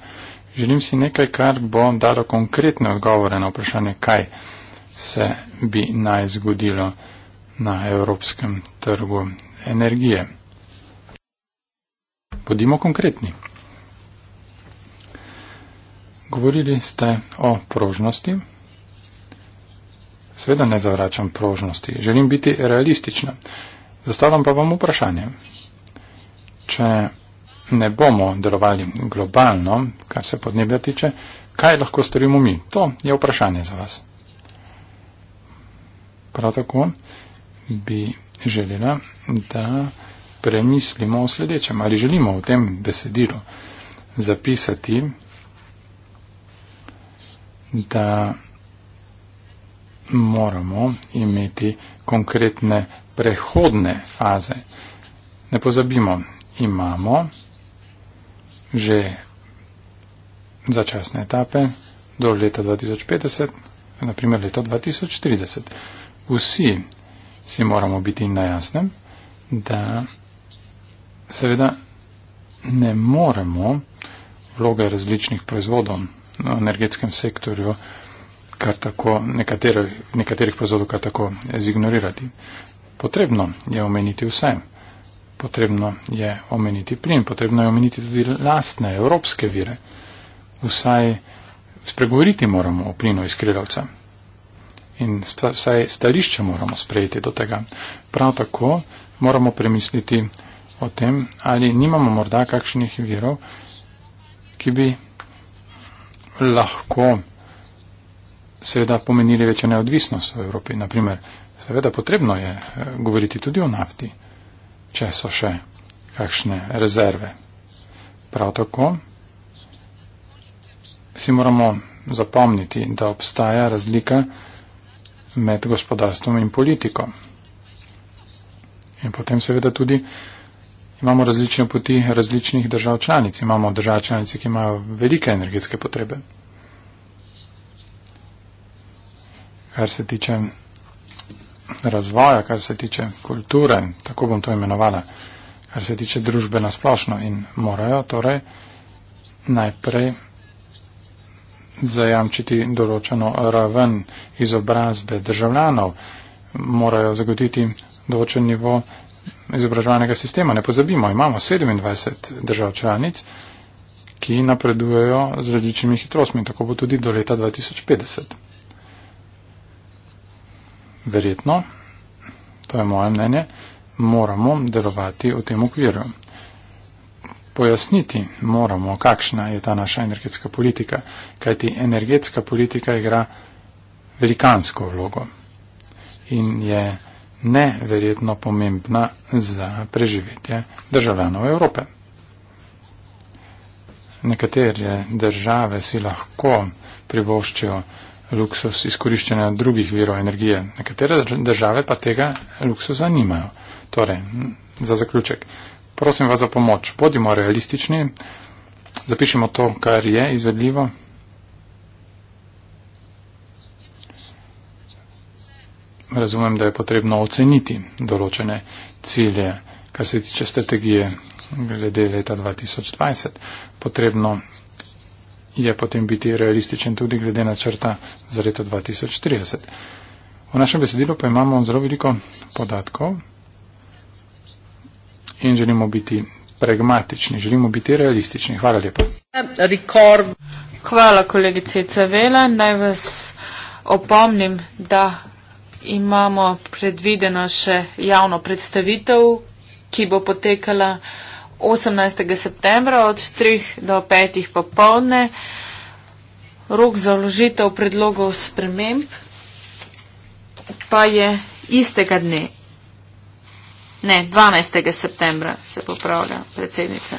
Želim si nekaj, kar bo dalo konkretne odgovore na vprašanje, kaj se bi naj zgodilo na evropskem trgu energije. Bodimo konkretni. Govorili ste o prožnosti. Sveda ne zavračam prožnosti. Želim biti realistična. Zastavljam pa vam vprašanje. Če ne bomo delovali globalno, kar se podnebja tiče, kaj lahko storimo mi? To je vprašanje za vas. Prav tako bi želela, da premislimo o sledečem. Ali želimo v tem besedilu zapisati, da moramo imeti konkretne prehodne faze. Ne pozabimo, imamo že začasne etape do leta 2050, naprimer leto 2040. Vsi si moramo biti na jasnem, da seveda ne moremo vloge različnih proizvodov na energetskem sektorju, kar tako nekateri, nekaterih proizvodov kar tako zignorirati. Potrebno je omeniti vsem potrebno je omeniti plin, potrebno je omeniti tudi lastne evropske vire. Vsaj spregovoriti moramo o plinu iz krilovca in vsaj stališče moramo sprejeti do tega. Prav tako moramo premisliti o tem, ali nimamo morda kakšnih virov, ki bi lahko seveda pomenili večjo neodvisnost v Evropi. Naprimer, seveda potrebno je eh, govoriti tudi o nafti če so še kakšne rezerve. Prav tako si moramo zapomniti, da obstaja razlika med gospodarstvom in politiko. In potem seveda tudi imamo različne poti različnih držav članic. Imamo držav članic, ki imajo velike energetske potrebe. Kar se tiče razvoja, kar se tiče kulture, tako bom to imenovala, kar se tiče družbe na splošno in morajo torej najprej zajamčiti določeno raven izobrazbe državljanov, morajo zagotiti določen nivo izobraževalnega sistema. Ne pozabimo, imamo 27 držav članic, ki napredujejo z različnimi hitrostmi, tako bo tudi do leta 2050 verjetno, to je moje mnenje, moramo delovati v tem okviru. Pojasniti moramo, kakšna je ta naša energetska politika, kajti energetska politika igra velikansko vlogo in je neverjetno pomembna za preživetje državljanov Evrope. Nekatere države si lahko privoščijo luksus izkoriščanja drugih virov energije. Nekatere države pa tega luksusa nimajo. Torej, za zaključek, prosim vas za pomoč, bodimo realistični, zapišemo to, kar je izvedljivo. Razumem, da je potrebno oceniti določene cilje, kar se tiče strategije glede leta 2020. Potrebno je potem biti realističen tudi glede na črta za leto 2030. V našem besedilu pa imamo zelo veliko podatkov in želimo biti pragmatični, želimo biti realistični. Hvala lepa. Hvala, kolegice Cavela. Naj vas opomnim, da imamo predvideno še javno predstavitev, ki bo potekala. 18. septembra od 3 do 5. popovdne. Rok za vložitev predlogov sprememb pa je istega dne. Ne, 12. septembra se popravlja predsednica.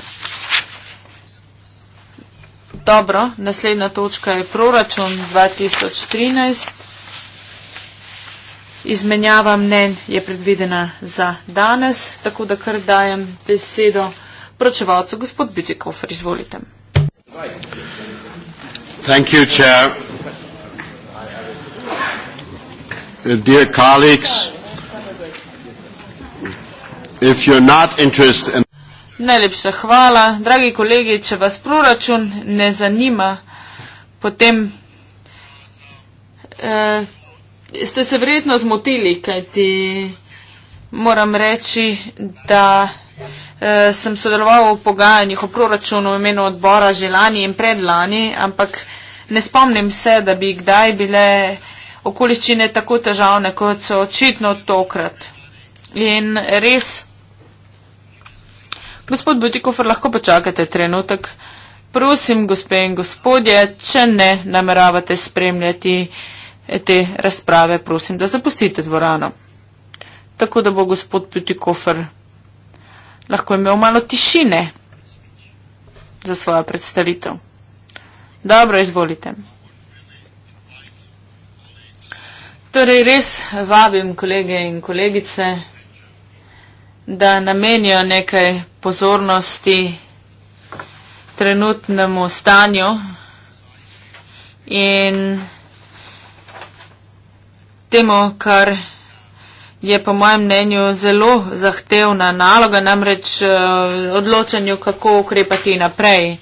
Dobro, naslednja točka je proračun 2013. Izmenjava mnen je predvidena za danes, tako da kar dajem besedo poročevalcu gospod Bütikofer. Izvolite. Thank you, Chair. Dear colleagues, if you're not interested in Najlepša hvala. Dragi kolegi, če vas proračun ne zanima, potem eh, ste se verjetno zmotili, kajti moram reči, da Eh, sem sodeloval v pogajanjih o proračunu v imenu odbora že lani in predlani, ampak ne spomnim se, da bi kdaj bile okoliščine tako težavne, kot so očitno tokrat. In res, gospod Butikofer, lahko počakate trenutek. Prosim, gospe in gospodje, če ne nameravate spremljati te razprave, prosim, da zapustite dvorano. Tako da bo gospod Butikofer lahko imel malo tišine za svojo predstavitev. Dobro, izvolite. Torej, res vabim kolege in kolegice, da namenijo nekaj pozornosti trenutnemu stanju in temu, kar je po mojem mnenju zelo zahtevna naloga, namreč eh, odločanju, kako ukrepati naprej.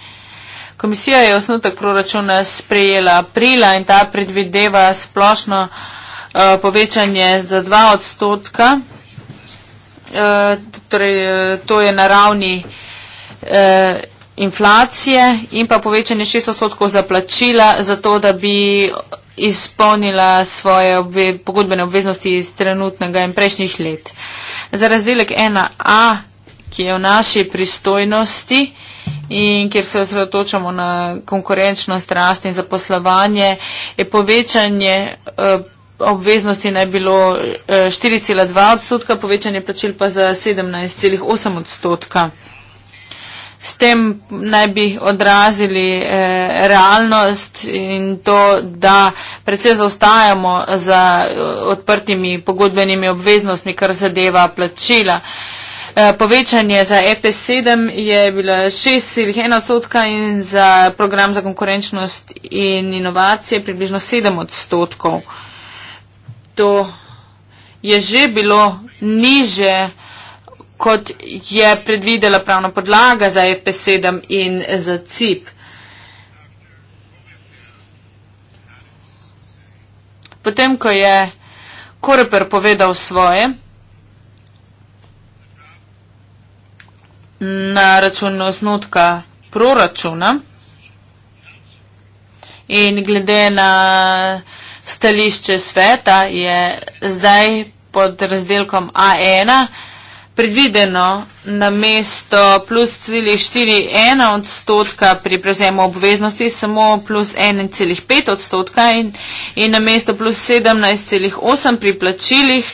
Komisija je osnutek proračuna sprejela aprila in ta predvideva splošno eh, povečanje za dva odstotka. Eh, torej, to je na ravni inflacije in pa povečanje šest odstotkov za plačila, zato da bi izpolnila svoje obve, pogodbene obveznosti iz trenutnega in prejšnjih let. Za razdelek 1A, ki je v naši pristojnosti in kjer se osredotočamo na konkurenčnost, rast in zaposlovanje, je povečanje eh, obveznosti naj bilo 4,2 eh, odstotka, povečanje plačil pa za 17,8 odstotka. S tem naj bi odrazili eh, realnost in to, da predvsej zaostajamo za eh, odprtimi pogodbenimi obveznostmi, kar zadeva plačila. Eh, povečanje za EP7 je bilo 6,1 odstotka in za program za konkurenčnost in inovacije približno 7 odstotkov. To je že bilo niže kot je predvidela pravna podlaga za EP7 in za CIP. Potem, ko je Koreper povedal svoje na račun osnutka proračuna in glede na stališče sveta je zdaj pod razdelkom A1 predvideno na mesto plus 4,1 odstotka pri prevzemu obveznosti samo plus 1,5 odstotka in, in na mesto plus 17,8 pri plačilih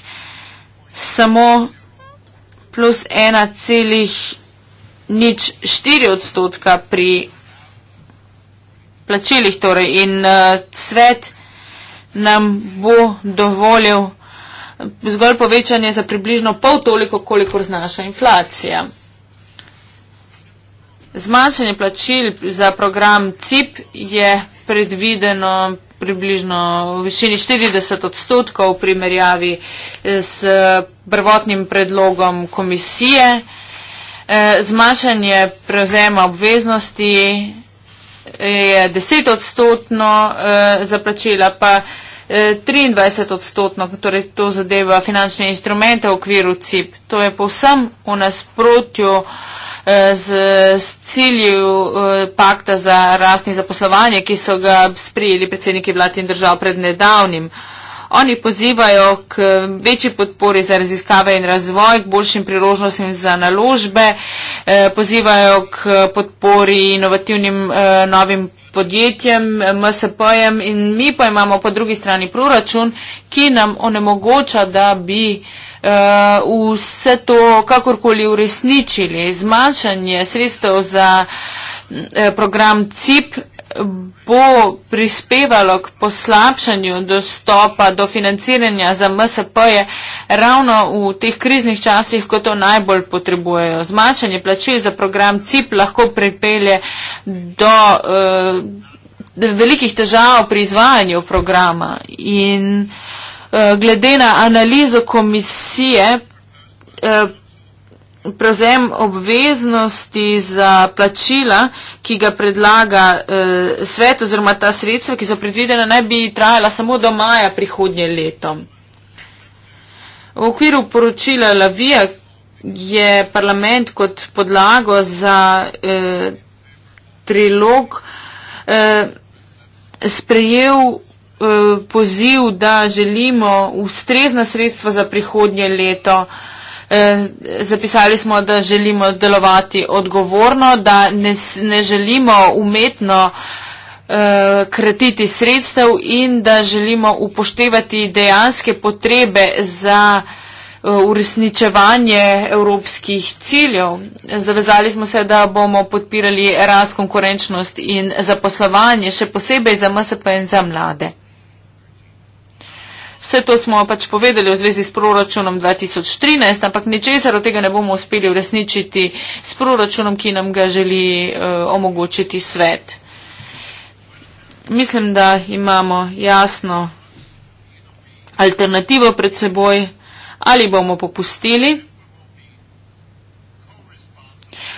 samo plus 1,04 odstotka pri plačilih. Torej. In uh, svet nam bo dovolil zgolj povečanje za približno pol toliko, koliko znaša inflacija. Zmanjšanje plačil za program CIP je predvideno približno v višini 40 odstotkov v primerjavi eh, s prvotnim predlogom komisije. Eh, zmanjšanje prevzema obveznosti eh, je 10 odstotno, zaplačila pa 23 eh, odstotno, torej to zadeva finančne instrumente v okviru CIP. To je povsem v nasprotju eh, z, z cilju eh, pakta za rast in zaposlovanje, ki so ga sprijeli predsedniki vlad in držav pred nedavnim. Oni pozivajo k večji podpori za raziskave in razvoj, k boljšim priložnostim za naložbe, pozivajo k podpori inovativnim novim podjetjem, MSP-jem in mi pa imamo po drugi strani proračun, ki nam onemogoča, da bi uh, vse to kakorkoli uresničili. Zmanjšanje sredstev za uh, program CIP bo prispevalo k poslabšanju dostopa do financiranja za MSP-je ravno v teh kriznih časih, ko to najbolj potrebujejo. Zmanjšanje plačil za program CIP lahko pripelje do uh, velikih težav pri izvajanju programa in uh, glede na analizo komisije. Uh, prevzem obveznosti za plačila, ki ga predlaga eh, svet oziroma ta sredstva, ki so predvidena, naj bi trajala samo do maja prihodnje leto. V okviru poročila Lavija je parlament kot podlago za eh, trilog eh, sprejel eh, poziv, da želimo ustrezna sredstva za prihodnje leto. Eh, Eh, zapisali smo, da želimo delovati odgovorno, da ne, ne želimo umetno eh, kretiti sredstev in da želimo upoštevati dejanske potrebe za eh, uresničevanje evropskih ciljev. Zavezali smo se, da bomo podpirali rast konkurenčnost in zaposlovanje, še posebej za MSP in za mlade. Vse to smo pač povedali v zvezi s proračunom 2013, ampak ničesar od tega ne bomo uspeli uresničiti s proračunom, ki nam ga želi uh, omogočiti svet. Mislim, da imamo jasno alternativo pred seboj, ali bomo popustili.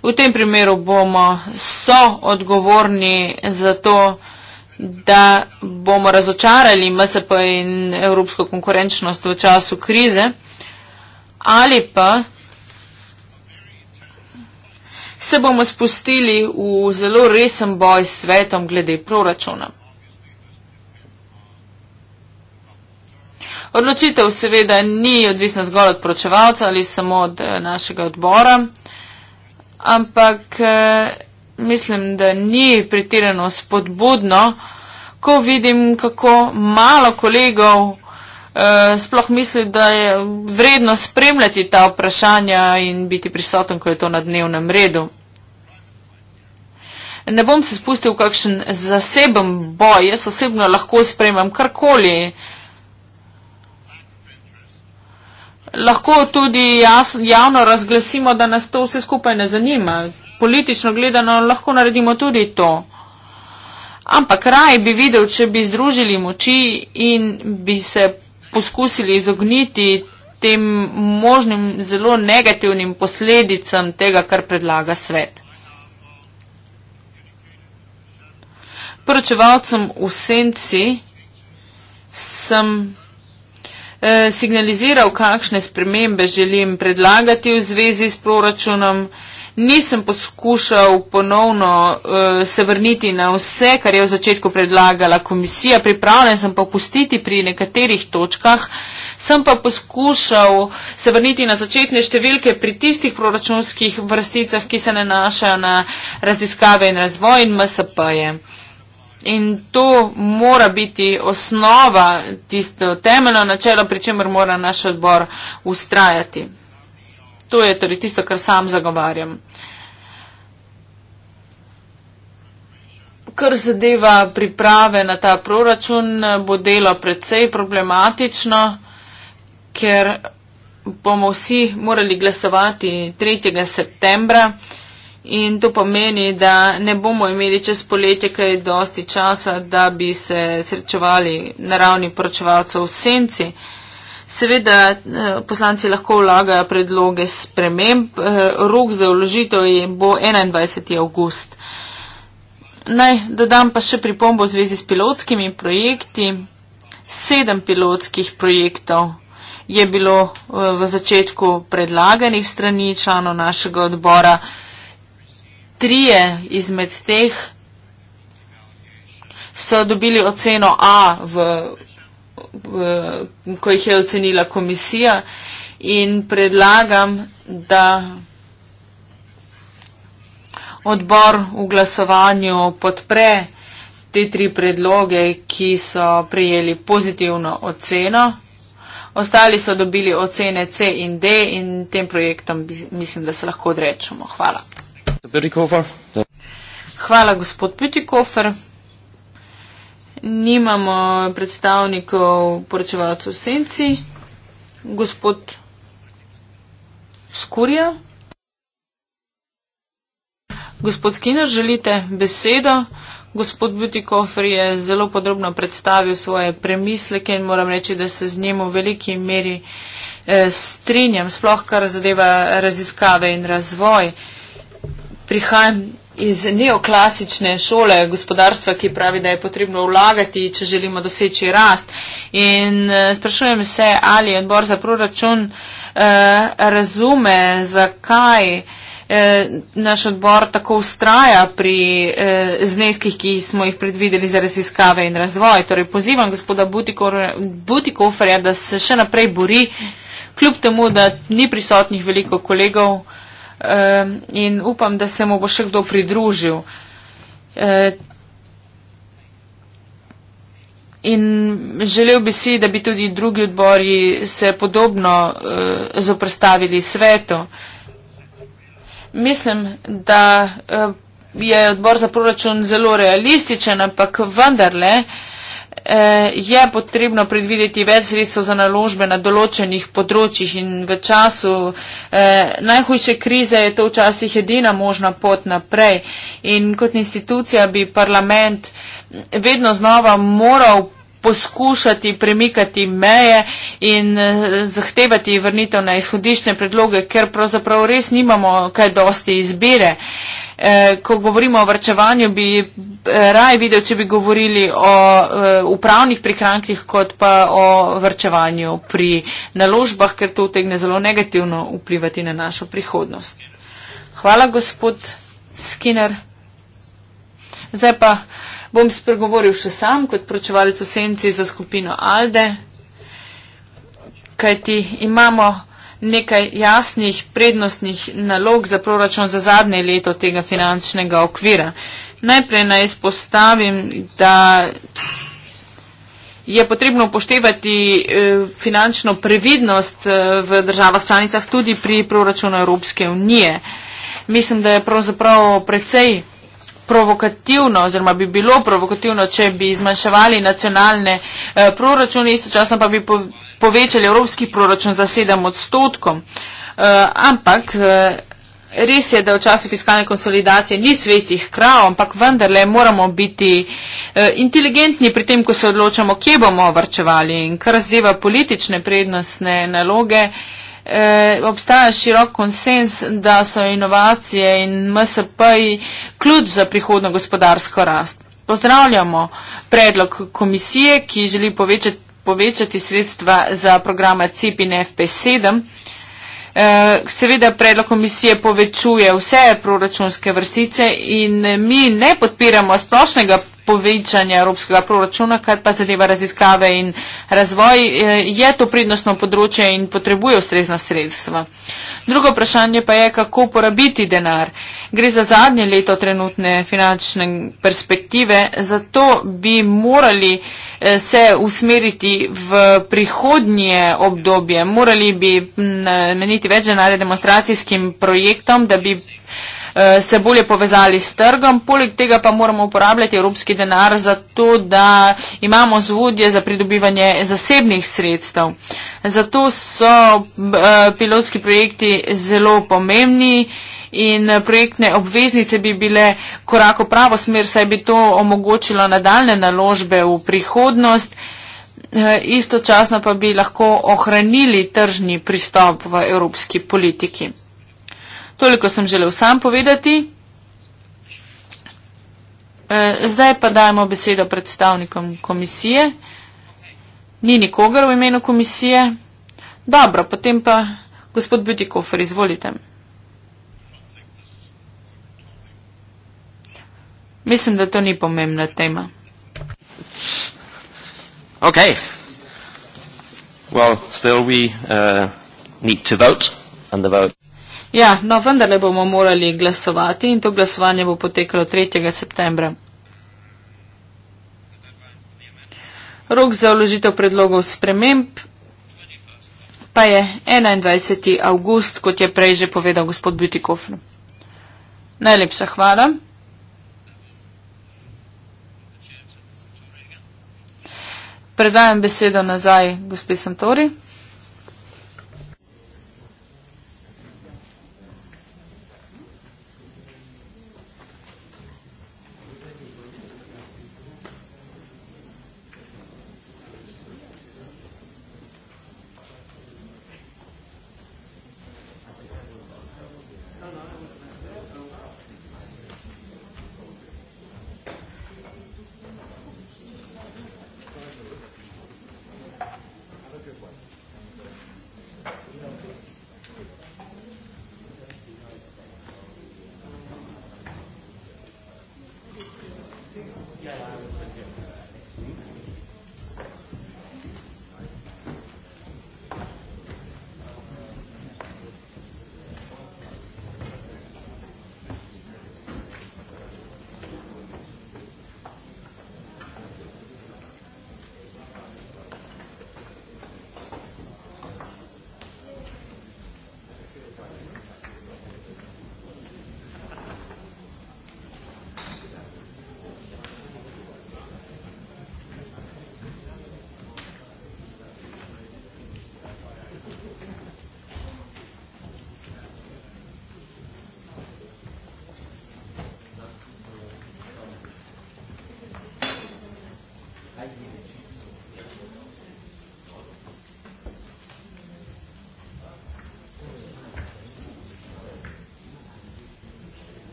V tem primeru bomo so odgovorni za to, da bomo razočarali MSP in evropsko konkurenčnost v času krize ali pa se bomo spustili v zelo resen boj s svetom glede proračuna. Odločitev seveda ni odvisna zgolj od proračevalca ali samo od eh, našega odbora, ampak eh, mislim, da ni pretirano spodbudno, ko vidim, kako malo kolegov eh, sploh misli, da je vredno spremljati ta vprašanja in biti prisoten, ko je to na dnevnem redu. Ne bom se spustil v kakšen zaseben boj, jaz osebno lahko spremem karkoli. Lahko tudi jasno, javno razglasimo, da nas to vse skupaj ne zanima politično gledano lahko naredimo tudi to. Ampak raj bi videl, če bi združili moči in bi se poskusili izogniti tem možnim zelo negativnim posledicam tega, kar predlaga svet. Poročevalcem v senci sem eh, signaliziral, kakšne spremembe želim predlagati v zvezi s proračunom. Eh, Nisem poskušal ponovno uh, se vrniti na vse, kar je v začetku predlagala komisija. Pripravljen sem pa pustiti pri nekaterih točkah. Sem pa poskušal se vrniti na začetne številke pri tistih proračunskih vrsticah, ki se nanašajo na raziskave in razvoj in MSP-je. In to mora biti osnova, tisto temeljno načelo, pri čemer mora naš odbor ustrajati. To je torej tisto, kar sam zagovarjam. Kar zadeva priprave na ta proračun, bo delo precej problematično, ker bomo vsi morali glasovati 3. septembra in to pomeni, da ne bomo imeli čez poletje kaj dosti časa, da bi se srečevali na ravni poročevalcev v senci. Seveda eh, poslanci lahko vlagajo predloge sprememb, eh, rok za vložitev je bo 21. august. Naj dodam pa še pripombo v zvezi s pilotskimi projekti. Sedem pilotskih projektov je bilo eh, v začetku predlaganih strani člano našega odbora. Trije izmed teh so dobili oceno A v Eh, ko jih je ocenila komisija in predlagam, da odbor v glasovanju podpre te tri predloge, ki so prijeli pozitivno oceno. Ostali so dobili ocene C in D in tem projektom mislim, da se lahko odrečemo. Hvala. Hvala, gospod Pütikofer nimamo predstavnikov poročevalcev senci, gospod Skurja. Gospod Skinner, želite besedo? Gospod Butikofer je zelo podrobno predstavil svoje premisleke in moram reči, da se z njim v veliki meri eh, strinjam, sploh kar zadeva raziskave in razvoj. Prihajam iz neoklasične šole gospodarstva, ki pravi, da je potrebno vlagati, če želimo doseči rast. In eh, sprašujem se, ali odbor za proračun eh, razume, zakaj eh, naš odbor tako ustraja pri eh, zneskih, ki smo jih predvideli za raziskave in razvoj. Torej pozivam gospoda Butikoferja, da se še naprej bori, kljub temu, da ni prisotnih veliko kolegov in upam, da se mu bo še kdo pridružil. In želel bi si, da bi tudi drugi odbori se podobno eh, zoprstavili svetu. Mislim, da eh, je odbor za proračun zelo realističen, ampak vendarle, da Eh, je potrebno predvideti več sredstev za naložbe na določenih področjih in v času eh, najhujše krize je to včasih edina možna pot naprej. In kot institucija bi parlament vedno znova moral poskušati premikati meje in eh, zahtevati vrnitev na izhodišne predloge, ker pravzaprav res nimamo kaj dosti izbire. Eh, ko govorimo o vrčevanju, bi eh, raje videl, če bi govorili o upravnih prihrankih, kot pa o vrčevanju pri naložbah, ker to utegne zelo negativno vplivati na našo prihodnost. Hvala, gospod Skinner. Zdaj pa bom spregovoril še sam kot pročevalec v senci za skupino Alde, kajti imamo nekaj jasnih prednostnih nalog za proračun za zadnje leto tega finančnega okvira. Najprej naj izpostavim, da je potrebno upoštevati eh, finančno previdnost eh, v državah članicah tudi pri proračunu Evropske unije. Mislim, da je pravzaprav precej provokativno, oziroma bi bilo provokativno, če bi izmanjševali nacionalne eh, proračune, istočasno pa bi povečali evropski proračun za 7 odstotkom. Eh, ampak eh, res je, da v času fiskalne konsolidacije ni svetih krav, ampak vendarle moramo biti inteligentni pri tem, ko se odločamo, kje bomo vrčevali in kar zdeva politične prednostne naloge eh, obstaja širok konsens, da so inovacije in MSP ključ za prihodno gospodarsko rast. Pozdravljamo predlog komisije, ki želi povečati povečati sredstva za programa CIP in FP7. Eh, seveda predlog komisije povečuje vse proračunske vrstice in mi ne podpiramo splošnega povečanja evropskega proračuna, kar pa zadeva raziskave in razvoj, eh, je to prednostno področje in potrebuje ustrezna sredstva. Drugo vprašanje pa je, kako porabiti denar. Gre za zadnje leto trenutne finančne perspektive, zato bi morali eh, se usmeriti v prihodnje obdobje. Morali bi mm, meniti več denarja demonstracijskim projektom, da bi Eh, se bolje povezali s trgom. Poleg tega pa moramo uporabljati evropski denar za to, da imamo zvodje za pridobivanje zasebnih sredstev. Zato so eh, pilotski projekti zelo pomembni in projektne obveznice bi bile korak v pravo smer, saj bi to omogočilo nadaljne naložbe v prihodnost. Eh, istočasno pa bi lahko ohranili tržni pristop v evropski politiki. Toliko sem želel sam povedati. E, zdaj pa dajmo besedo predstavnikom komisije. Ni nikogar v imenu komisije. Dobro, potem pa gospod Butikofer, izvolite. Mislim, da to ni pomembna tema. Ok. Well, still we uh, need to vote and the vote. Ja, no vendarle bomo morali glasovati in to glasovanje bo potekalo 3. septembra. Rok za vložitev predlogov sprememb pa je 21. avgust, kot je prej že povedal gospod Butikov. Najlepša hvala. Predajam besedo nazaj gospe Santori.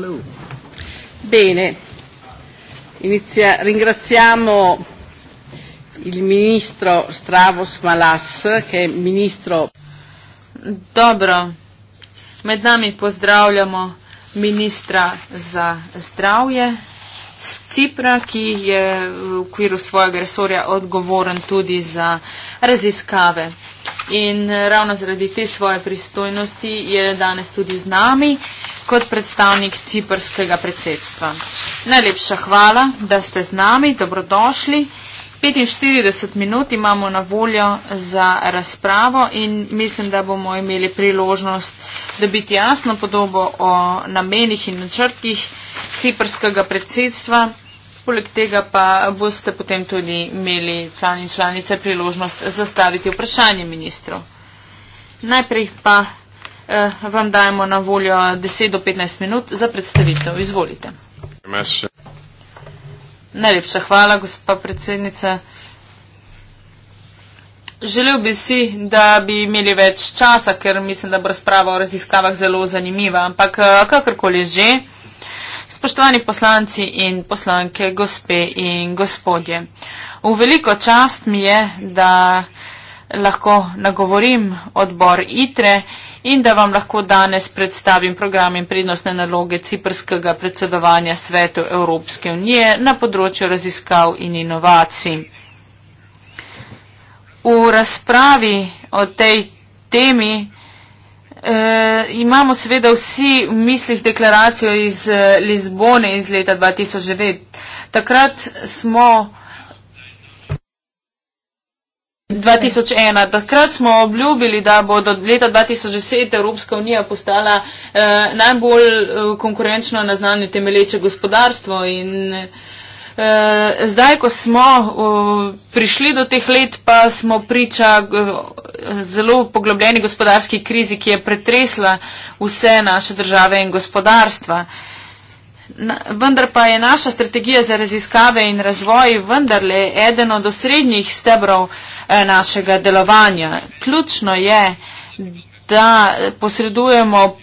Salute. Bene, Inizia, ringraziamo il ministro Stravos Malas, che è ministro. Dobro, med nami pozdravljamo ministra za zdravje z Cipra, ki je v okviru svojega resorja odgovoren tudi za raziskave. In ravno zaradi te svoje pristojnosti je danes tudi z nami. Uh, kot predstavnik ciprskega predsedstva. Najlepša hvala, da ste z nami, dobrodošli. 45 minut imamo na voljo za razpravo in mislim, da bomo imeli priložnost dobiti jasno podobo o namenih in načrtih ciprskega predsedstva. Poleg tega pa boste potem tudi imeli člani in članice priložnost zastaviti vprašanje ministru. Najprej pa eh, vam dajemo na voljo 10 do 15 minut za predstavitev. Izvolite. Najlepša hvala, gospa predsednica. Želel bi si, da bi imeli več časa, ker mislim, da bo razprava o raziskavah zelo zanimiva, ampak eh, kakorkoli že, spoštovani poslanci in poslanke, gospe in gospodje, v veliko čast mi je, da lahko nagovorim odbor ITRE in da vam lahko danes predstavim program in prednostne naloge ciprskega predsedovanja svetu Evropske unije na področju raziskav in inovacij. V razpravi o tej temi e, imamo seveda vsi v mislih deklaracijo iz eh, Lizbone iz leta 2009. Takrat smo 2001. Takrat smo obljubili, da bo do leta 2010 Evropska unija postala eh, najbolj eh, konkurenčno na znanju temeleče gospodarstvo in eh, zdaj, ko smo eh, prišli do teh let, pa smo priča eh, zelo poglobljeni gospodarski krizi, ki je pretresla vse naše države in gospodarstva. Eh, vendar pa je naša strategija za raziskave in razvoj vendarle eden od osrednjih stebrov eh, našega delovanja. Ključno je, da posredujemo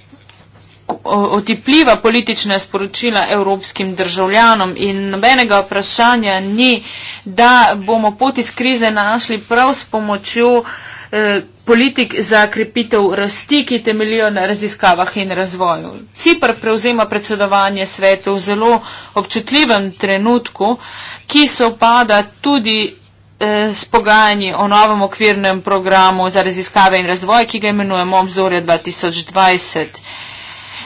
otipljiva politična sporočila evropskim državljanom in nobenega vprašanja ni, da bomo pot iz krize našli prav s pomočjo uh, Eh, politik za krepitev rasti, ki temeljijo na raziskavah in razvoju. Cipr prevzema predsedovanje svetu v zelo občutljivem trenutku, ki se opada tudi eh, s pogajanji o novem okvirnem programu za raziskave in razvoj, ki ga imenujemo obzorje 2020.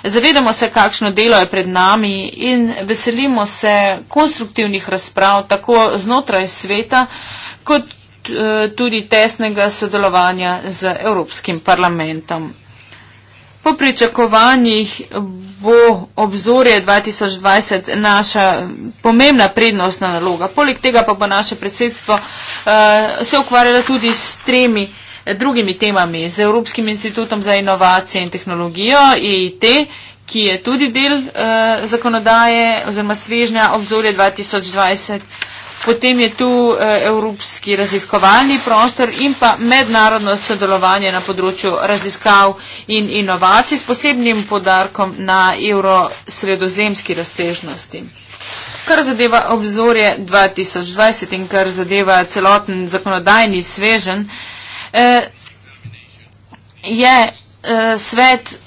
Zavedamo se, kakšno delo je pred nami in veselimo se konstruktivnih razprav tako znotraj sveta, kot Eh, tudi tesnega sodelovanja z Evropskim parlamentom. Po pričakovanjih bo obzorje 2020 naša pomembna prednostna naloga. Poleg tega pa bo naše predsedstvo eh, se ukvarjalo tudi s tremi eh, drugimi temami, z Evropskim institutom za inovacije in tehnologijo EIT, ki je tudi del eh, zakonodaje oziroma svežnja obzorja 2020. Potem je tu eh, evropski raziskovalni prostor in pa mednarodno sodelovanje na področju raziskav in inovacij s posebnim podarkom na evrosredozemski razsežnosti. Kar zadeva obzorje 2020 in kar zadeva celoten zakonodajni svežen, eh, je eh, svet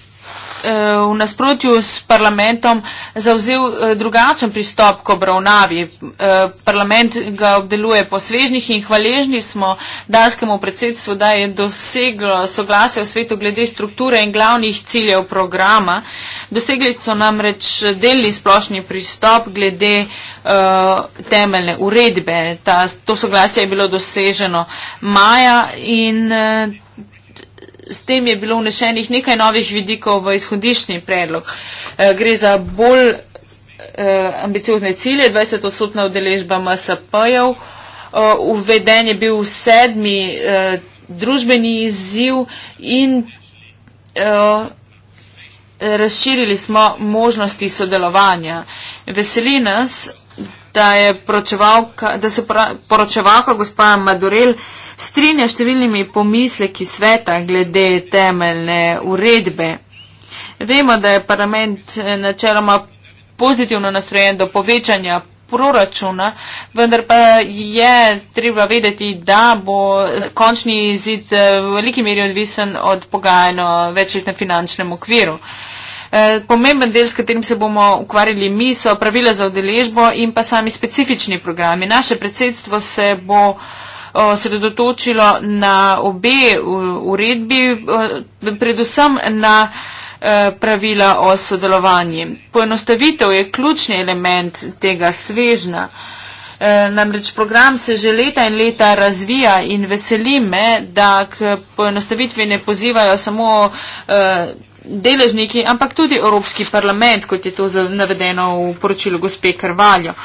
Eh, v nasprotju s parlamentom zauzel eh, drugačen pristop k obravnavi. Eh, parlament ga obdeluje po svežnih in hvaležni smo danskemu predsedstvu, da je doseglo soglasje v svetu glede strukture in glavnih ciljev programa. Dosegli so namreč delni splošni pristop glede temeljne uredbe. Ta, to soglasje je bilo doseženo maja in s tem je bilo vnešenih nekaj novih vidikov v izhodišnji predlog. Eh, gre za bolj eh, ambiciozne cilje, 20-odstotna udeležba MSP-jev, eh, uveden je bil sedmi družbeni izziv in razširili smo možnosti sodelovanja. Veseli nas, da, da se poročevalka gospa Madurel strinja številnimi pomisleki sveta glede temeljne uredbe. Vemo, da je parlament eh, načeloma pozitivno nastrojen do povečanja proračuna, vendar pa je treba vedeti, da bo končni zid eh, v veliki meri odvisen od pogajanja večletne finančnem okviru. Eh, pomemben del, s katerim se bomo ukvarjali mi, so pravila za odeležbo in pa sami specifični programi. Naše predsedstvo se bo eh, osredotočilo na obe uredbi, eh, predvsem na pravila o sodelovanju. Poenostavitev je ključni element tega svežna. Namreč program se že leta in leta razvija in veseli me, da k poenostavitvi ne pozivajo samo deležniki, ampak tudi Evropski parlament, kot je to navedeno v poročilu gospe Krvaljo. E,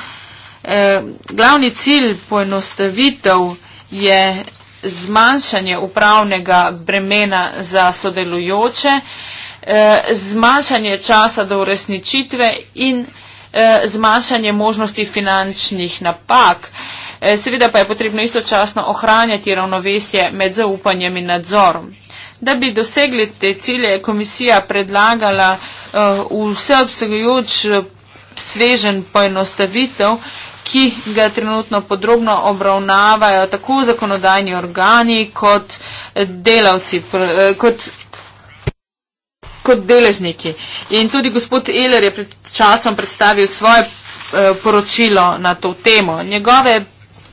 eh, glavni cilj poenostavitev je zmanjšanje upravnega bremena za sodelujoče, e, zmanjšanje časa do uresničitve in e, zmanjšanje možnosti finančnih napak. E, seveda pa je potrebno istočasno ohranjati ravnovesje med zaupanjem in nadzorom. Da bi dosegli te cilje, je komisija predlagala uh, vseobsegajoč uh, svežen poenostavitev, ki ga trenutno podrobno obravnavajo tako zakonodajni organi kot eh, delavci, eh, kot, kot deležniki. In tudi gospod Eler je pred časom predstavil svoje eh, poročilo na to temo. Njegove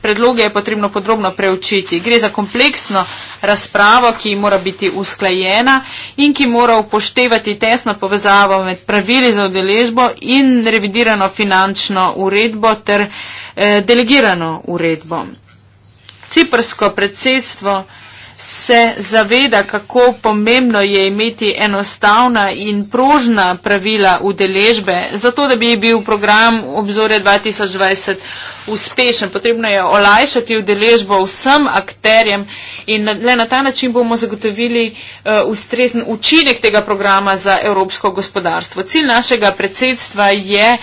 predloge je potrebno podrobno preučiti. Gre za kompleksno razpravo, ki mora biti usklajena in ki mora upoštevati tesno povezavo med pravili za odeležbo in revidirano finančno uredbo ter eh, delegirano uredbo. Ciprsko predsedstvo eh, se zaveda, kako pomembno je imeti enostavna in prožna pravila udeležbe, zato da bi bil program obzore 2020 uspešen. Potrebno je olajšati udeležbo vsem akterjem in le na ta način bomo zagotovili uh, ustrezen učinek tega programa za evropsko gospodarstvo. Cilj našega predsedstva je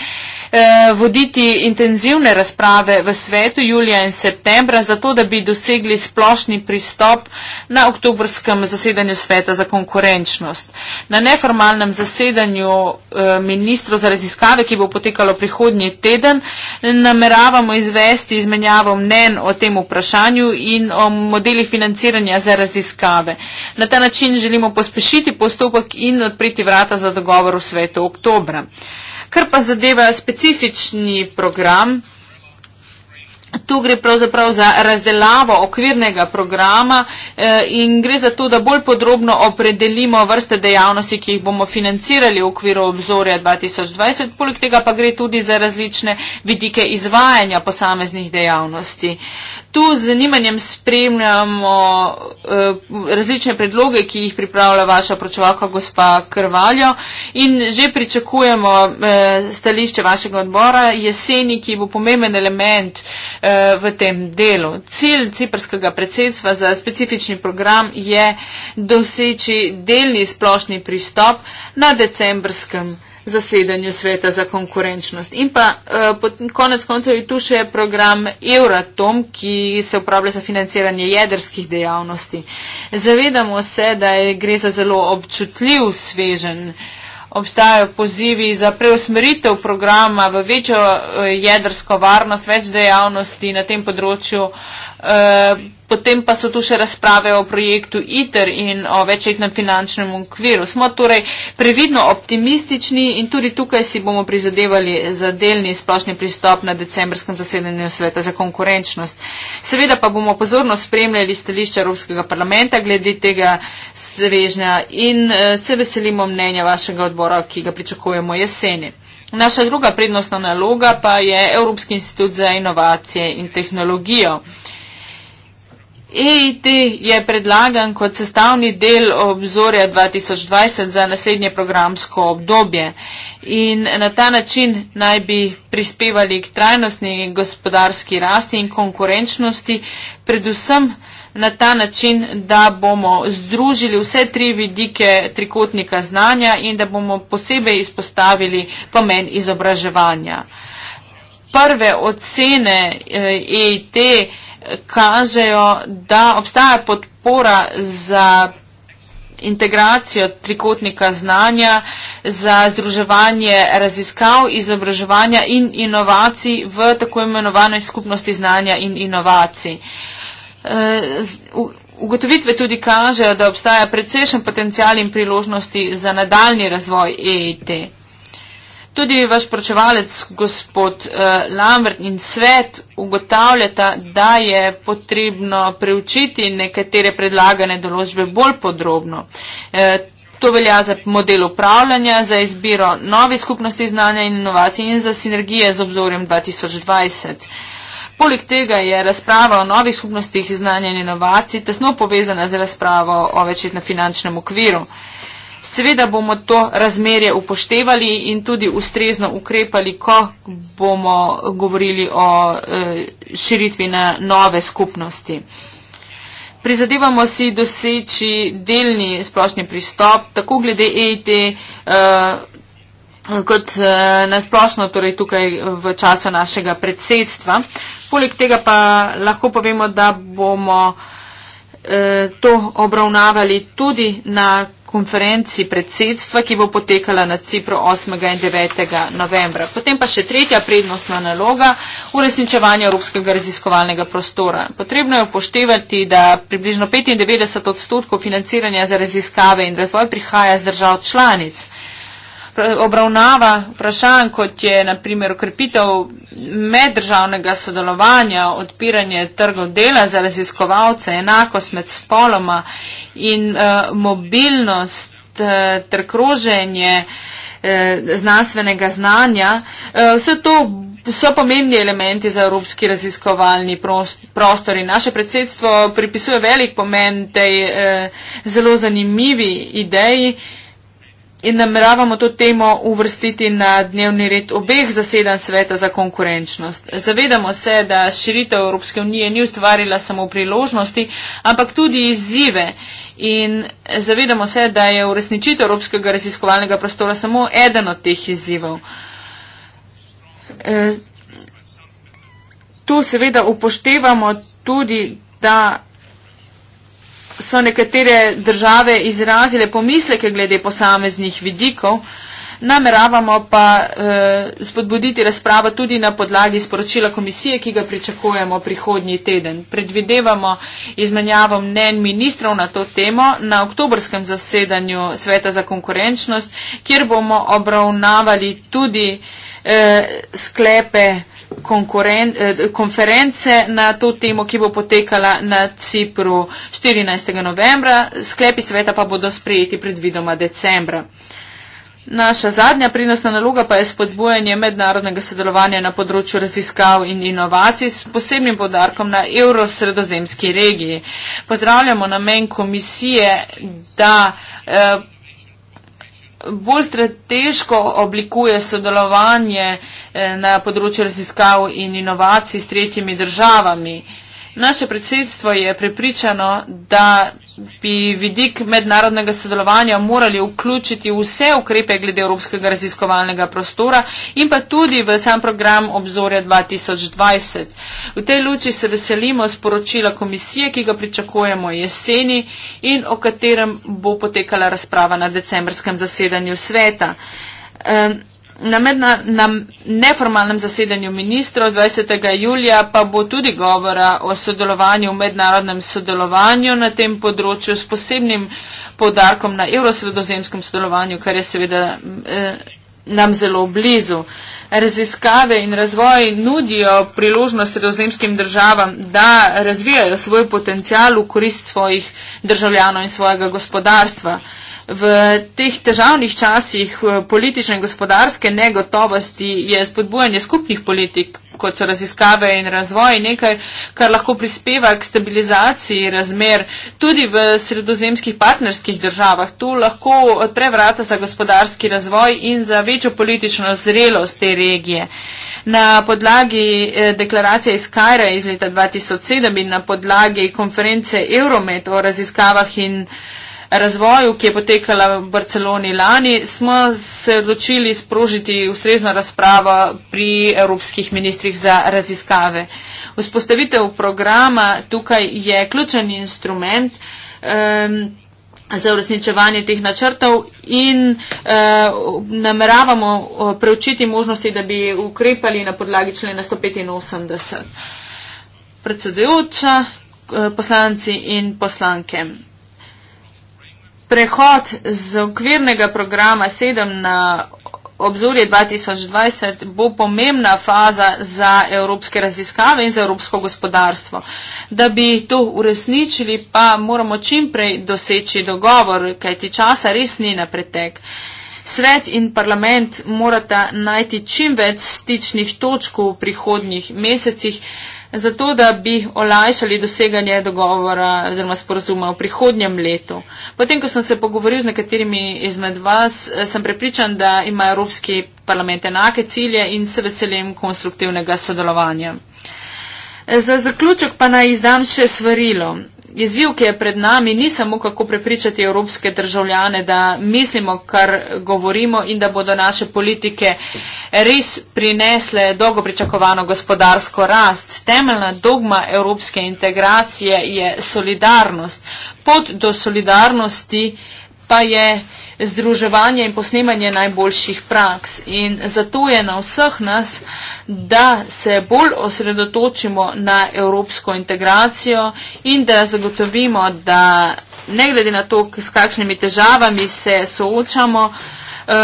eh, voditi intenzivne razprave v svetu julija in septembra, zato da bi dosegli splošni pristop uh, na oktobrskem zasedanju sveta za konkurenčnost. Na neformalnem zasedanju eh, ministrov za raziskave, ki bo potekalo prihodnji teden, nameravamo izvesti izmenjavo mnen o tem vprašanju in o modeli financiranja za raziskave. Na ta način želimo pospešiti postopek in odpreti vrata za dogovor v svetu oktobra. Kar pa zadeva specifični program, Tu gre pravzaprav za razdelavo okvirnega programa eh, in gre za to, da bolj podrobno opredelimo vrste dejavnosti, ki jih bomo financirali v okviru obzorja 2020. Poleg tega pa gre tudi za različne vidike izvajanja posameznih dejavnosti. Tu z zanimanjem spremljamo uh, različne predloge, ki jih pripravlja vaša pročevalka gospa Krvaljo in že pričakujemo uh, stališče vašega odbora jeseni, ki bo pomemben element uh, v tem delu. Cilj ciprskega predsedstva za specifični program je doseči delni splošni pristop na decembrskem zasedanju sveta za konkurenčnost. In pa eh, konec koncev je tu še program Euratom, ki se uporablja za financiranje jedrskih dejavnosti. Zavedamo se, da je, gre za zelo občutljiv svežen. Obstajajo pozivi za preusmeritev programa v večjo eh, jedrsko varnost, več dejavnosti na tem področju, Eh, potem pa so tu še razprave o projektu ITER in o večletnem finančnem okviru. Smo torej previdno optimistični in tudi tukaj si bomo prizadevali za delni splošni pristop na decembrskem zasedanju sveta za konkurenčnost. Seveda pa bomo pozorno spremljali stališče Evropskega parlamenta glede tega svežnja in eh, se veselimo mnenja vašega odbora, ki ga pričakujemo jeseni. Naša druga prednostna naloga pa je Evropski institut za inovacije in tehnologijo. EIT je predlagan kot sestavni del obzorja 2020 za naslednje programsko obdobje in na ta način naj bi prispevali k trajnostni gospodarski rasti in konkurenčnosti, predvsem na ta način, da bomo združili vse tri vidike trikotnika znanja in da bomo posebej izpostavili pomen izobraževanja. Prve ocene EIT eh, e kažejo, da obstaja podpora za integracijo trikotnika znanja, za združevanje raziskav, izobraževanja in inovacij v tako imenovanoj skupnosti znanja in inovacij. E, ugotovitve tudi kažejo, da obstaja precejšen potencial in priložnosti za nadaljni razvoj EIT. Tudi vaš pročevalec, gospod eh, Lambert in svet ugotavljata, da je potrebno preučiti nekatere predlagane določbe bolj podrobno. Eh, to velja za model upravljanja, za izbiro nove skupnosti znanja in inovacij in za sinergije z obzorjem 2020. Poleg tega je razprava o novih skupnostih znanja in inovacij tesno povezana z razpravo o večetnem finančnem okviru. Seveda bomo to razmerje upoštevali in tudi ustrezno ukrepali, ko bomo govorili o eh, širitvi na nove skupnosti. Prizadevamo si doseči delni splošni pristop, tako glede EIT, eh, kot eh, nasplošno, torej tukaj v času našega predsedstva. Poleg tega pa lahko povemo, da bomo to obravnavali tudi na konferenci predsedstva, ki bo potekala na Cipru 8. in 9. novembra. Potem pa še tretja prednostna naloga, uresničevanje Evropskega raziskovalnega prostora. Potrebno je upoštevati, da približno 95 odstotkov financiranja za raziskave in razvoj prihaja z držav članic obravnava vprašanj, kot je naprimer okrepitev meddržavnega sodelovanja, odpiranje trgov dela za raziskovalce, enakost med spoloma in uh, mobilnost uh, ter kroženje uh, znanstvenega znanja. Uh, vse to so pomembni elementi za evropski raziskovalni prostor in naše predsedstvo pripisuje velik pomen tej uh, zelo zanimivi ideji. Uh, in nameravamo to temo uvrstiti na dnevni red obeh zasedanj sveta za konkurenčnost. Zavedamo se, da širitev Evropske unije ni ustvarila samo priložnosti, ampak tudi izzive. In zavedamo se, da je uresničitev Evropskega raziskovalnega prostora samo eden od teh izzivov. Eh, to seveda upoštevamo tudi, da so nekatere države izrazile pomisleke glede posameznih vidikov, nameravamo pa eh, spodbuditi razpravo tudi na podlagi sporočila komisije, ki ga pričakujemo prihodnji teden. Predvidevamo izmenjavo mnen ministrov na to temo na oktobrskem zasedanju Sveta za konkurenčnost, kjer bomo obravnavali tudi eh, sklepe, Eh, konference na to temo, ki bo potekala na Cipru 14. novembra. Sklepi sveta pa bodo sprejeti predvidoma decembra. Naša zadnja prinosna naloga pa je spodbujanje mednarodnega sodelovanja na področju raziskav in inovacij s posebnim podarkom na evrosredozemski regiji. Pozdravljamo namen komisije, da eh, bolj strateško oblikuje sodelovanje eh, na področju raziskav in inovacij s tretjimi državami. Naše predsedstvo je prepričano, da bi vidik mednarodnega sodelovanja morali vključiti vse ukrepe glede evropskega raziskovalnega prostora in pa tudi v sam program obzorja 2020. V tej luči se veselimo sporočila komisije, ki ga pričakujemo jeseni in o katerem bo potekala razprava na decembrskem zasedanju sveta. Um, Na, medna, na neformalnem zasedanju ministrov 20. julija pa bo tudi govora o sodelovanju v mednarodnem sodelovanju na tem področju s posebnim podarkom na evrosredozemskem sodelovanju, kar je seveda eh, nam zelo blizu. Raziskave in razvoj nudijo priložnost sredozemskim državam, da razvijajo svoj potencial v korist svojih državljanov in svojega gospodarstva. Eh, v teh težavnih časih eh, politične in gospodarske negotovosti je spodbujanje skupnih politik, kot so raziskave in razvoj, nekaj, kar lahko prispeva k stabilizaciji razmer tudi v sredozemskih partnerskih državah. Tu lahko odpre vrata za gospodarski razvoj in za večjo politično zrelost te regije. Na podlagi eh, deklaracije iz Kajra iz leta 2007 in na podlagi konference Euromet o raziskavah in razvoju, ki je potekala v Barceloni lani, smo se odločili sprožiti ustrezno razpravo pri evropskih ministrih za raziskave. Vzpostavitev programa tukaj je ključen instrument um, za uresničevanje teh načrtov in uh, nameravamo eh, preučiti možnosti, da bi ukrepali na podlagi člena 185. Predsedujoča, eh, poslanci in poslanke prehod z okvirnega programa 7 na obzorje 2020 bo pomembna faza za evropske raziskave in za evropsko gospodarstvo. Da bi to uresničili, pa moramo čimprej doseči dogovor, kajti časa res ni na pretek. Svet in parlament morata najti čim več stičnih točk v prihodnjih mesecih, zato da bi olajšali doseganje dogovora oziroma sporozuma v prihodnjem letu. Potem, ko sem se pogovoril z nekaterimi izmed vas, sem prepričan, da ima Evropski parlament enake cilje in se veselim konstruktivnega sodelovanja. Za zaključek pa naj izdam še svarilo izziv, ki je pred nami, ni samo kako prepričati evropske državljane, da mislimo, kar govorimo in da bodo naše politike res prinesle dolgo pričakovano gospodarsko rast. Temeljna dogma evropske integracije je solidarnost. Pot do solidarnosti je pa je združevanje in posnemanje najboljših praks. In zato je na vseh nas, da se bolj osredotočimo na evropsko integracijo in da zagotovimo, da ne glede na to, s kakšnimi težavami se soočamo, eh,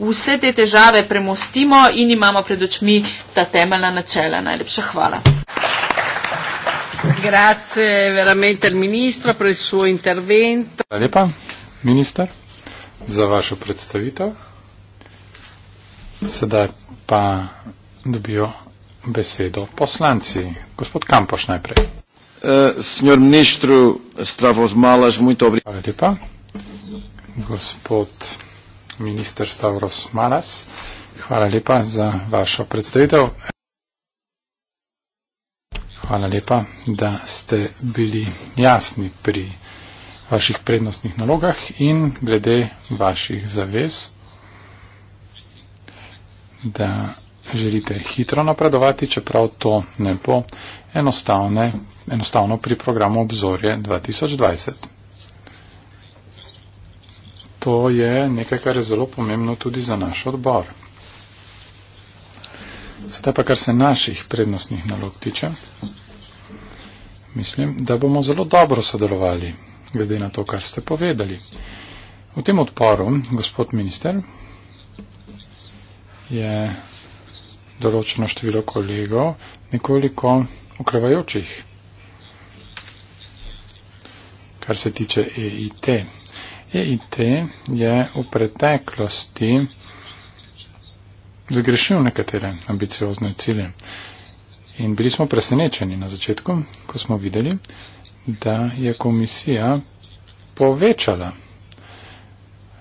vse te težave premostimo in imamo pred očmi ta temeljna načela. Najlepša hvala. Grazie veramente al Ministro per il suo intervento. Lepa minister, za vašo predstavitev. Sedaj pa dobijo besedo poslanci. Gospod Kampoš najprej. Uh, eh, ministru, Malas, Hvala lepa. Gospod minister Stavros Malas. Hvala lepa za vašo predstavitev. Hvala lepa, da ste bili jasni pri vaših prednostnih nalogah in glede vaših zavez, da želite hitro napredovati, čeprav to ne bo enostavne, enostavno pri programu obzorje 2020. To je nekaj, kar je zelo pomembno tudi za naš odbor. Sedaj pa, kar se naših prednostnih nalog tiče, mislim, da bomo zelo dobro sodelovali glede na to, kar ste povedali. V tem odporu, gospod minister, je določeno število kolegov nekoliko okrevajočih, kar se tiče EIT. EIT je v preteklosti zagrešil nekatere ambiciozne cilje. In bili smo presenečeni na začetku, ko smo videli, da je komisija povečala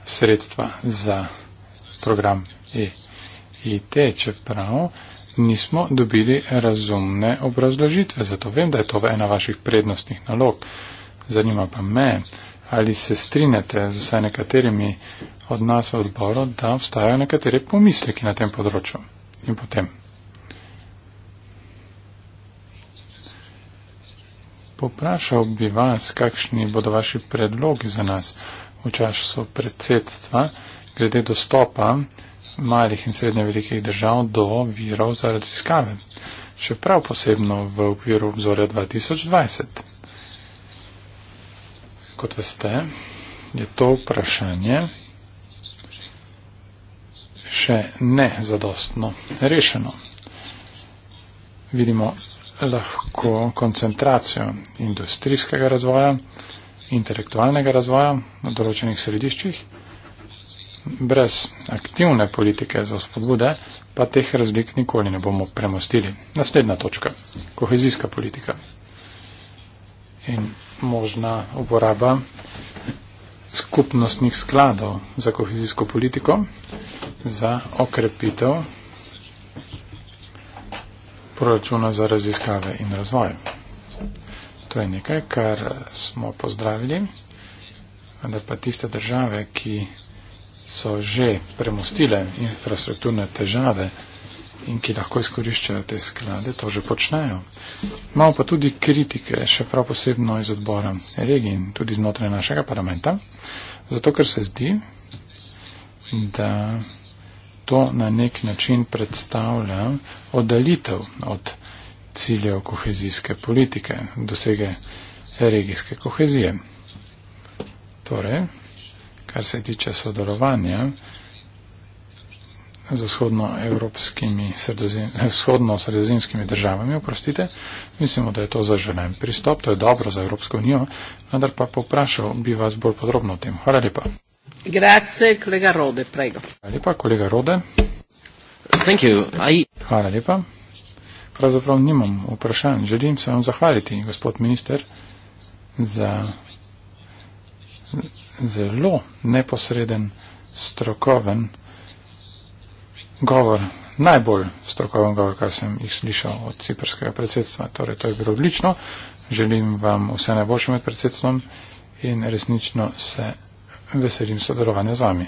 sredstva za program EIT, čeprav nismo dobili razumne obrazložitve. Zato vem, da je to ena vaših prednostnih nalog. Zanima pa me, ali se strinjate z vsaj nekaterimi od nas v odboru, da obstajajo nekateri pomisleki na tem področju. In potem. Poprašal bi vas, kakšni bodo vaši predlogi za nas v času predsedstva glede dostopa malih in srednje velikih držav do virov za raziskave, še prav posebno v okviru obzorja 2020. Kot veste, je to vprašanje še ne zadostno rešeno. Vidimo lahko koncentracijo industrijskega razvoja, intelektualnega razvoja na določenih središčih. Brez aktivne politike za spodbude pa teh razlik nikoli ne bomo premostili. Naslednja točka. Kohezijska politika in možna uporaba skupnostnih skladov za kohezijsko politiko za okrepitev proračuna za raziskave in razvoj. To je nekaj, kar smo pozdravili, vendar pa tiste države, ki so že premustile infrastrukturne težave in ki lahko izkoriščajo te sklade, to že počnejo. Imamo pa tudi kritike, še prav posebno iz odbora regij in tudi znotraj našega parlamenta, zato ker se zdi, da to na nek način predstavlja oddalitev od ciljev kohezijske politike, dosege regijske kohezije. Torej, kar se tiče sodelovanja z vzhodno-sredozemskimi državami, oprostite, mislimo, da je to zaželen pristop, to je dobro za Evropsko unijo, vendar pa poprašal bi vas bolj podrobno o tem. Hvala lepa. Grazie, kolega Rode, prego. Hvala lepa, kolega Rode. Thank you. I... Hvala lepa. Pravzaprav nimam vprašanj. Želim se vam zahvaliti, gospod minister, za zelo neposreden, strokoven govor, najbolj strokoven govor, kar sem jih slišal od ciperskega predsedstva. Torej, to je bilo odlično. Želim vam vse najboljše med predsedstvom in resnično se veselim sodelovanja z vami.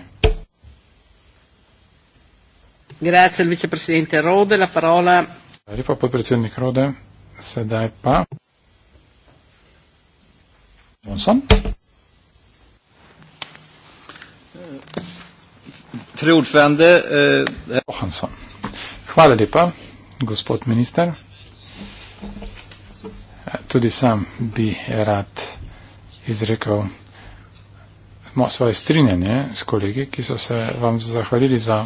Grazie, vicepresidente Rode, la parola. Lepo, podpredsednik Rode, sedaj pa. Monson. Friordfende. Eh, eh. Johansson. Hvala lepa, gospod minister. Tudi sam bi rad izrekel svoje strinjanje s kolegi, ki so se vam zahvalili za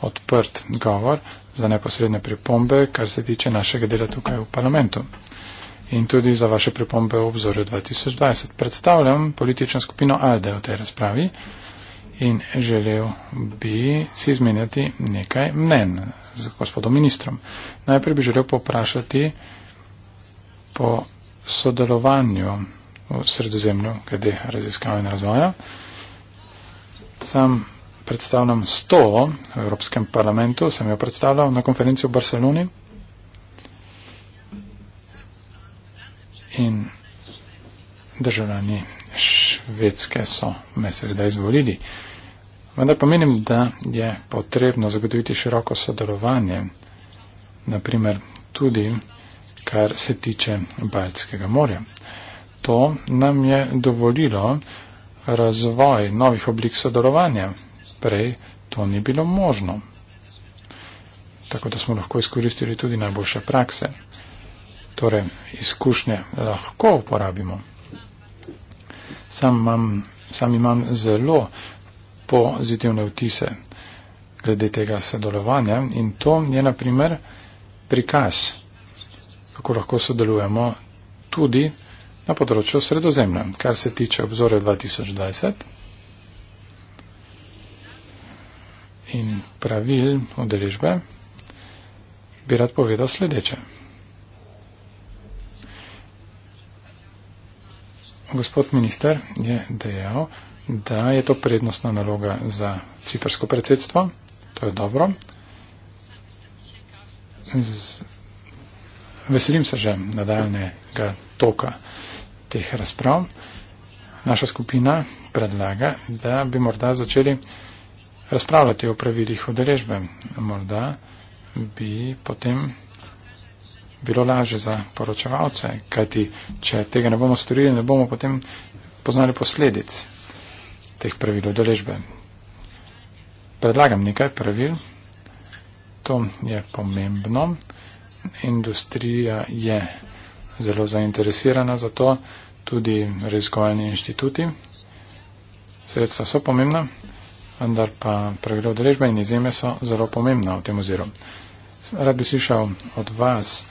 odprt govor, za neposredne pripombe, kar se tiče našega dela tukaj v parlamentu. In tudi za vaše pripombe v obzorju 2020. Predstavljam politično skupino ALDE v tej razpravi in želel bi si izmenjati nekaj mnen z gospodom ministrom. Najprej bi želel poprašati po sodelovanju v sredozemlju glede raziskav in razvoja sam predstavljam sto v Evropskem parlamentu, sem jo predstavljal na konferenci v Barceloni. In državljani Švedske so me seveda izvolili. Vendar pa menim, da je potrebno zagotoviti široko sodelovanje, naprimer tudi, kar se tiče Baltskega morja. To nam je dovolilo razvoj novih oblik sodelovanja. Prej to ni bilo možno. Tako da smo lahko izkoristili tudi najboljše prakse. Torej, izkušnje lahko uporabimo. Sam, imam, sam imam zelo pozitivne vtise glede tega sodelovanja in to je na primer prikaz, kako lahko sodelujemo tudi na področju sredozemlja. Kar se tiče obzore 2020 in pravil odeležbe, bi rad povedal sledeče. Gospod minister je dejal, da je to prednostna naloga za ciprsko predsedstvo. To je dobro. Z... Veselim se že nadaljnega toka teh razprav, naša skupina predlaga, da bi morda začeli razpravljati o pravilih odeležbe. Morda bi potem bilo lažje za poročevalce, kajti če tega ne bomo storili, ne bomo potem poznali posledic teh pravil odeležbe. Predlagam nekaj pravil, to je pomembno. Industrija je zelo zainteresirana za to, tudi raziskovalni inštituti. Sredstva so pomembna, vendar pa pravilo odrežbe in izjeme so zelo pomembna v tem oziru. Rad bi slišal od vas,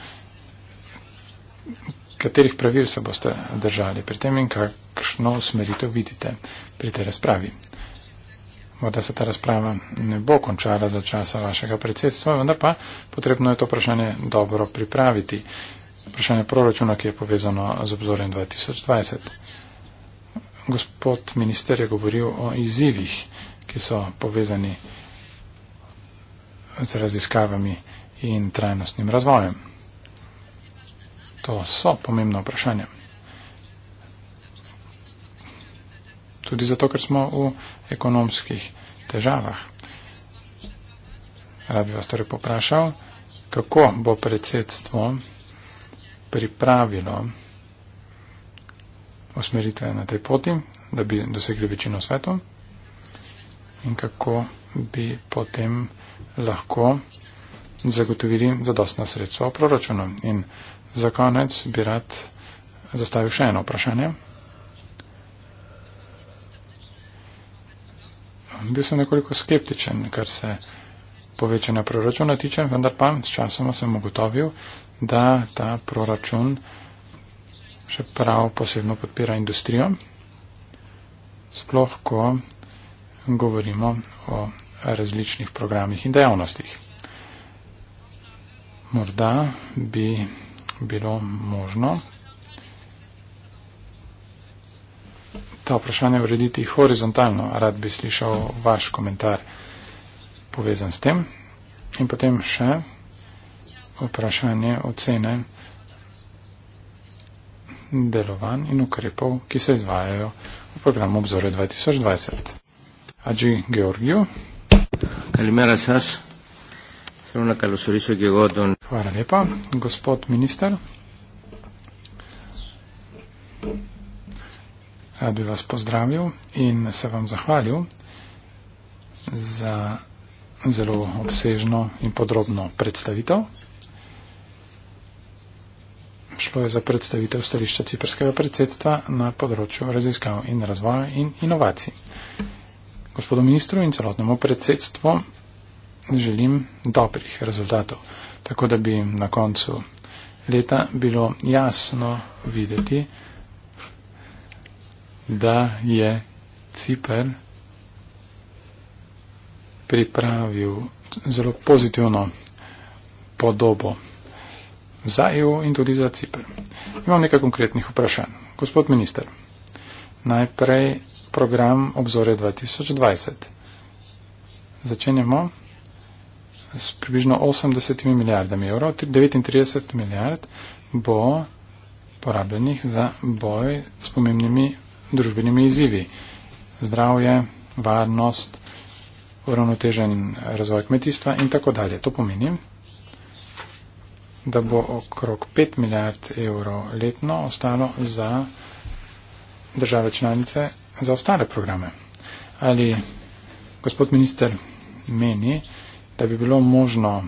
katerih pravil se boste držali pri tem in kakšno usmeritev vidite pri tej razpravi. Morda se ta razprava ne bo končala za časa vašega predsedstva, vendar pa potrebno je to vprašanje dobro pripraviti vprašanje proračuna, ki je povezano z obzorjem 2020. Gospod minister je govoril o izzivih, ki so povezani z raziskavami in trajnostnim razvojem. To so pomembna vprašanja. Tudi zato, ker smo v ekonomskih težavah. Rad bi vas torej poprašal, kako bo predsedstvo pripravilo osmeritve na tej poti, da bi dosegli večino svetov in kako bi potem lahko zagotovili zadostna sredstva v proračunu. In za konec bi rad zastavil še eno vprašanje. Bil sem nekoliko skeptičen, kar se povečanja proračuna tiče, vendar pa s časoma sem ugotovil, da ta proračun še prav posebno podpira industrijo, sploh ko govorimo o različnih programih in dejavnostih. Morda bi bilo možno ta vprašanje urediti horizontalno. Rad bi slišal vaš komentar povezan s tem. In potem še vprašanje ocene delovanj in ukrepov, ki se izvajajo v programu Obzore 2020. Adži Georgiju. Kalimera sas. Seveda, kar so rišo Georgiju. Hvala lepa, gospod minister. Rad bi vas pozdravil in se vam zahvalil za zelo obsežno in podrobno predstavitev šlo je za predstavitev stališča ciperskega predsedstva na področju raziskav in razvoja in inovacij. Gospodu ministru in celotnemu predsedstvu želim dobrih rezultatov, tako da bi na koncu leta bilo jasno videti, da je Ciper pripravil zelo pozitivno podobo za EU in tudi za Cipr. Imam nekaj konkretnih vprašanj. Gospod minister, najprej program obzore 2020. Začenjamo s približno 80 milijardami evrov, 39 milijard bo porabljenih za boj s pomembnimi družbenimi izzivi. Zdravje, varnost, uravnotežen razvoj kmetijstva in tako dalje. To pomeni, da bo okrog 5 milijard evrov letno ostalo za države članice za ostale programe. Ali gospod minister meni, da bi bilo možno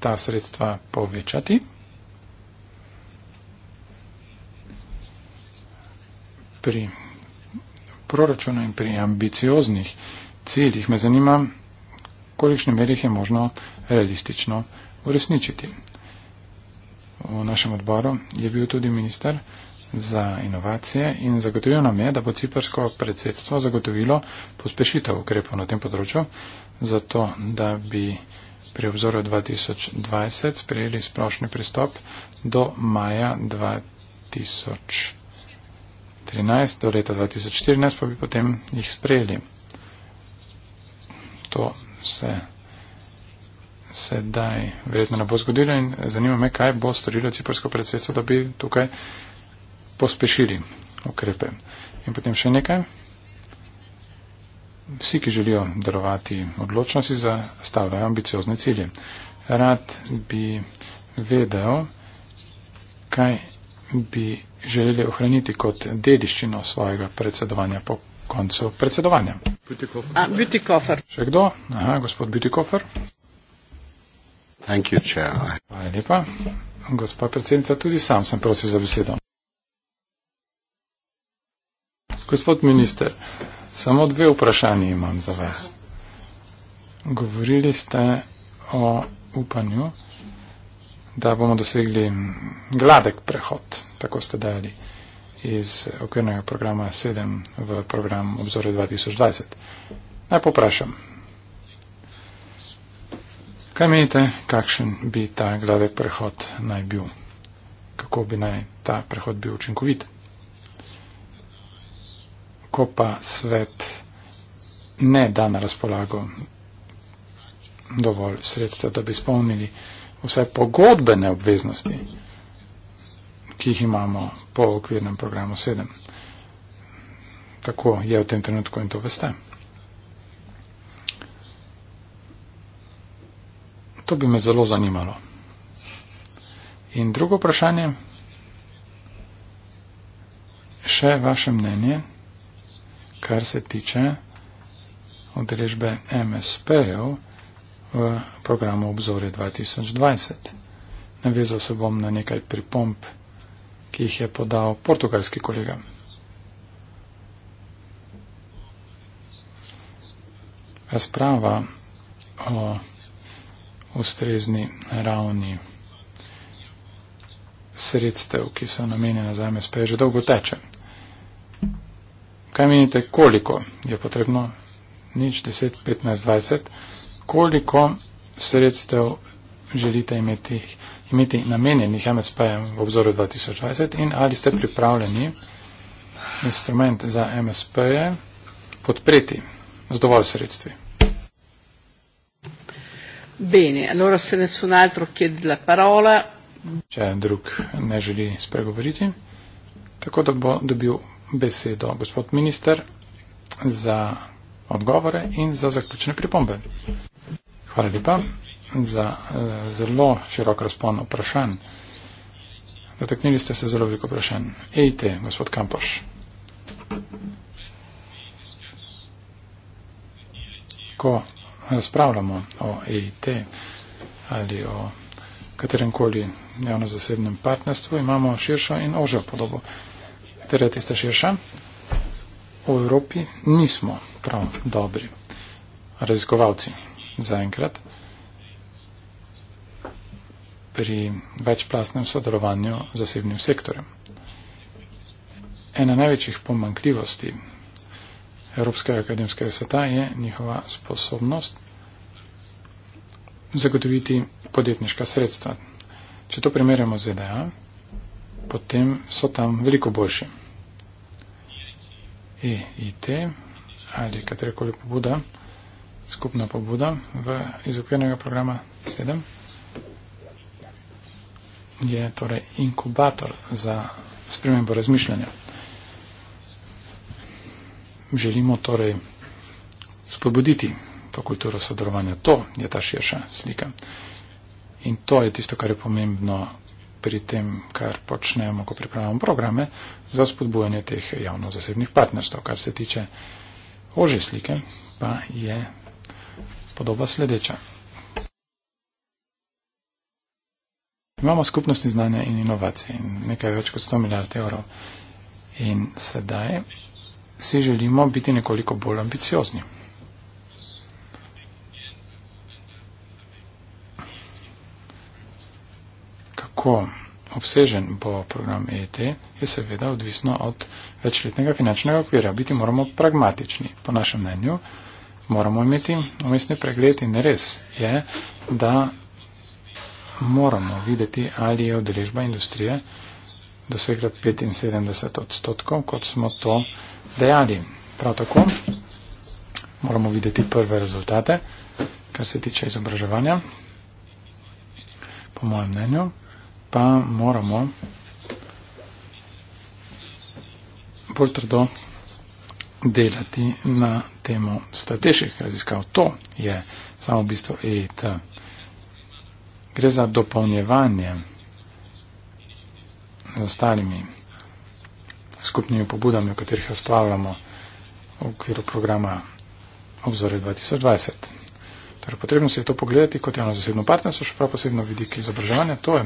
ta sredstva povečati? Pri proračunu in pri ambicioznih ciljih me zanima, kolikšni merih je možno realistično uresničiti v našem odboru, je bil tudi minister za inovacije in zagotovil nam je, da bo ciprsko predsedstvo zagotovilo pospešitev ukrepov na tem področju, zato da bi pri obzoru 2020 sprejeli splošni pristop do maja 2013, do leta 2014 pa bi potem jih sprejeli. To se sedaj verjetno ne bo zgodilo in zanima me, kaj bo storilo ciprsko predsedstvo, da bi tukaj pospešili ukrepe. In potem še nekaj. Vsi, ki želijo darovati odločnosti, zastavljajo ambiciozne cilje. Rad bi vedel, kaj bi želeli ohraniti kot dediščino svojega predsedovanja po koncu predsedovanja. Bütikofer. A, Bütikofer. Še kdo? Aha, gospod Bütikofer. You, Hvala lepa. Gospa predsednica, tudi sam sem prosil za besedo. Gospod minister, samo dve vprašanje imam za vas. Govorili ste o upanju, da bomo dosegli gladek prehod, tako ste dali iz okvirnega programa 7 v program obzore 2020. Naj poprašam, Kaj menite, kakšen bi ta gladek prehod naj bil? Kako bi naj ta prehod bil učinkovit? Ko pa svet ne da na razpolago dovolj sredstev, da bi spomnili vse pogodbene obveznosti, ki jih imamo po okvirnem programu 7. Tako je v tem trenutku in to veste. To bi me zelo zanimalo. In drugo vprašanje, še vaše mnenje, kar se tiče odrežbe MSP-ev v programu Obzore 2020. Navezal se bom na nekaj pripomp, ki jih je podal portugalski kolega. Razprava o ustrezni ravni sredstev, ki so namenjene za MSP, že dolgo teče. Kaj menite, koliko je potrebno? Nič, 10, 15, 20. Koliko sredstev želite imeti, imeti namenjenih MSP-jem v obzoru 2020 in ali ste pripravljeni instrument za MSP-je podpreti z dovolj sredstvi? Bene, allora se nessun altro chiede la parola. Če drug ne želi spregovoriti, tako da bo dobil besedo gospod minister za odgovore in za zaključene pripombe. Hvala lepa za eh, zelo širok razpon vprašanj. Dotaknili ste se zelo veliko vprašanj. Ejte, gospod Kampoš. Ko razpravljamo o EIT ali o kateremkoli javno-zasebnem partnerstvu, imamo širšo in ožjo podobo. Torej, tista širša. V Evropi nismo prav dobri raziskovalci zaenkrat pri večplastnem sodelovanju z zasebnim sektorjem. Ena največjih pomankljivosti Evropskega akademskega sveta je njihova sposobnost zagotoviti podjetniška sredstva. Če to primerjamo z EDA, potem so tam veliko boljši. EIT ali katerekoli pobuda, skupna pobuda v izokvirnega programa 7 je torej inkubator za spremembo razmišljanja želimo torej spodbuditi to kulturo sodelovanja. To je ta širša slika. In to je tisto, kar je pomembno pri tem, kar počnemo, ko pripravljamo programe za spodbujanje teh javno-zasebnih partnerstv. Kar se tiče ožje slike, pa je podoba sledeča. Imamo skupnostni znanja in inovacije in nekaj več kot 100 milijard evrov. In sedaj si želimo biti nekoliko bolj ambiciozni. Kako obsežen bo program ET, je seveda odvisno od večletnega finančnega okvira. Biti moramo pragmatični, po našem mnenju. Moramo imeti umestni pregled in res je, da moramo videti, ali je udeležba industrije dosegla 75 odstotkov, kot smo to dejali. Prav tako moramo videti prve rezultate, kar se tiče izobraževanja. Po mojem mnenju pa moramo bolj trdo delati na temo strateških raziskav. To je samo bistvo EIT. E Gre za dopolnjevanje z ostalimi skupnimi pobudami, o katerih razpravljamo v okviru programa Obzore 2020. Torej, potrebno se je to pogledati kot javno zasebno partnerstvo, še prav posebno vidik izobraževanja, to je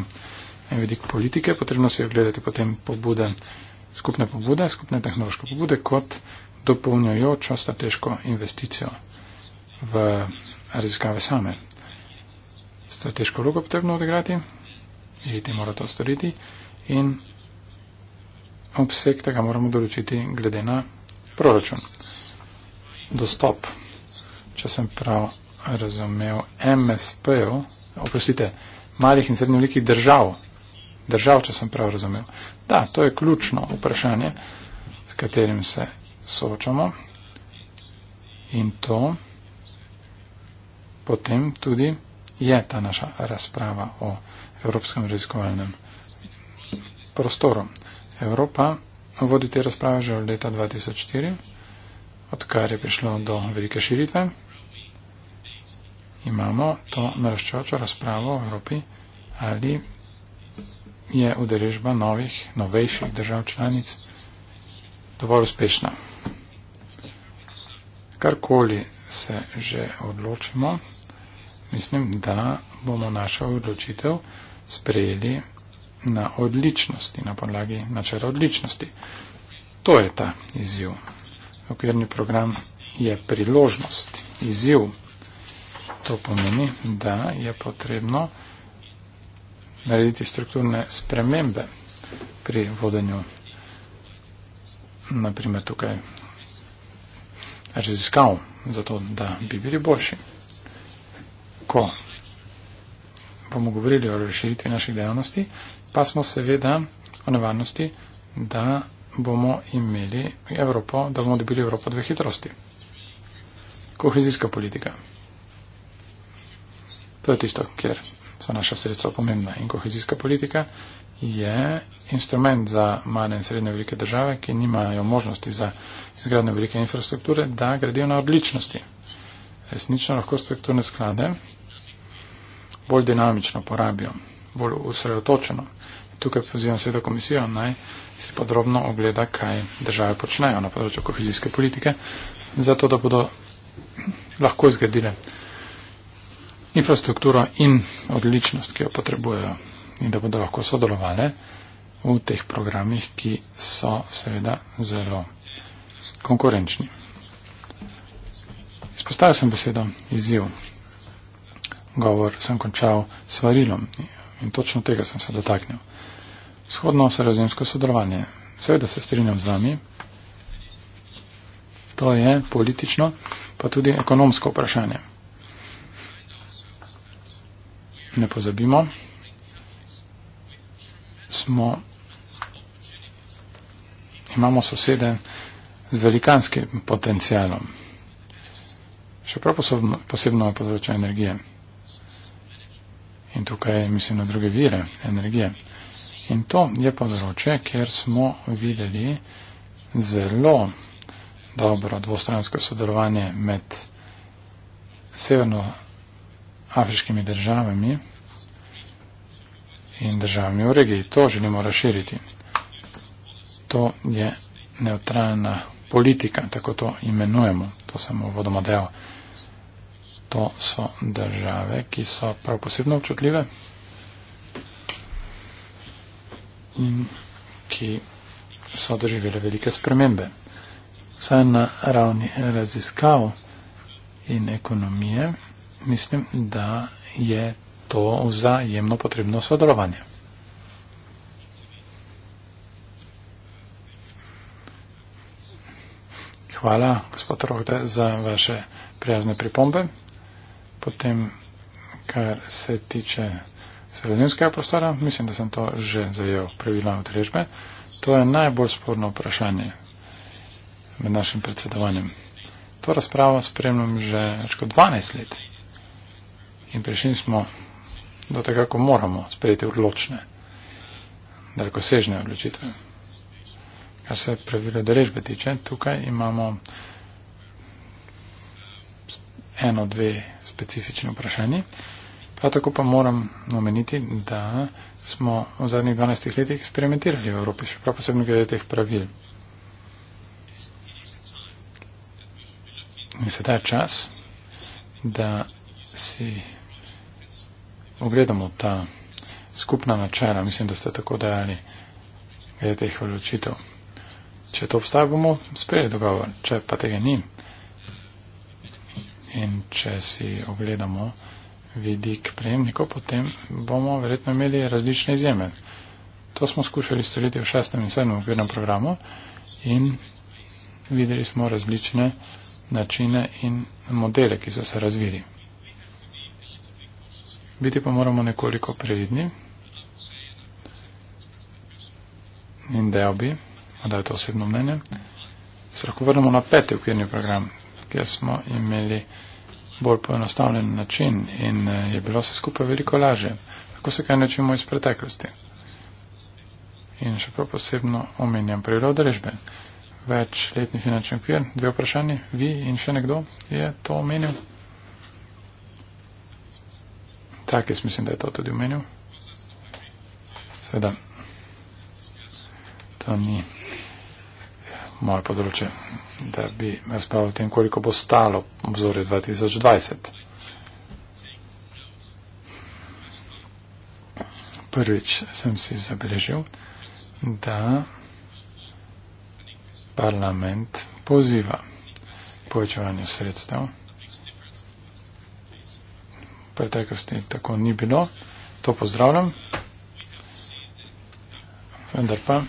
en vidik politike, potrebno se je gledati potem pobude, skupne pobude, skupne tehnološke pobude kot dopolnjujočo strateško investicijo v raziskave same. Strateško vlogo potrebno odigrati, ljudje morajo to storiti in obseg tega moramo določiti glede na proračun. Dostop, če sem prav razumel, MSP-ov, oprostite, malih in srednjih velikih držav, držav, če sem prav razumel. Da, to je ključno vprašanje, s katerim se soočamo in to potem tudi je ta naša razprava o Evropskem raziskovalnem prostoru. Evropa vodi te razprave že od leta 2004, odkar je prišlo do velike širitve. Imamo to naraščajočo razpravo v Evropi, ali je udeležba novih, novejših držav članic dovolj uspešna. Karkoli se že odločimo, mislim, da bomo našo odločitev sprejeli na odličnosti, na podlagi načela odličnosti. To je ta izziv. Okvirni program je priložnost, izziv. To pomeni, da je potrebno narediti strukturne spremembe pri vodenju, naprimer tukaj, raziskav, zato da bi bili boljši. Ko bomo govorili o razširitvi naših dejavnosti, pa smo seveda o nevarnosti, da bomo imeli Evropo, da bomo dobili Evropo dve hitrosti. Kohezijska politika. To je tisto, kjer so naša sredstva pomembna. In kohezijska politika je instrument za male in srednje velike države, ki nimajo možnosti za izgradnjo velike infrastrukture, da gradijo na odličnosti. Resnično lahko strukturne sklade bolj dinamično porabijo, bolj usredotočeno. Tukaj pozivam sveto komisijo, naj si podrobno ogleda, kaj države počnejo na področju kohezijske politike, zato da bodo lahko izgradile infrastrukturo in odličnost, ki jo potrebujejo in da bodo lahko sodelovali v teh programih, ki so seveda zelo konkurenčni. Izpostavil sem besedo izziv govor sem končal s varilom in točno tega sem se dotaknil. Vzhodno sredozemsko sodelovanje. Seveda se strinjam z vami. To je politično, pa tudi ekonomsko vprašanje. Ne pozabimo, smo, imamo sosede z velikanskim potencialom, še prav posebno, posebno področje energije in tukaj mislim na druge vire energije. In to je področje, kjer smo videli zelo dobro dvostransko sodelovanje med severnoafriškimi državami in državami v regiji. To želimo razširiti. To je neutralna politika, tako to imenujemo. To samo vodoma dejal to so države, ki so prav posebno občutljive in ki so doživele velike spremembe. Vsaj na ravni raziskav in ekonomije mislim, da je to vzajemno potrebno sodelovanje. Hvala, gospod Rohde, za vaše prijazne pripombe potem kar se tiče sredinskega prostora, mislim, da sem to že zajel pravilno odrežbe, to je najbolj sporno vprašanje med našim predsedovanjem. To razpravo spremljam že več kot 12 let in prišli smo do tega, ko moramo sprejeti odločne, dalekosežne odločitve. Kar se pravilno odrežbe tiče, tukaj imamo eno, dve specifični vprašanji. Prav tako pa moram omeniti, da smo v zadnjih 12 letih eksperimentirali v Evropi, še prav posebno glede teh pravil. In sedaj je čas, da si ogledamo ta skupna načela, mislim, da ste tako dajali glede teh odločitev. Če to obstaja, bomo sprejeli dogovor, če pa tega ni in če si ogledamo vidik prejemnikov, potem bomo verjetno imeli različne izjeme. To smo skušali storiti v šestem in sedmem okvirnem programu in videli smo različne načine in modele, ki so se razvili. Biti pa moramo nekoliko previdni in del bi, da je to osebno mnenje, se lahko vrnemo na peti okvirni program, kjer smo imeli bolj poenostavljen način in eh, je bilo vse skupaj veliko laže. Tako se kaj načimo iz preteklosti. In še prav posebno omenjam prirodorežbe. Večletni finančni okvir, dve vprašanje, vi in še nekdo je to omenil. Tak, jaz mislim, da je to tudi omenil. Seveda, to ni moje področje, da bi razpravljal o tem, koliko bo stalo obzorje 2020. Prvič sem si zabeležil, da parlament poziva povečevanju sredstev. V preteklosti tako ni bilo. To pozdravljam. Vendar pa.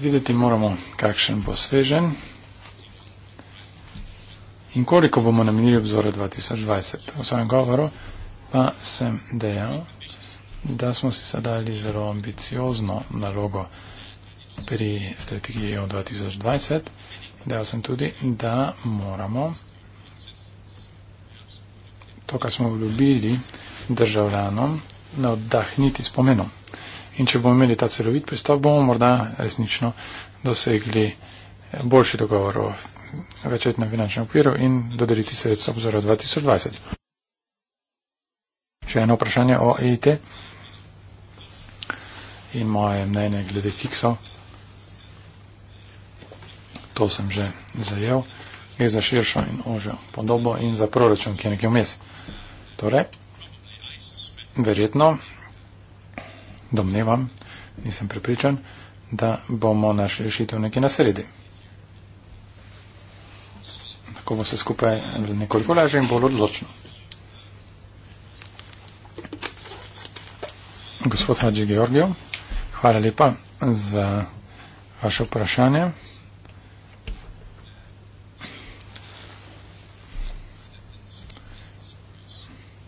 Videti moramo, kakšen bo svežen in koliko bomo namenili obzora 2020. V svojem govoru pa sem dejal, da smo si zadali zelo ambiciozno nalogo pri strategiji o 2020. Dejal sem tudi, da moramo to, kar smo vljubili državljanom, navdahniti spomenom. In če bomo imeli ta celovit pristop, bomo morda resnično dosegli boljši dogovor o večletnem finančnem okviru in dodeliti sredstvo obzora 2020. Še eno vprašanje o EIT in moje mnenje glede kiksov. To sem že zajel. Gre za širšo in ožjo podobo in za proračun, ki je nekje vmes. Torej, verjetno domnevam, nisem prepričan, da bomo našli rešitev neki na sredi. Tako bo se skupaj nekoliko lažje in bolj odločno. Gospod Hadži Georgijo, hvala lepa za vaše vprašanje.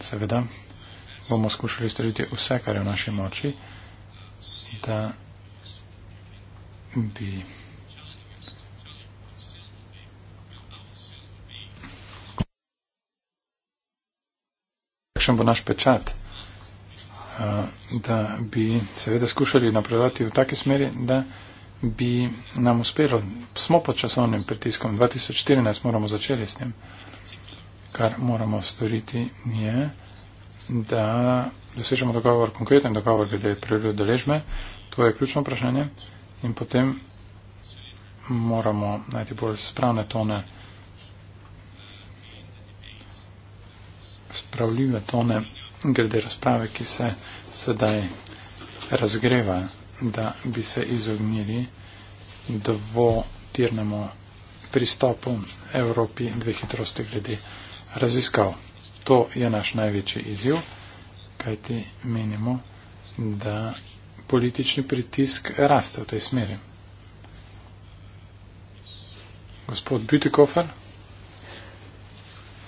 Seveda bomo skušali storiti vse, kar je v naši moči da bi kakšen bo naš pečat, da bi seveda skušali napredovati v taki smeri, da bi nam uspelo. Smo pod časovnim pritiskom, 2014 moramo začeli s tem. Kar moramo storiti je, da dosežemo dogovor, konkreten dogovor glede prirode deležbe, to je ključno vprašanje in potem moramo najti bolj spravne tone, spravljive tone glede razprave, ki se sedaj razgreva, da bi se izognili dvotirnemu pristopu Evropi dve hitrosti glede raziskav. To je naš največji izjiv kajti menimo, da politični pritisk raste v tej smeri. Gospod Bütikofer,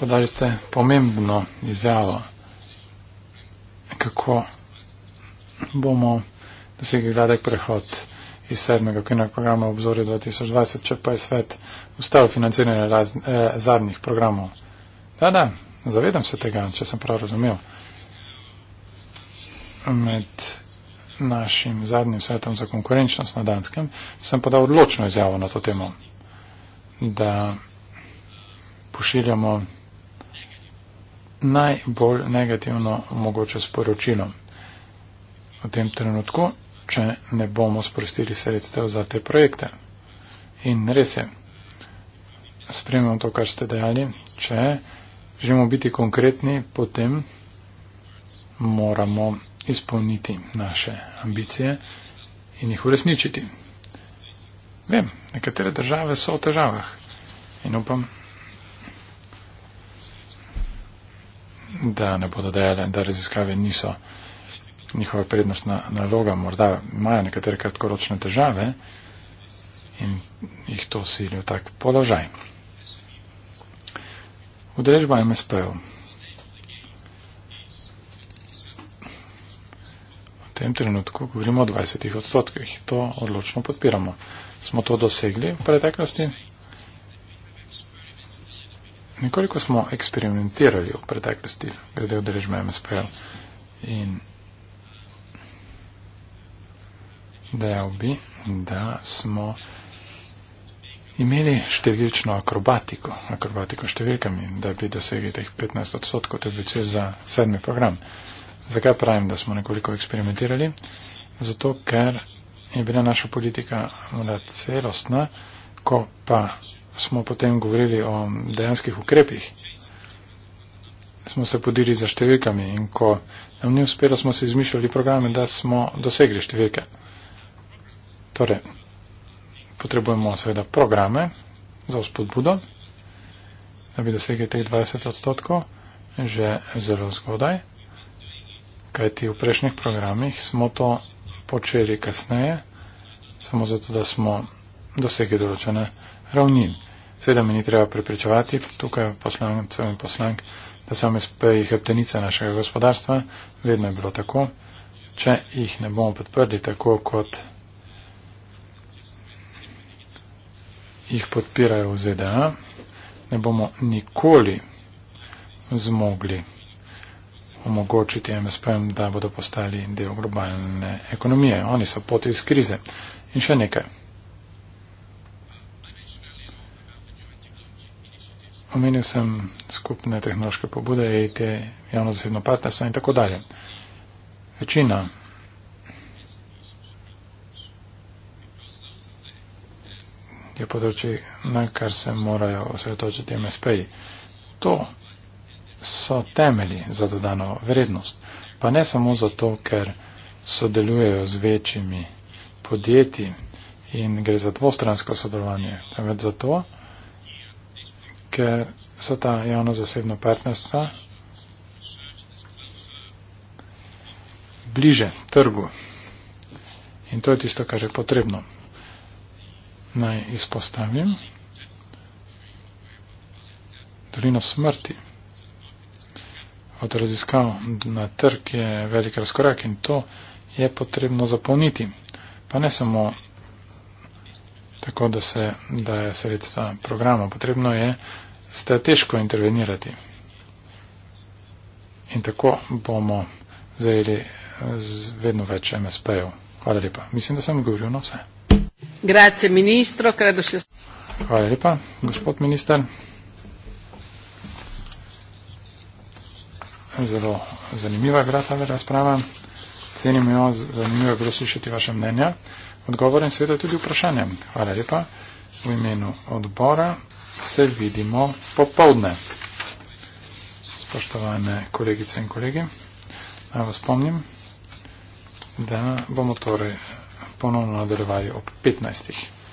podali ste pomembno izjavo, kako bomo dosegli gledek prehod iz sedmega kvinnega programa obzorja 2020, če pa je svet ustavil financiranje eh, zadnjih programov. Da, da, zavedam se tega, če sem prav razumel med našim zadnjim svetom za konkurenčnost na Danskem, sem podal odločno izjavo na to temo, da pošiljamo najbolj negativno mogoče sporočilo. V tem trenutku, če ne bomo sprostili sredstev za te projekte. In res je, spremljam to, kar ste dejali, če želimo biti konkretni, potem moramo izpolniti naše ambicije in jih uresničiti. Vem, nekatere države so v težavah in upam, da ne bodo dejale, da raziskave niso njihova prednostna naloga. Morda imajo nekatere kratkoročne težave in jih to silijo tak položaj. Udeležba MSP-ov. tem trenutku govorimo o 20 odstotkih. To odločno podpiramo. Smo to dosegli v preteklosti? Nekoliko smo eksperimentirali v preteklosti glede odrežbe MSP-ev in dejal bi, da smo imeli številčno akrobatiko, akrobatiko številkami, da bi dosegli teh 15 odstotkov, to je bil cilj za sedmi program. Zakaj pravim, da smo nekoliko eksperimentirali? Zato, ker je bila naša politika morda celostna, ko pa smo potem govorili o dejanskih ukrepih, smo se podili za številkami in ko nam ni uspelo, smo se izmišljali programe, da smo dosegli številke. Torej, potrebujemo seveda programe za vzpodbudo, da bi dosegli teh 20 odstotkov že zelo zgodaj kajti v prejšnjih programih smo to počeli kasneje, samo zato, da smo dosegli določene ravni. Seveda mi ni treba prepričevati tukaj poslancev in poslank, da so MSP-ji heptenice našega gospodarstva, vedno je bilo tako. Če jih ne bomo podprli tako, kot jih podpirajo v ZDA, ne bomo nikoli zmogli omogočiti MSP-jem, da bodo postali del globalne ekonomije. Oni so poti iz krize. In še nekaj. Omenil sem skupne tehnološke pobude, ETE, javno-zasebno partnerstvo in tako dalje. Večina je področje, na kar se morajo osredotočiti MSP-ji. To so temelji za dodano vrednost. Pa ne samo zato, ker sodelujejo z večjimi podjetji in gre za dvostransko sodelovanje, temveč zato, ker so ta javno-zasebno partnerstva bliže trgu. In to je tisto, kar je potrebno. Naj izpostavim dolino smrti od raziskav na trg je velik razkorak in to je potrebno zapolniti. Pa ne samo tako, da se daje sredstva programa, potrebno je strateško intervenirati. In tako bomo zajeli z vedno več MSP-ev. Hvala lepa. Mislim, da sem govoril na vse. Grazie, ministro, Hvala lepa, gospod minister. zelo zanimiva je bila ta razprava. Cenim jo, zanimivo je bilo slišati vaše mnenja. Odgovore in seveda tudi vprašanje. Hvala lepa. V imenu odbora se vidimo popovdne. Spoštovane kolegice in kolegi, naj vas spomnim, da bomo torej ponovno nadaljevali ob 15.